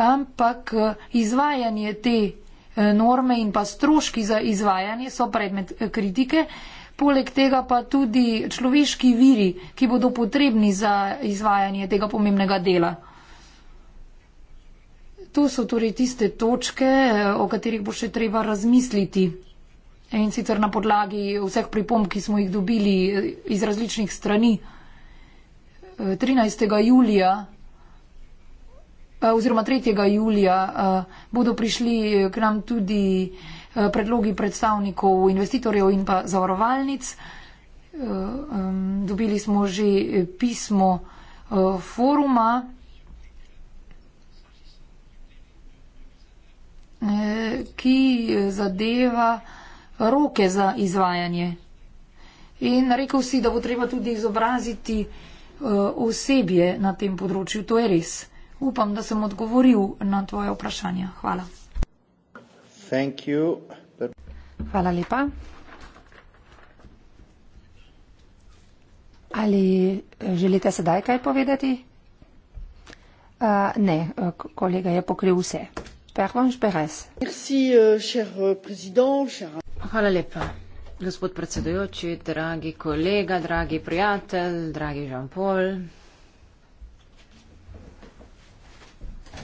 ampak eh, izvajanje te eh, norme in pa stroški za izvajanje so predmet eh, kritike. Poleg tega pa tudi človeški viri, ki bodo potrebni za izvajanje tega pomembnega dela. To so torej tiste točke, o katerih bo še treba razmisliti. In sicer na podlagi vseh pripomb, ki smo jih dobili iz različnih strani. 13. julija eh, oziroma 3. julija eh, bodo prišli k nam tudi eh, predlogi predstavnikov investitorjev in pa zavarovalnic. Dobili smo že pismo foruma. ki zadeva roke za izvajanje. In rekel si, da bo treba tudi izobraziti uh, Eh, osebje na tem področju. To je res. Upam, da sem odgovoril na tvoje vprašanje. Hvala. Hvala lepa. Ali eh, želite sedaj kaj povedati? Uh, ne, kolega je pokril vse. Hvala lepa. Gospod predsedujoči, dragi kolega, dragi prijatelj, dragi Žampol.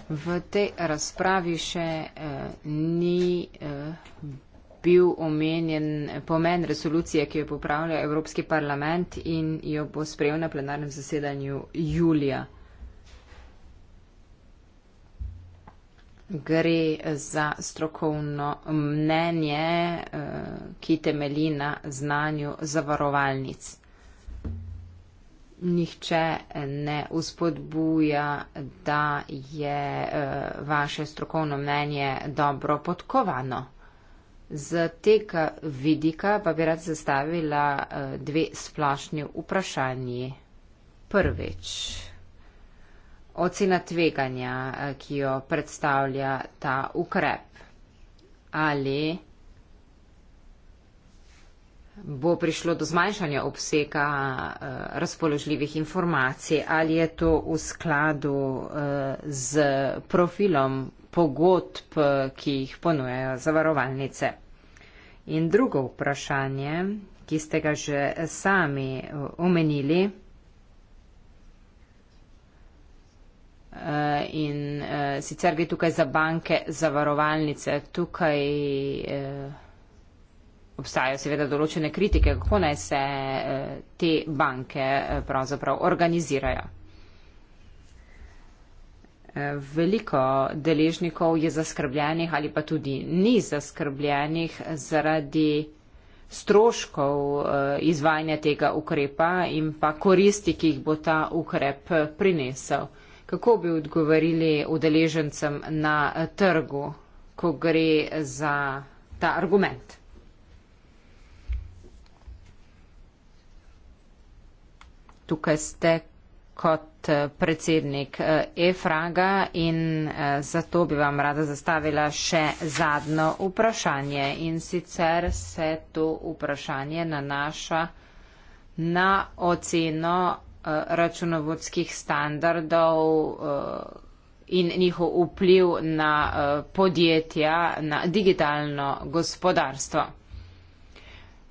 V tej razpravi še eh, ni eh, bil omenjen pomen resolucije, ki jo popravlja Evropski parlament in jo bo sprejel na plenarnem zasedanju julija. gre za strokovno mnenje, eh, ki temelji na znanju zavarovalnic. Nihče ne uspodbuja, da je eh, vaše strokovno mnenje dobro podkovano. Z tega vidika pa bi rad zastavila eh, dve splošni vprašanji. Prvič ocena tveganja, eh, ki jo predstavlja ta ukrep? Ali bo prišlo do zmanjšanja obsega eh, razpoložljivih informacij, ali je to v skladu eh, z profilom pogodb, ki jih ponujajo zavarovalnice? In drugo vprašanje, ki ste ga že sami omenili, Eh, in uh, sicer gre tukaj za banke, za varovalnice. Tukaj uh, obstajajo seveda določene kritike, kako naj se uh, te banke uh, pravzaprav organizirajo. Veliko deležnikov je zaskrbljenih ali pa tudi ni zaskrbljenih zaradi stroškov izvajanja tega ukrepa in pa koristi, ki jih bo ta ukrep prinesel kako bi odgovorili udeležencem na trgu, ko gre za ta argument? Tukaj ste kot eh, predsednik eh, EFRAGA in eh, zato bi vam rada zastavila še zadnjo vprašanje in sicer se to vprašanje nanaša na oceno Eh, računovodskih standardov eh, in njihov vpliv na eh, podjetja, na digitalno gospodarstvo.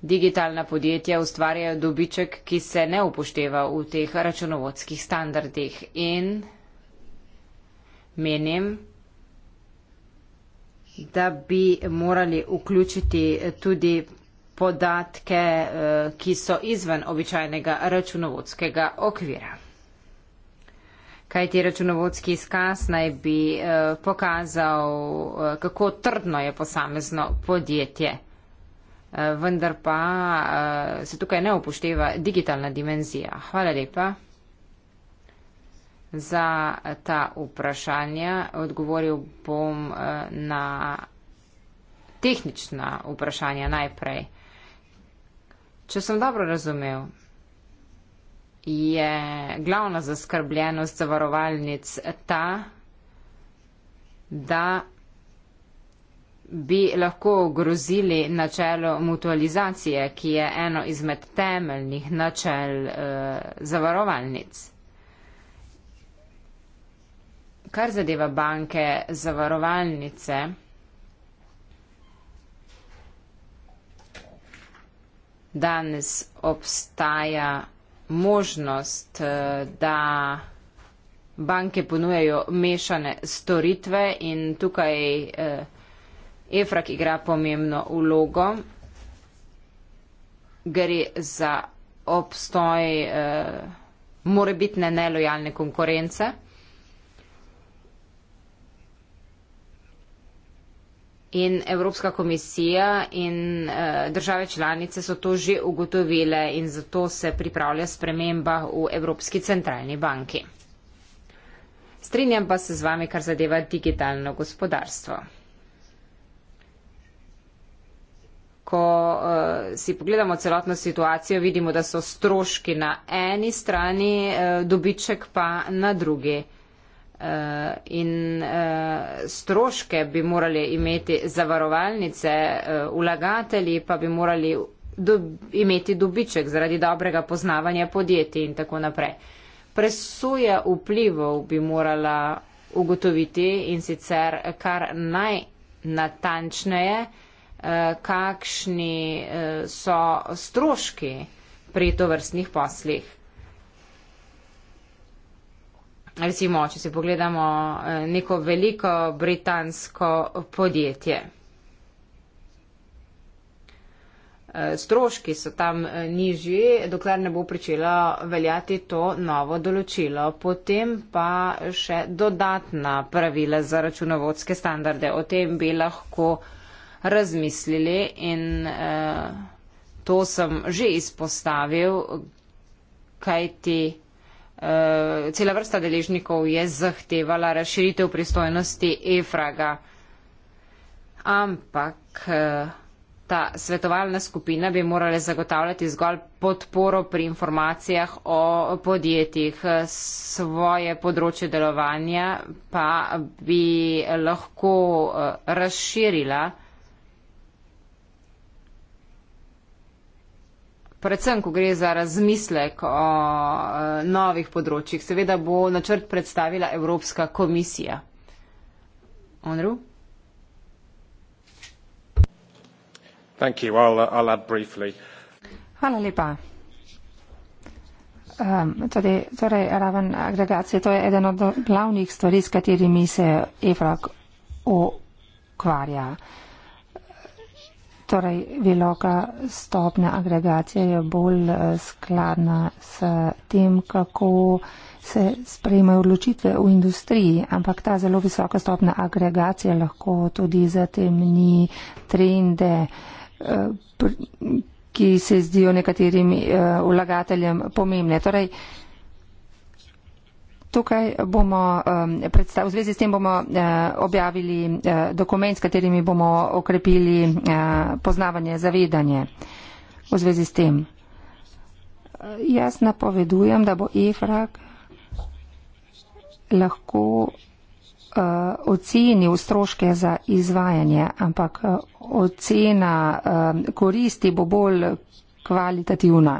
Digitalna podjetja ustvarjajo dobiček, ki se ne upošteva v teh računovodskih standardih in menim, da bi morali vključiti tudi podatke, eh, ki so izven običajnega računovodskega okvira. Kaj ti računovodski izkaz naj bi eh, pokazal, eh, kako trdno je posamezno podjetje. Vendar pa se tukaj ne upošteva digitalna dimenzija. Hvala lepa za ta vprašanja. Odgovoril bom na tehnična vprašanja najprej. Če sem dobro razumel, je glavna zaskrbljenost zavarovalnic ta, da bi lahko grozili načelo mutualizacije, ki je eno izmed temeljnih načel eh, zavarovalnic. Kar zadeva banke, zavarovalnice, danes obstaja možnost, eh, da banke ponujejo mešane storitve in tukaj eh, EFRAK igra pomembno ulogo. Gre za obstoj eh, morebitne nelojalne konkurence. In Evropska komisija in eh, države članice so to že ugotovile in zato se pripravlja sprememba v Evropski centralni banki. Strinjam pa se z vami, kar zadeva digitalno gospodarstvo. Ko uh, si pogledamo celotno situacijo, vidimo, da so stroški na eni strani, uh, dobiček pa na drugi. Eh, in eh, stroške bi morali imeti zavarovalnice, ulagateli eh, pa bi morali imeti dobiček zaradi dobrega poznavanja podjetij in tako naprej. Presuja vplivov bi morala ugotoviti in sicer kar najnatančneje, kakšni so stroški pri tovrstnih poslih recimo, če si pogledamo eh, neko veliko britansko podjetje. Eh, stroški so tam eh, nižji, dokler ne bo pričela veljati to novo določilo. Potem pa še dodatna pravila za računovodske standarde. O tem bi lahko razmislili in eh, to sem že izpostavil, kaj ti uh, cela vrsta deležnikov je zahtevala razširitev pristojnosti EFRAGA. Ampak eh, ta svetovalna skupina bi morala zagotavljati zgolj podporo pri informacijah o podjetjih. Svoje področje delovanja pa bi lahko eh, razširila predvsem, ko gre za razmislek o uh, novih področjih. Seveda bo načrt predstavila Evropska komisija. Onru? I'll, uh, I'll Hvala lepa. Um, torej, torej, raven agregacije, to je eden od glavnih stvari, s katerimi se EFRAK ukvarja. Uh, Torej, veloka stopnja agregacije je bolj eh, skladna s tem, kako se sprejmejo odločitve v industriji, ampak ta zelo visoka stopnja agregacije lahko tudi zatemni trende, eh, ki se zdijo nekaterim eh, vlagateljem pomembne. Torej, Tukaj bomo v zvezi s tem bomo eh, objavili eh, dokument, s katerimi bomo okrepili eh, poznavanje, zavedanje v zvezi s tem. Jaz napovedujem, da bo Efrak lahko ocenil stroške za izvajanje, ampak ocena koristi bo bolj kvalitativna.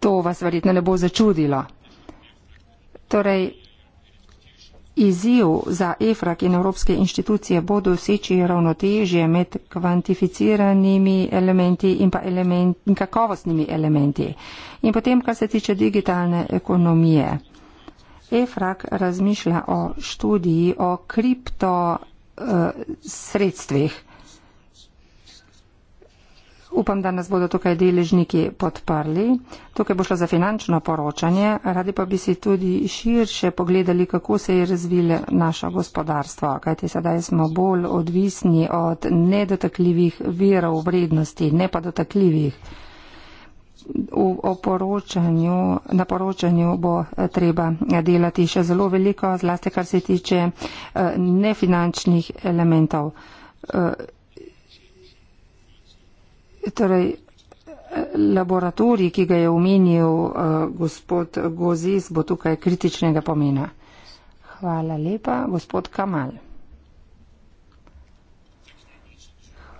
To vas verjetno ne bo začudilo. Torej, Izziv za EFRAK in evropske inštitucije bo doseči ravnotežje med kvantificiranimi elementi in pa element, in kakovostnimi elementi. In potem, kar se tiče digitalne ekonomije. EFRAK razmišlja o študiji o kriptosredstvih. Eh, uh, Upam, da nas bodo tukaj deležniki podprli. Tukaj bo šlo za finančno poročanje, radi pa bi si tudi širše pogledali, kako se je razvile naše gospodarstvo, kajti sedaj smo bolj odvisni od nedotakljivih virov vrednosti, ne pa dotakljivih. V, poročanju, na poročanju bo eh, treba eh, delati še zelo veliko, zlasti kar se tiče eh, nefinančnih elementov. Torej, laboratorij, ki ga je omenil uh, gospod Gozis, bo tukaj kritičnega pomena. Hvala lepa, gospod Kamal.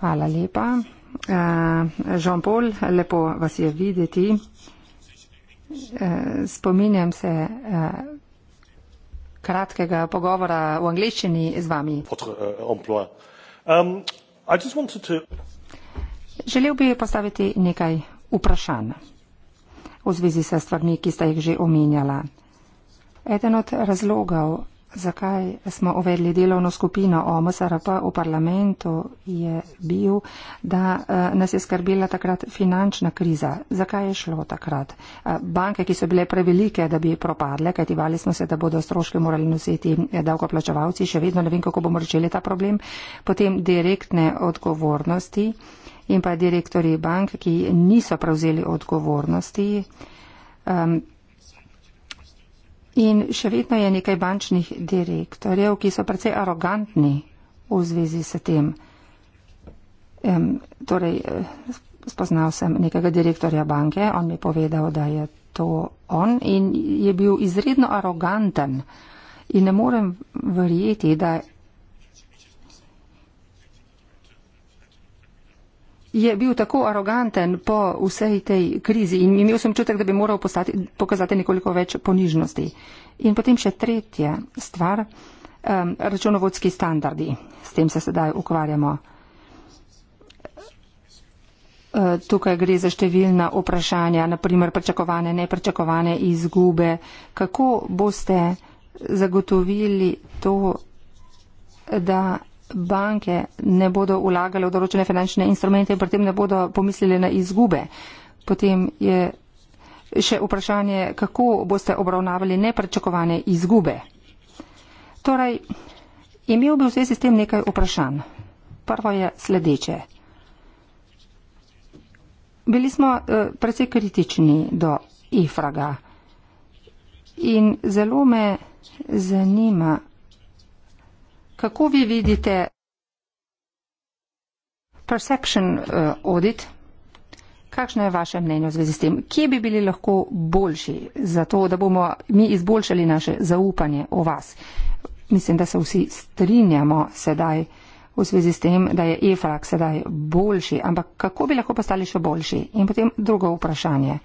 Hvala lepa. Uh, Jean-Paul, lepo vas je videti. Uh, spominjam se. Uh, kratkega pogovora v angliščini z vami. Um, to... Želel bi postaviti nekaj vprašanj v zvezi sa stvarmi, ki sta jih že omenjala. Eden od razlogov, zakaj smo uvedli delovno skupino o MSRP v parlamentu, je bil, da eh, nas je skrbila takrat finančna kriza. Zakaj je šlo takrat? Eh, banke, ki so bile prevelike, da bi propadle, kajti vali smo se, da bodo stroške morali nositi eh, davkoplačevalci, še vedno ne vem, kako bomo rečeli ta problem, potem direktne odgovornosti in pa direktori bank, ki niso prevzeli odgovornosti. Um, in še vedno je nekaj bančnih direktorjev, ki so precej arogantni v zvezi s tem. Um, torej, eh, spoznal sem nekega direktorja banke, on mi je povedal, da je to on in je bil izredno aroganten. In ne morem verjeti, da je bil tako aroganten po vsej tej krizi in imel sem čutek, da bi moral postati, pokazati nekoliko več ponižnosti. In potem še tretja stvar, um, računovodski standardi, s tem se sedaj ukvarjamo. E, tukaj gre za številna vprašanja, naprimer prečakovane, neprečakovane izgube. Kako boste zagotovili to, da banke ne bodo ulagale v določene finančne instrumente in pri tem ne bodo pomislili na izgube. Potem je še vprašanje, kako boste obravnavali neprečakovane izgube. Torej, imel bi v vsej sistem nekaj vprašanj. Prvo je sledeče. Bili smo uh, precej kritični do Ifraga in zelo me zanima, Kako vi vidite perception eh, audit? Kakšno je vaše mnenje v zvezi s tem? Kje bi bili lahko boljši za to, da bomo mi izboljšali naše zaupanje v vas? Mislim, da se vsi strinjamo sedaj v zvezi s tem, da je EFRAK sedaj boljši, ampak kako bi lahko postali še boljši? In potem drugo vprašanje.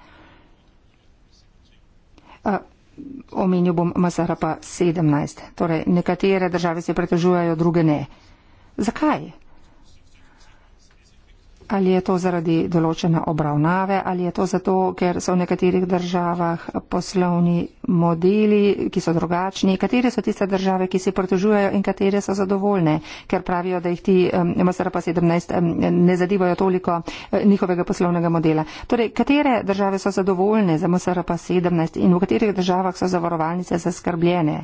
Eh, omenil bom Mazara pa 17. Torej, nekatere države se pretožujejo, druge ne. Zakaj? Ali je to zaradi določene obravnave, ali je to zato, ker so v nekaterih državah poslovni modeli, ki so drugačni, katere so tiste države, ki se pritožujejo in katere so zadovoljne, ker pravijo, da jih ti MSRP 17 ne zadivajo toliko eh, njihovega poslovnega modela. Torej, katere države so zadovoljne za MSRP 17 in v katerih državah so zavarovalnice zaskrbljene?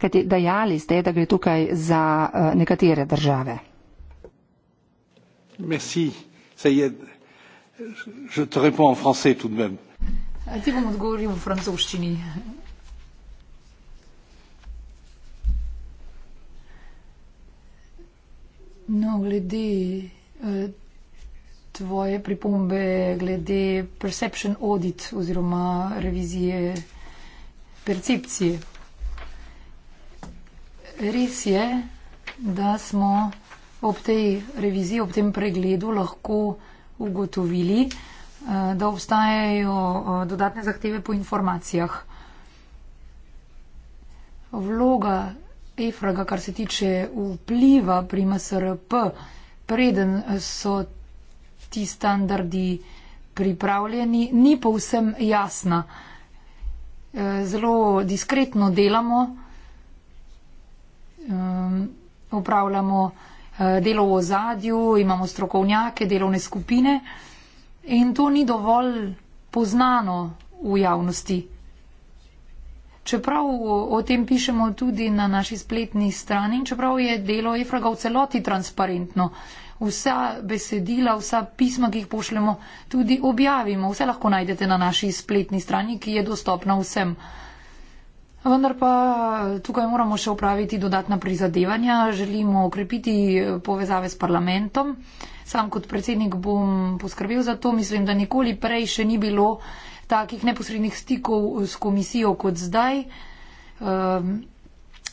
Kajti dejali ste, da gre tukaj za eh, nekatere države. Merci. Ça y est, je te réponds en français tout de même. Ti bom odgovoril v francoščini. No, glede eh, tvoje pripombe, glede perception audit oziroma revizije percepcije. Res je, da smo ob tej reviziji, ob tem pregledu lahko ugotovili, eh, da obstajajo eh, dodatne zahteve po informacijah. Vloga EFRAGA, kar se tiče vpliva pri MSRP, preden so ti standardi pripravljeni, ni povsem jasna. Eh, zelo diskretno delamo, upravljamo um, Eh, delo v ozadju, imamo strokovnjake, delovne skupine in to ni dovolj poznano v javnosti. Čeprav o tem pišemo tudi na naši spletni strani in čeprav je delo Efraga v celoti transparentno, vsa besedila, vsa pisma, ki jih pošljemo, tudi objavimo, vse lahko najdete na naši spletni strani, ki je dostopna vsem. Vendar pa tukaj moramo še upraviti dodatna prizadevanja. Želimo okrepiti eh, povezave s parlamentom. Sam kot predsednik bom poskrbel za to. Mislim, da nikoli prej še ni bilo takih neposrednih stikov s komisijo kot zdaj. Ehm,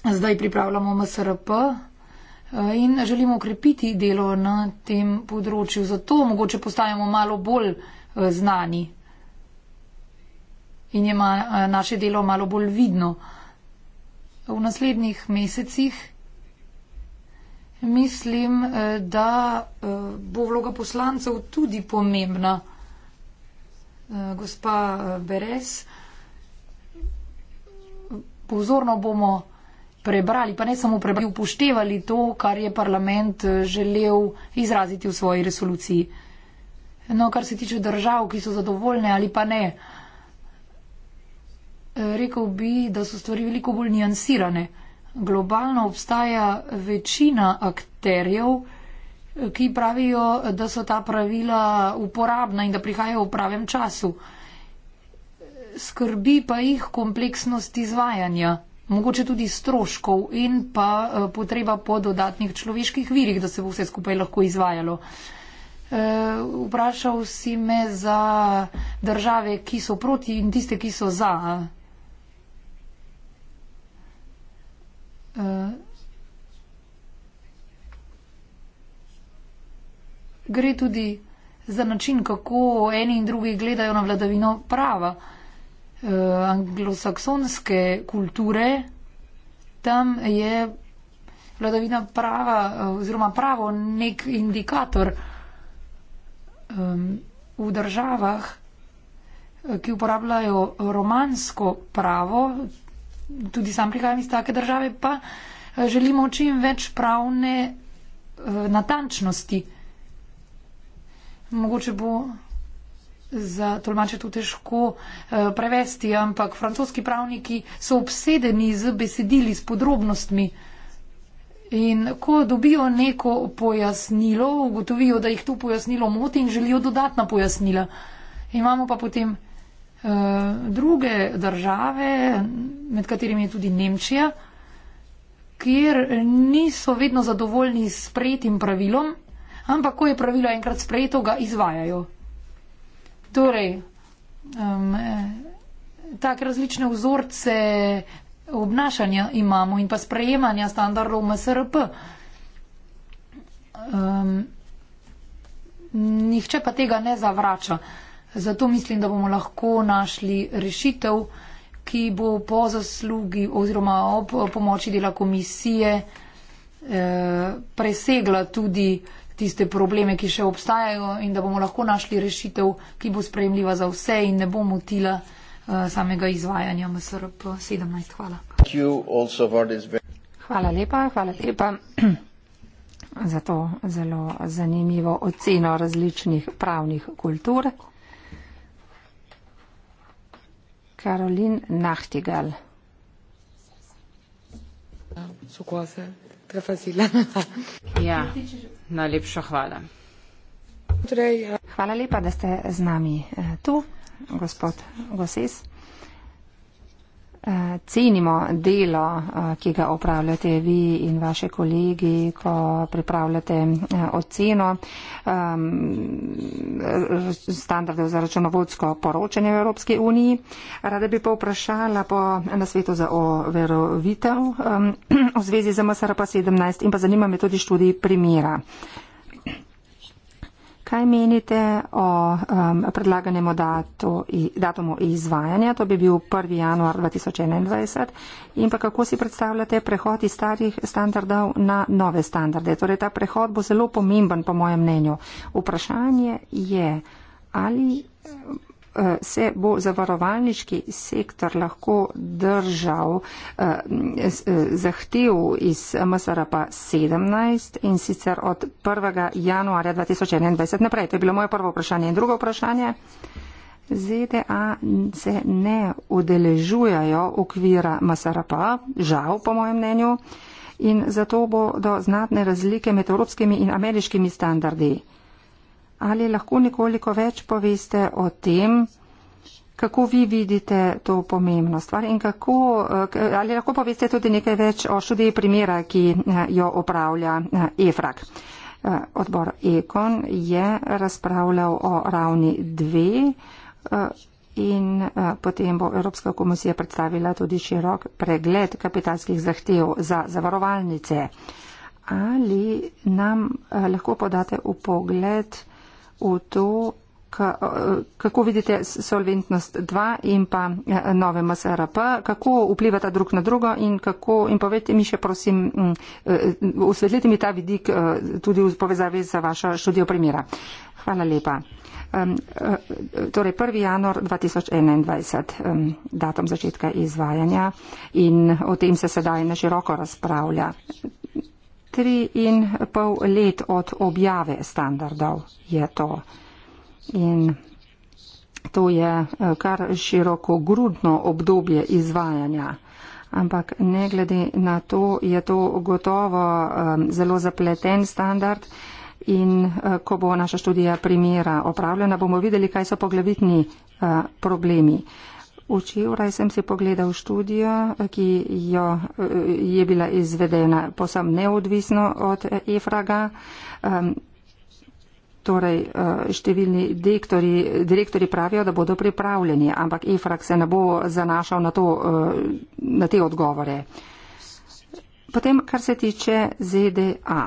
zdaj pripravljamo MSRP eh, in želimo okrepiti delo na tem področju. Zato mogoče postajamo malo bolj eh, znani in je ma, eh, naše delo malo bolj vidno. V naslednjih mesecih mislim, eh, da eh, bo vloga poslancev tudi pomembna. Gospa Beres, pozorno bomo prebrali, pa ne samo prebrali, upoštevali to, kar je parlament želel izraziti v svoji resoluciji. No, kar se tiče držav, ki so zadovoljne ali pa ne, Eh, rekel bi, da so stvari veliko bolj niansirane. Globalno obstaja večina akterjev, eh, ki pravijo, da so ta pravila uporabna in da prihajajo v pravem času. Skrbi pa jih kompleksnost izvajanja, mogoče tudi stroškov in pa eh, potreba po dodatnih človeških virih, da se bo vse skupaj lahko izvajalo. Vprašal si me za države, ki so proti in tiste, ki so za. Uh, gre tudi za način, kako eni in drugi gledajo na vladavino prava. Uh, anglosaksonske kulture, tam je vladavina prava eh, oziroma pravo nek indikator um, v državah, ki uporabljajo romansko pravo, tudi sam prihajam iz take države, pa eh, želimo čim več pravne eh, natančnosti. Mogoče bo za tolmače to težko eh, prevesti, ampak francoski pravniki so obsedeni z besedili, s podrobnostmi. In ko dobijo neko pojasnilo, ugotovijo, da jih to pojasnilo moti in želijo dodatna pojasnila. Imamo pa potem Eh, druge države, med katerimi je tudi Nemčija, kjer niso vedno zadovoljni s sprejetim pravilom, ampak ko je pravilo enkrat sprejeto, ga izvajajo. Torej, um, eh, tak različne vzorce obnašanja imamo in pa sprejemanja standardov MSRP. Um, nihče pa tega ne zavrača. Zato mislim, da bomo lahko našli rešitev, ki bo po zaslugi oziroma ob pomoči dela komisije eh, presegla tudi tiste probleme, ki še obstajajo in da bomo lahko našli rešitev, ki bo sprejemljiva za vse in ne bo motila eh, samega izvajanja MSRP 17. Hvala. Hvala lepa, hvala lepa za to zelo zanimivo oceno različnih pravnih kultur. Karolin Nachtigal. Ja, najlepša hvala. Torej, ja. Hvala lepa, da ste z nami eh, tu, gospod Goses. Eh, cenimo delo, eh, ki ga opravljate vi in vaše kolegi, ko pripravljate eh, oceno ehm, standardov za računovodsko poročanje v Evropski uniji. Rada bi pa vprašala po nasvetu za overovitev ehm, v zvezi z MSRP 17 in pa zanima me tudi študij primera. Kaj menite o um, predlaganem datumu izvajanja? To bi bil 1. januar 2021. In pa kako si predstavljate prehod iz starih standardov na nove standarde? Torej, ta prehod bo zelo pomemben, po mojem mnenju. Vprašanje je, ali Eh, se bo zavarovalniški sektor lahko držal eh, eh, zahtev iz MSRP 17 in sicer od 1. januarja 2021 naprej. To je bilo moje prvo vprašanje. In drugo vprašanje. ZDA se ne udeležujejo okvira MSRP, žal po mojem mnenju, in zato bodo znatne razlike med evropskimi in ameriškimi standardi. Ali lahko nekoliko več poveste o tem, kako vi vidite to pomembno stvar in kako, eh, ali lahko poveste tudi nekaj več o študiji primera, ki eh, jo upravlja EFRAK. Eh, odbor EKON je razpravljal o ravni 2 in potem bo Evropska komisija predstavila tudi širok pregled kapitalskih zahtev za zavarovalnice. Ali nam lahko podate v pogled, v to, kako vidite solventnost 2 in pa eh, nove MSRP, kako vplivata drug na drugo in, kako, in povedite mi še prosim, usvetlite mm, eh, mi ta vidik eh, tudi v povezavi za vašo študijo primera. Hvala lepa. Torej 1. januar 2021, datum začetka izvajanja in o tem se sedaj na široko razpravlja tri in pol let od objave standardov je to. In to je eh, kar široko grudno obdobje izvajanja. Ampak ne glede na to, je to gotovo eh, zelo zapleten standard. In eh, ko bo naša študija primera opravljena, bomo videli, kaj so poglavitni problemi. Včeraj sem si pogledal študijo, ki jo eh, je bila izvedena posam neodvisno od eh, Efraga. Um, torej, eh, številni direktori, direktori pravijo, da bodo pripravljeni, ampak Efrag se ne bo zanašal na, to, na te odgovore. Potem, kar se tiče ZDA.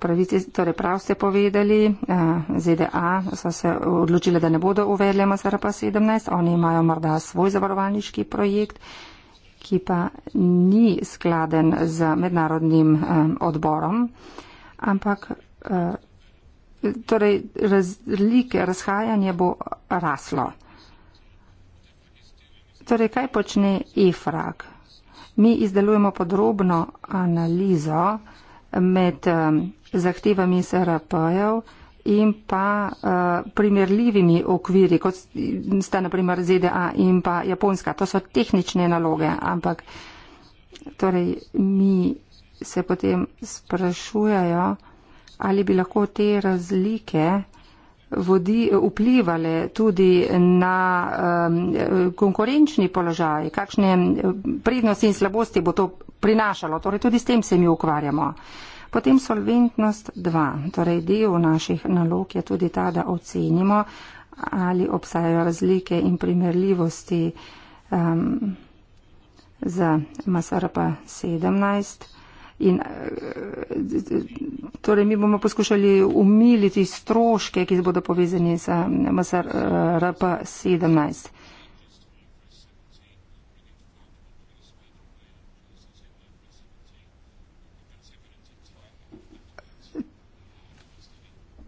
pravici, torej prav ste povedali, eh, ZDA so se odločile, da ne bodo uvedle MSRP 17, oni imajo morda svoj zavarovalniški projekt, ki pa ni skladen z mednarodnim eh, odborom, ampak eh, torej razlike, razhajanje bo raslo. Torej, kaj počne EFRAG? Mi izdelujemo podrobno analizo, med um, zahtevami SRP-jev in pa uh, primerljivimi okviri, kot sta naprimer ZDA in pa Japonska. To so tehnične naloge, ampak torej, mi se potem sprašujejo, ali bi lahko te razlike vodi, vplivale tudi na um, konkurenčni položaj, kakšne prednosti in slabosti bo to prinašalo. Torej, tudi s tem se mi ukvarjamo. Potem solventnost 2. Torej, del naših nalog je tudi ta, da ocenimo, ali obstajajo razlike in primerljivosti um, z MSRP 17. In, eh, torej, mi bomo poskušali umiliti stroške, ki bodo povezani z eh, MSRP 17.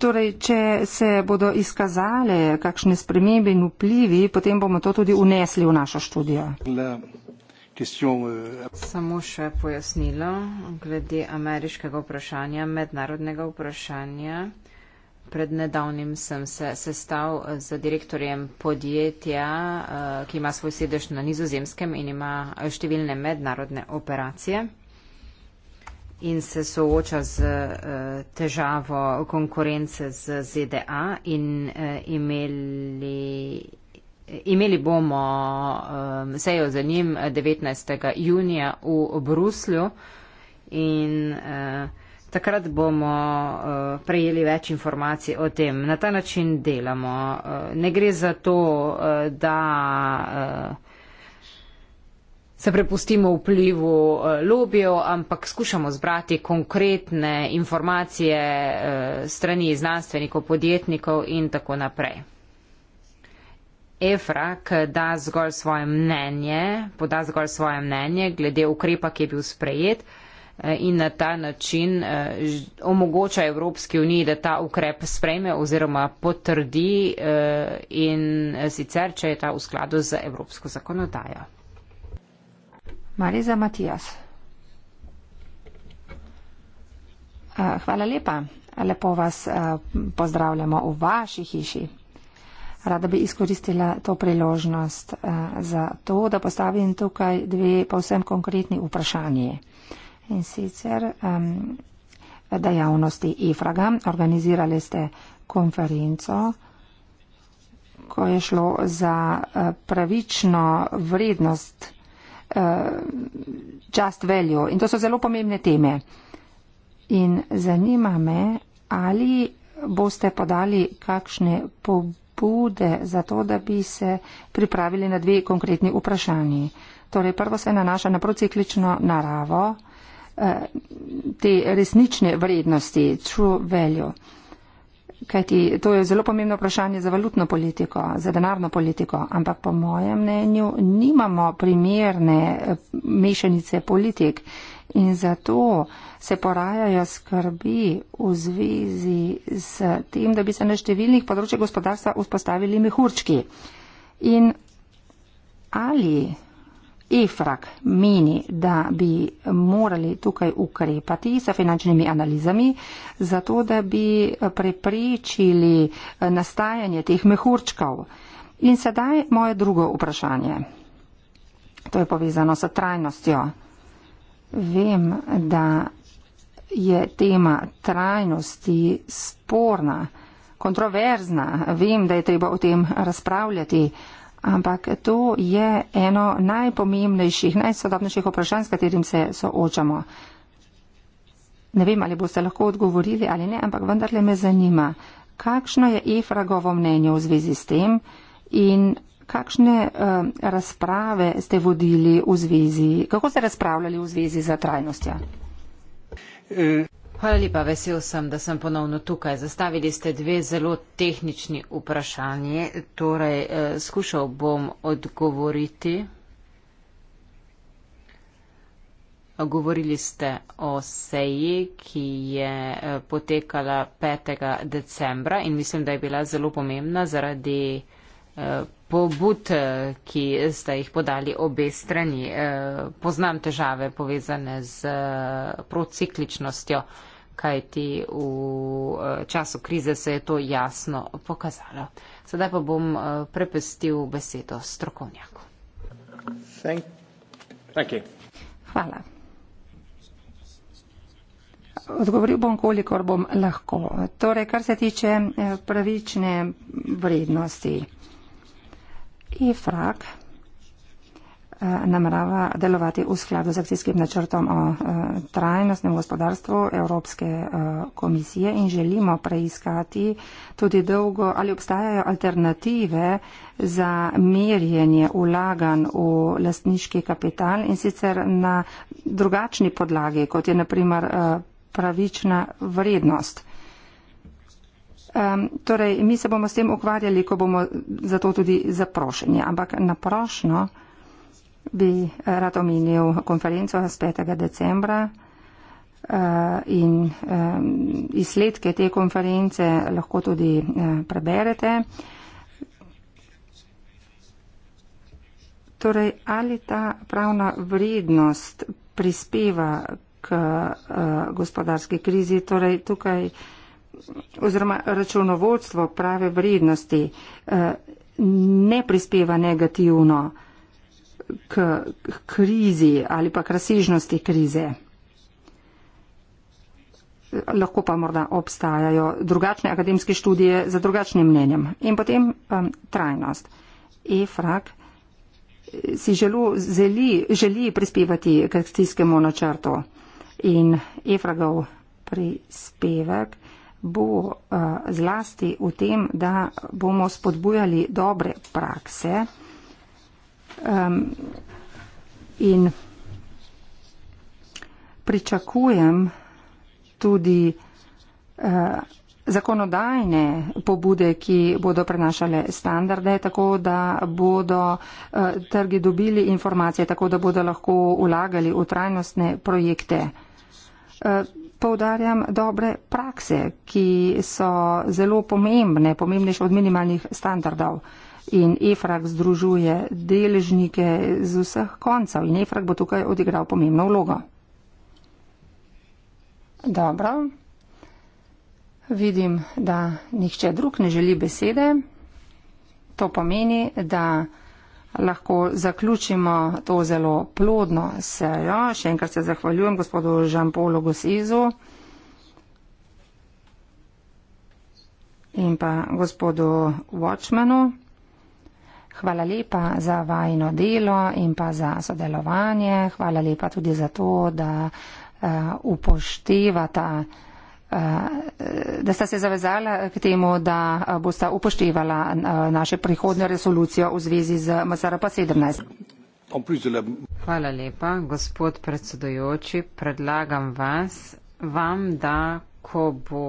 Torej, če se bodo izkazale kakšne spremembe in vplivi, potem bomo to tudi unesli v našo študijo. Le. Euh, Samo še pojasnilo glede ameriškega vprašanja, mednarodnega vprašanja. Pred nedavnim sem se sestal z direktorjem podjetja, eh, ki ima svoj sedež na nizozemskem in ima številne mednarodne operacije in se sooča z eh, težavo konkurence z ZDA in eh, imeli Imeli bomo um, sejo za njim 19. junija v Bruslju in uh, takrat bomo uh, prejeli več informacij o tem. Na ta način delamo. Uh, ne gre za to, da se prepustimo vplivu lobijev, ampak skušamo zbrati konkretne informacije strani znanstvenikov, podjetnikov in tako naprej. Efra, ki da zgolj svoje mnenje, poda zgolj svoje mnenje glede ukrepa, ki je bil sprejet eh, in na ta način eh, omogoča Evropski uniji, da ta ukrep sprejme oziroma potrdi eh, in sicer, če je ta v skladu z evropsko zakonodajo. Mariza Matijas. Hvala lepa. Lepo vas pozdravljamo v vaši hiši. Rada bi izkoristila to priložnost uh, za to, da postavim tukaj dve povsem konkretni vprašanje. In sicer um, dejavnosti IFRAGA. Organizirali ste konferenco, ko je šlo za uh, pravično vrednost, uh, just value. In to so zelo pomembne teme. In zanima me, ali boste podali kakšne pobude pobude za to, da bi se pripravili na dve konkretni vprašanji. Torej, prvo se nanaša na prociklično naravo eh, te resnične vrednosti, true value. Kajti to je zelo pomembno vprašanje za valutno politiko, za denarno politiko, ampak po mojem mnenju nimamo primerne eh, mešanice politik. In zato se porajajo skrbi v zvezi s tem, da bi se na številnih področjih gospodarstva vzpostavili mehurčki. In ali EFRAK meni, da bi morali tukaj ukrepati s finančnimi analizami, zato da bi preprečili eh, nastajanje teh mehurčkov. In sedaj moje drugo vprašanje. To je povezano s trajnostjo vem, da je tema trajnosti sporna, kontroverzna. Vem, da je treba o tem razpravljati, ampak to je eno najpomembnejših, najsodobnejših vprašanj, s katerim se soočamo. Ne vem, ali boste lahko odgovorili ali ne, ampak vendarle me zanima, kakšno je Efragovo mnenje v zvezi s tem in kakšne uh, razprave ste vodili v zvezi, kako ste razpravljali v zvezi za trajnostja? Hvala lepa, vesel sem, da sem ponovno tukaj. Zastavili ste dve zelo tehnični vprašanje, torej uh, skušal bom odgovoriti. Govorili ste o seji, ki je eh, potekala 5. decembra in mislim, da je bila zelo pomembna zaradi pobud, eh, ki ste jih podali obe strani. Eh, poznam težave povezane z eh, procikličnostjo, kaj ti v času krize se je to jasno pokazalo. Sedaj pa bom prepestil besedo strokovnjaku. Hvala. Odgovoril bom, kolikor bom lahko. Torej, kar se tiče pravične vrednosti. IFRAK eh, namerava delovati v skladu z akcijskim načrtom o eh, trajnostnem gospodarstvu Evropske eh, komisije in želimo preiskati tudi dolgo, ali obstajajo alternative za merjenje ulagan v lastniški kapital in sicer na drugačni podlagi, kot je naprimer pravična vrednost. Um, torej, mi se bomo s tem ukvarjali, ko bomo za to tudi zaprošeni, ampak naprošno bi rad omenil konferenco z 5. decembra uh, in um, izsledke te konference lahko tudi uh, preberete. Torej, ali ta pravna vrednost prispeva k uh, gospodarski krizi? Torej, tukaj uh, oziroma računovodstvo prave vrednosti eh, ne prispeva negativno k krizi ali pa k razsežnosti krize. Lahko pa morda obstajajo drugačne akademske študije za drugačnim mnenjem. In potem um, trajnost. EFRAK eh, si želo, zeli, želi prispevati k akcijskemu načrtu in EFRAGov prispevek bo eh, zlasti v tem, da bomo spodbujali dobre prakse in pričakujem tudi eh, zakonodajne pobude, ki bodo prenašale standarde, tako da bodo eh, trgi dobili informacije, tako da bodo lahko ulagali v trajnostne projekte poudarjam dobre prakse, ki so zelo pomembne, pomembnejše od minimalnih standardov. In EFRAG združuje deležnike z vseh koncev in EFRAG bo tukaj odigral pomembno vlogo. Dobro. Vidim, da nihče drug ne želi besede. To pomeni, da lahko zaključimo to zelo plodno sejo. Še enkrat se zahvaljujem gospodu Žampolu Gosizu in pa gospodu Watchmanu. Hvala lepa za vajno delo in pa za sodelovanje. Hvala lepa tudi za to, da uh, upoštevata. Eh, da sta se zavezala k temu, da eh, bosta upoštevala eh, naše prihodnjo resolucijo v zvezi z MSRP 17. Hvala lepa, gospod predsedujoči. Predlagam vas, vam, da ko bo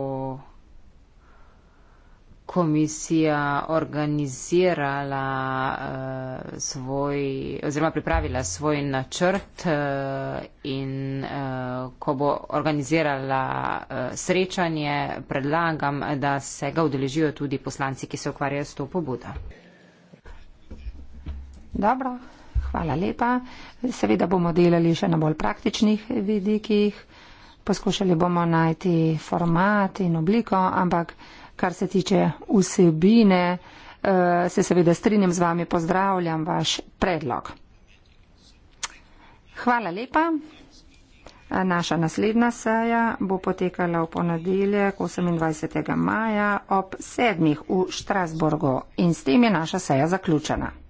komisija organizirala uh, svoj oziroma pripravila svoj načrt uh, in uh, ko bo organizirala uh, srečanje, predlagam, da se ga udeležijo tudi poslanci, ki se ukvarjajo s to pobudo. Dobro, hvala lepa. Seveda bomo delali še na bolj praktičnih vidikih. Poskušali bomo najti format in obliko, ampak kar se tiče vsebine, eh, se seveda strinjam z vami, pozdravljam vaš predlog. Hvala lepa. Eh, naša naslednja seja bo potekala v ponedeljek 28. maja ob 7. v Štrasburgu in s tem je naša seja zaključena.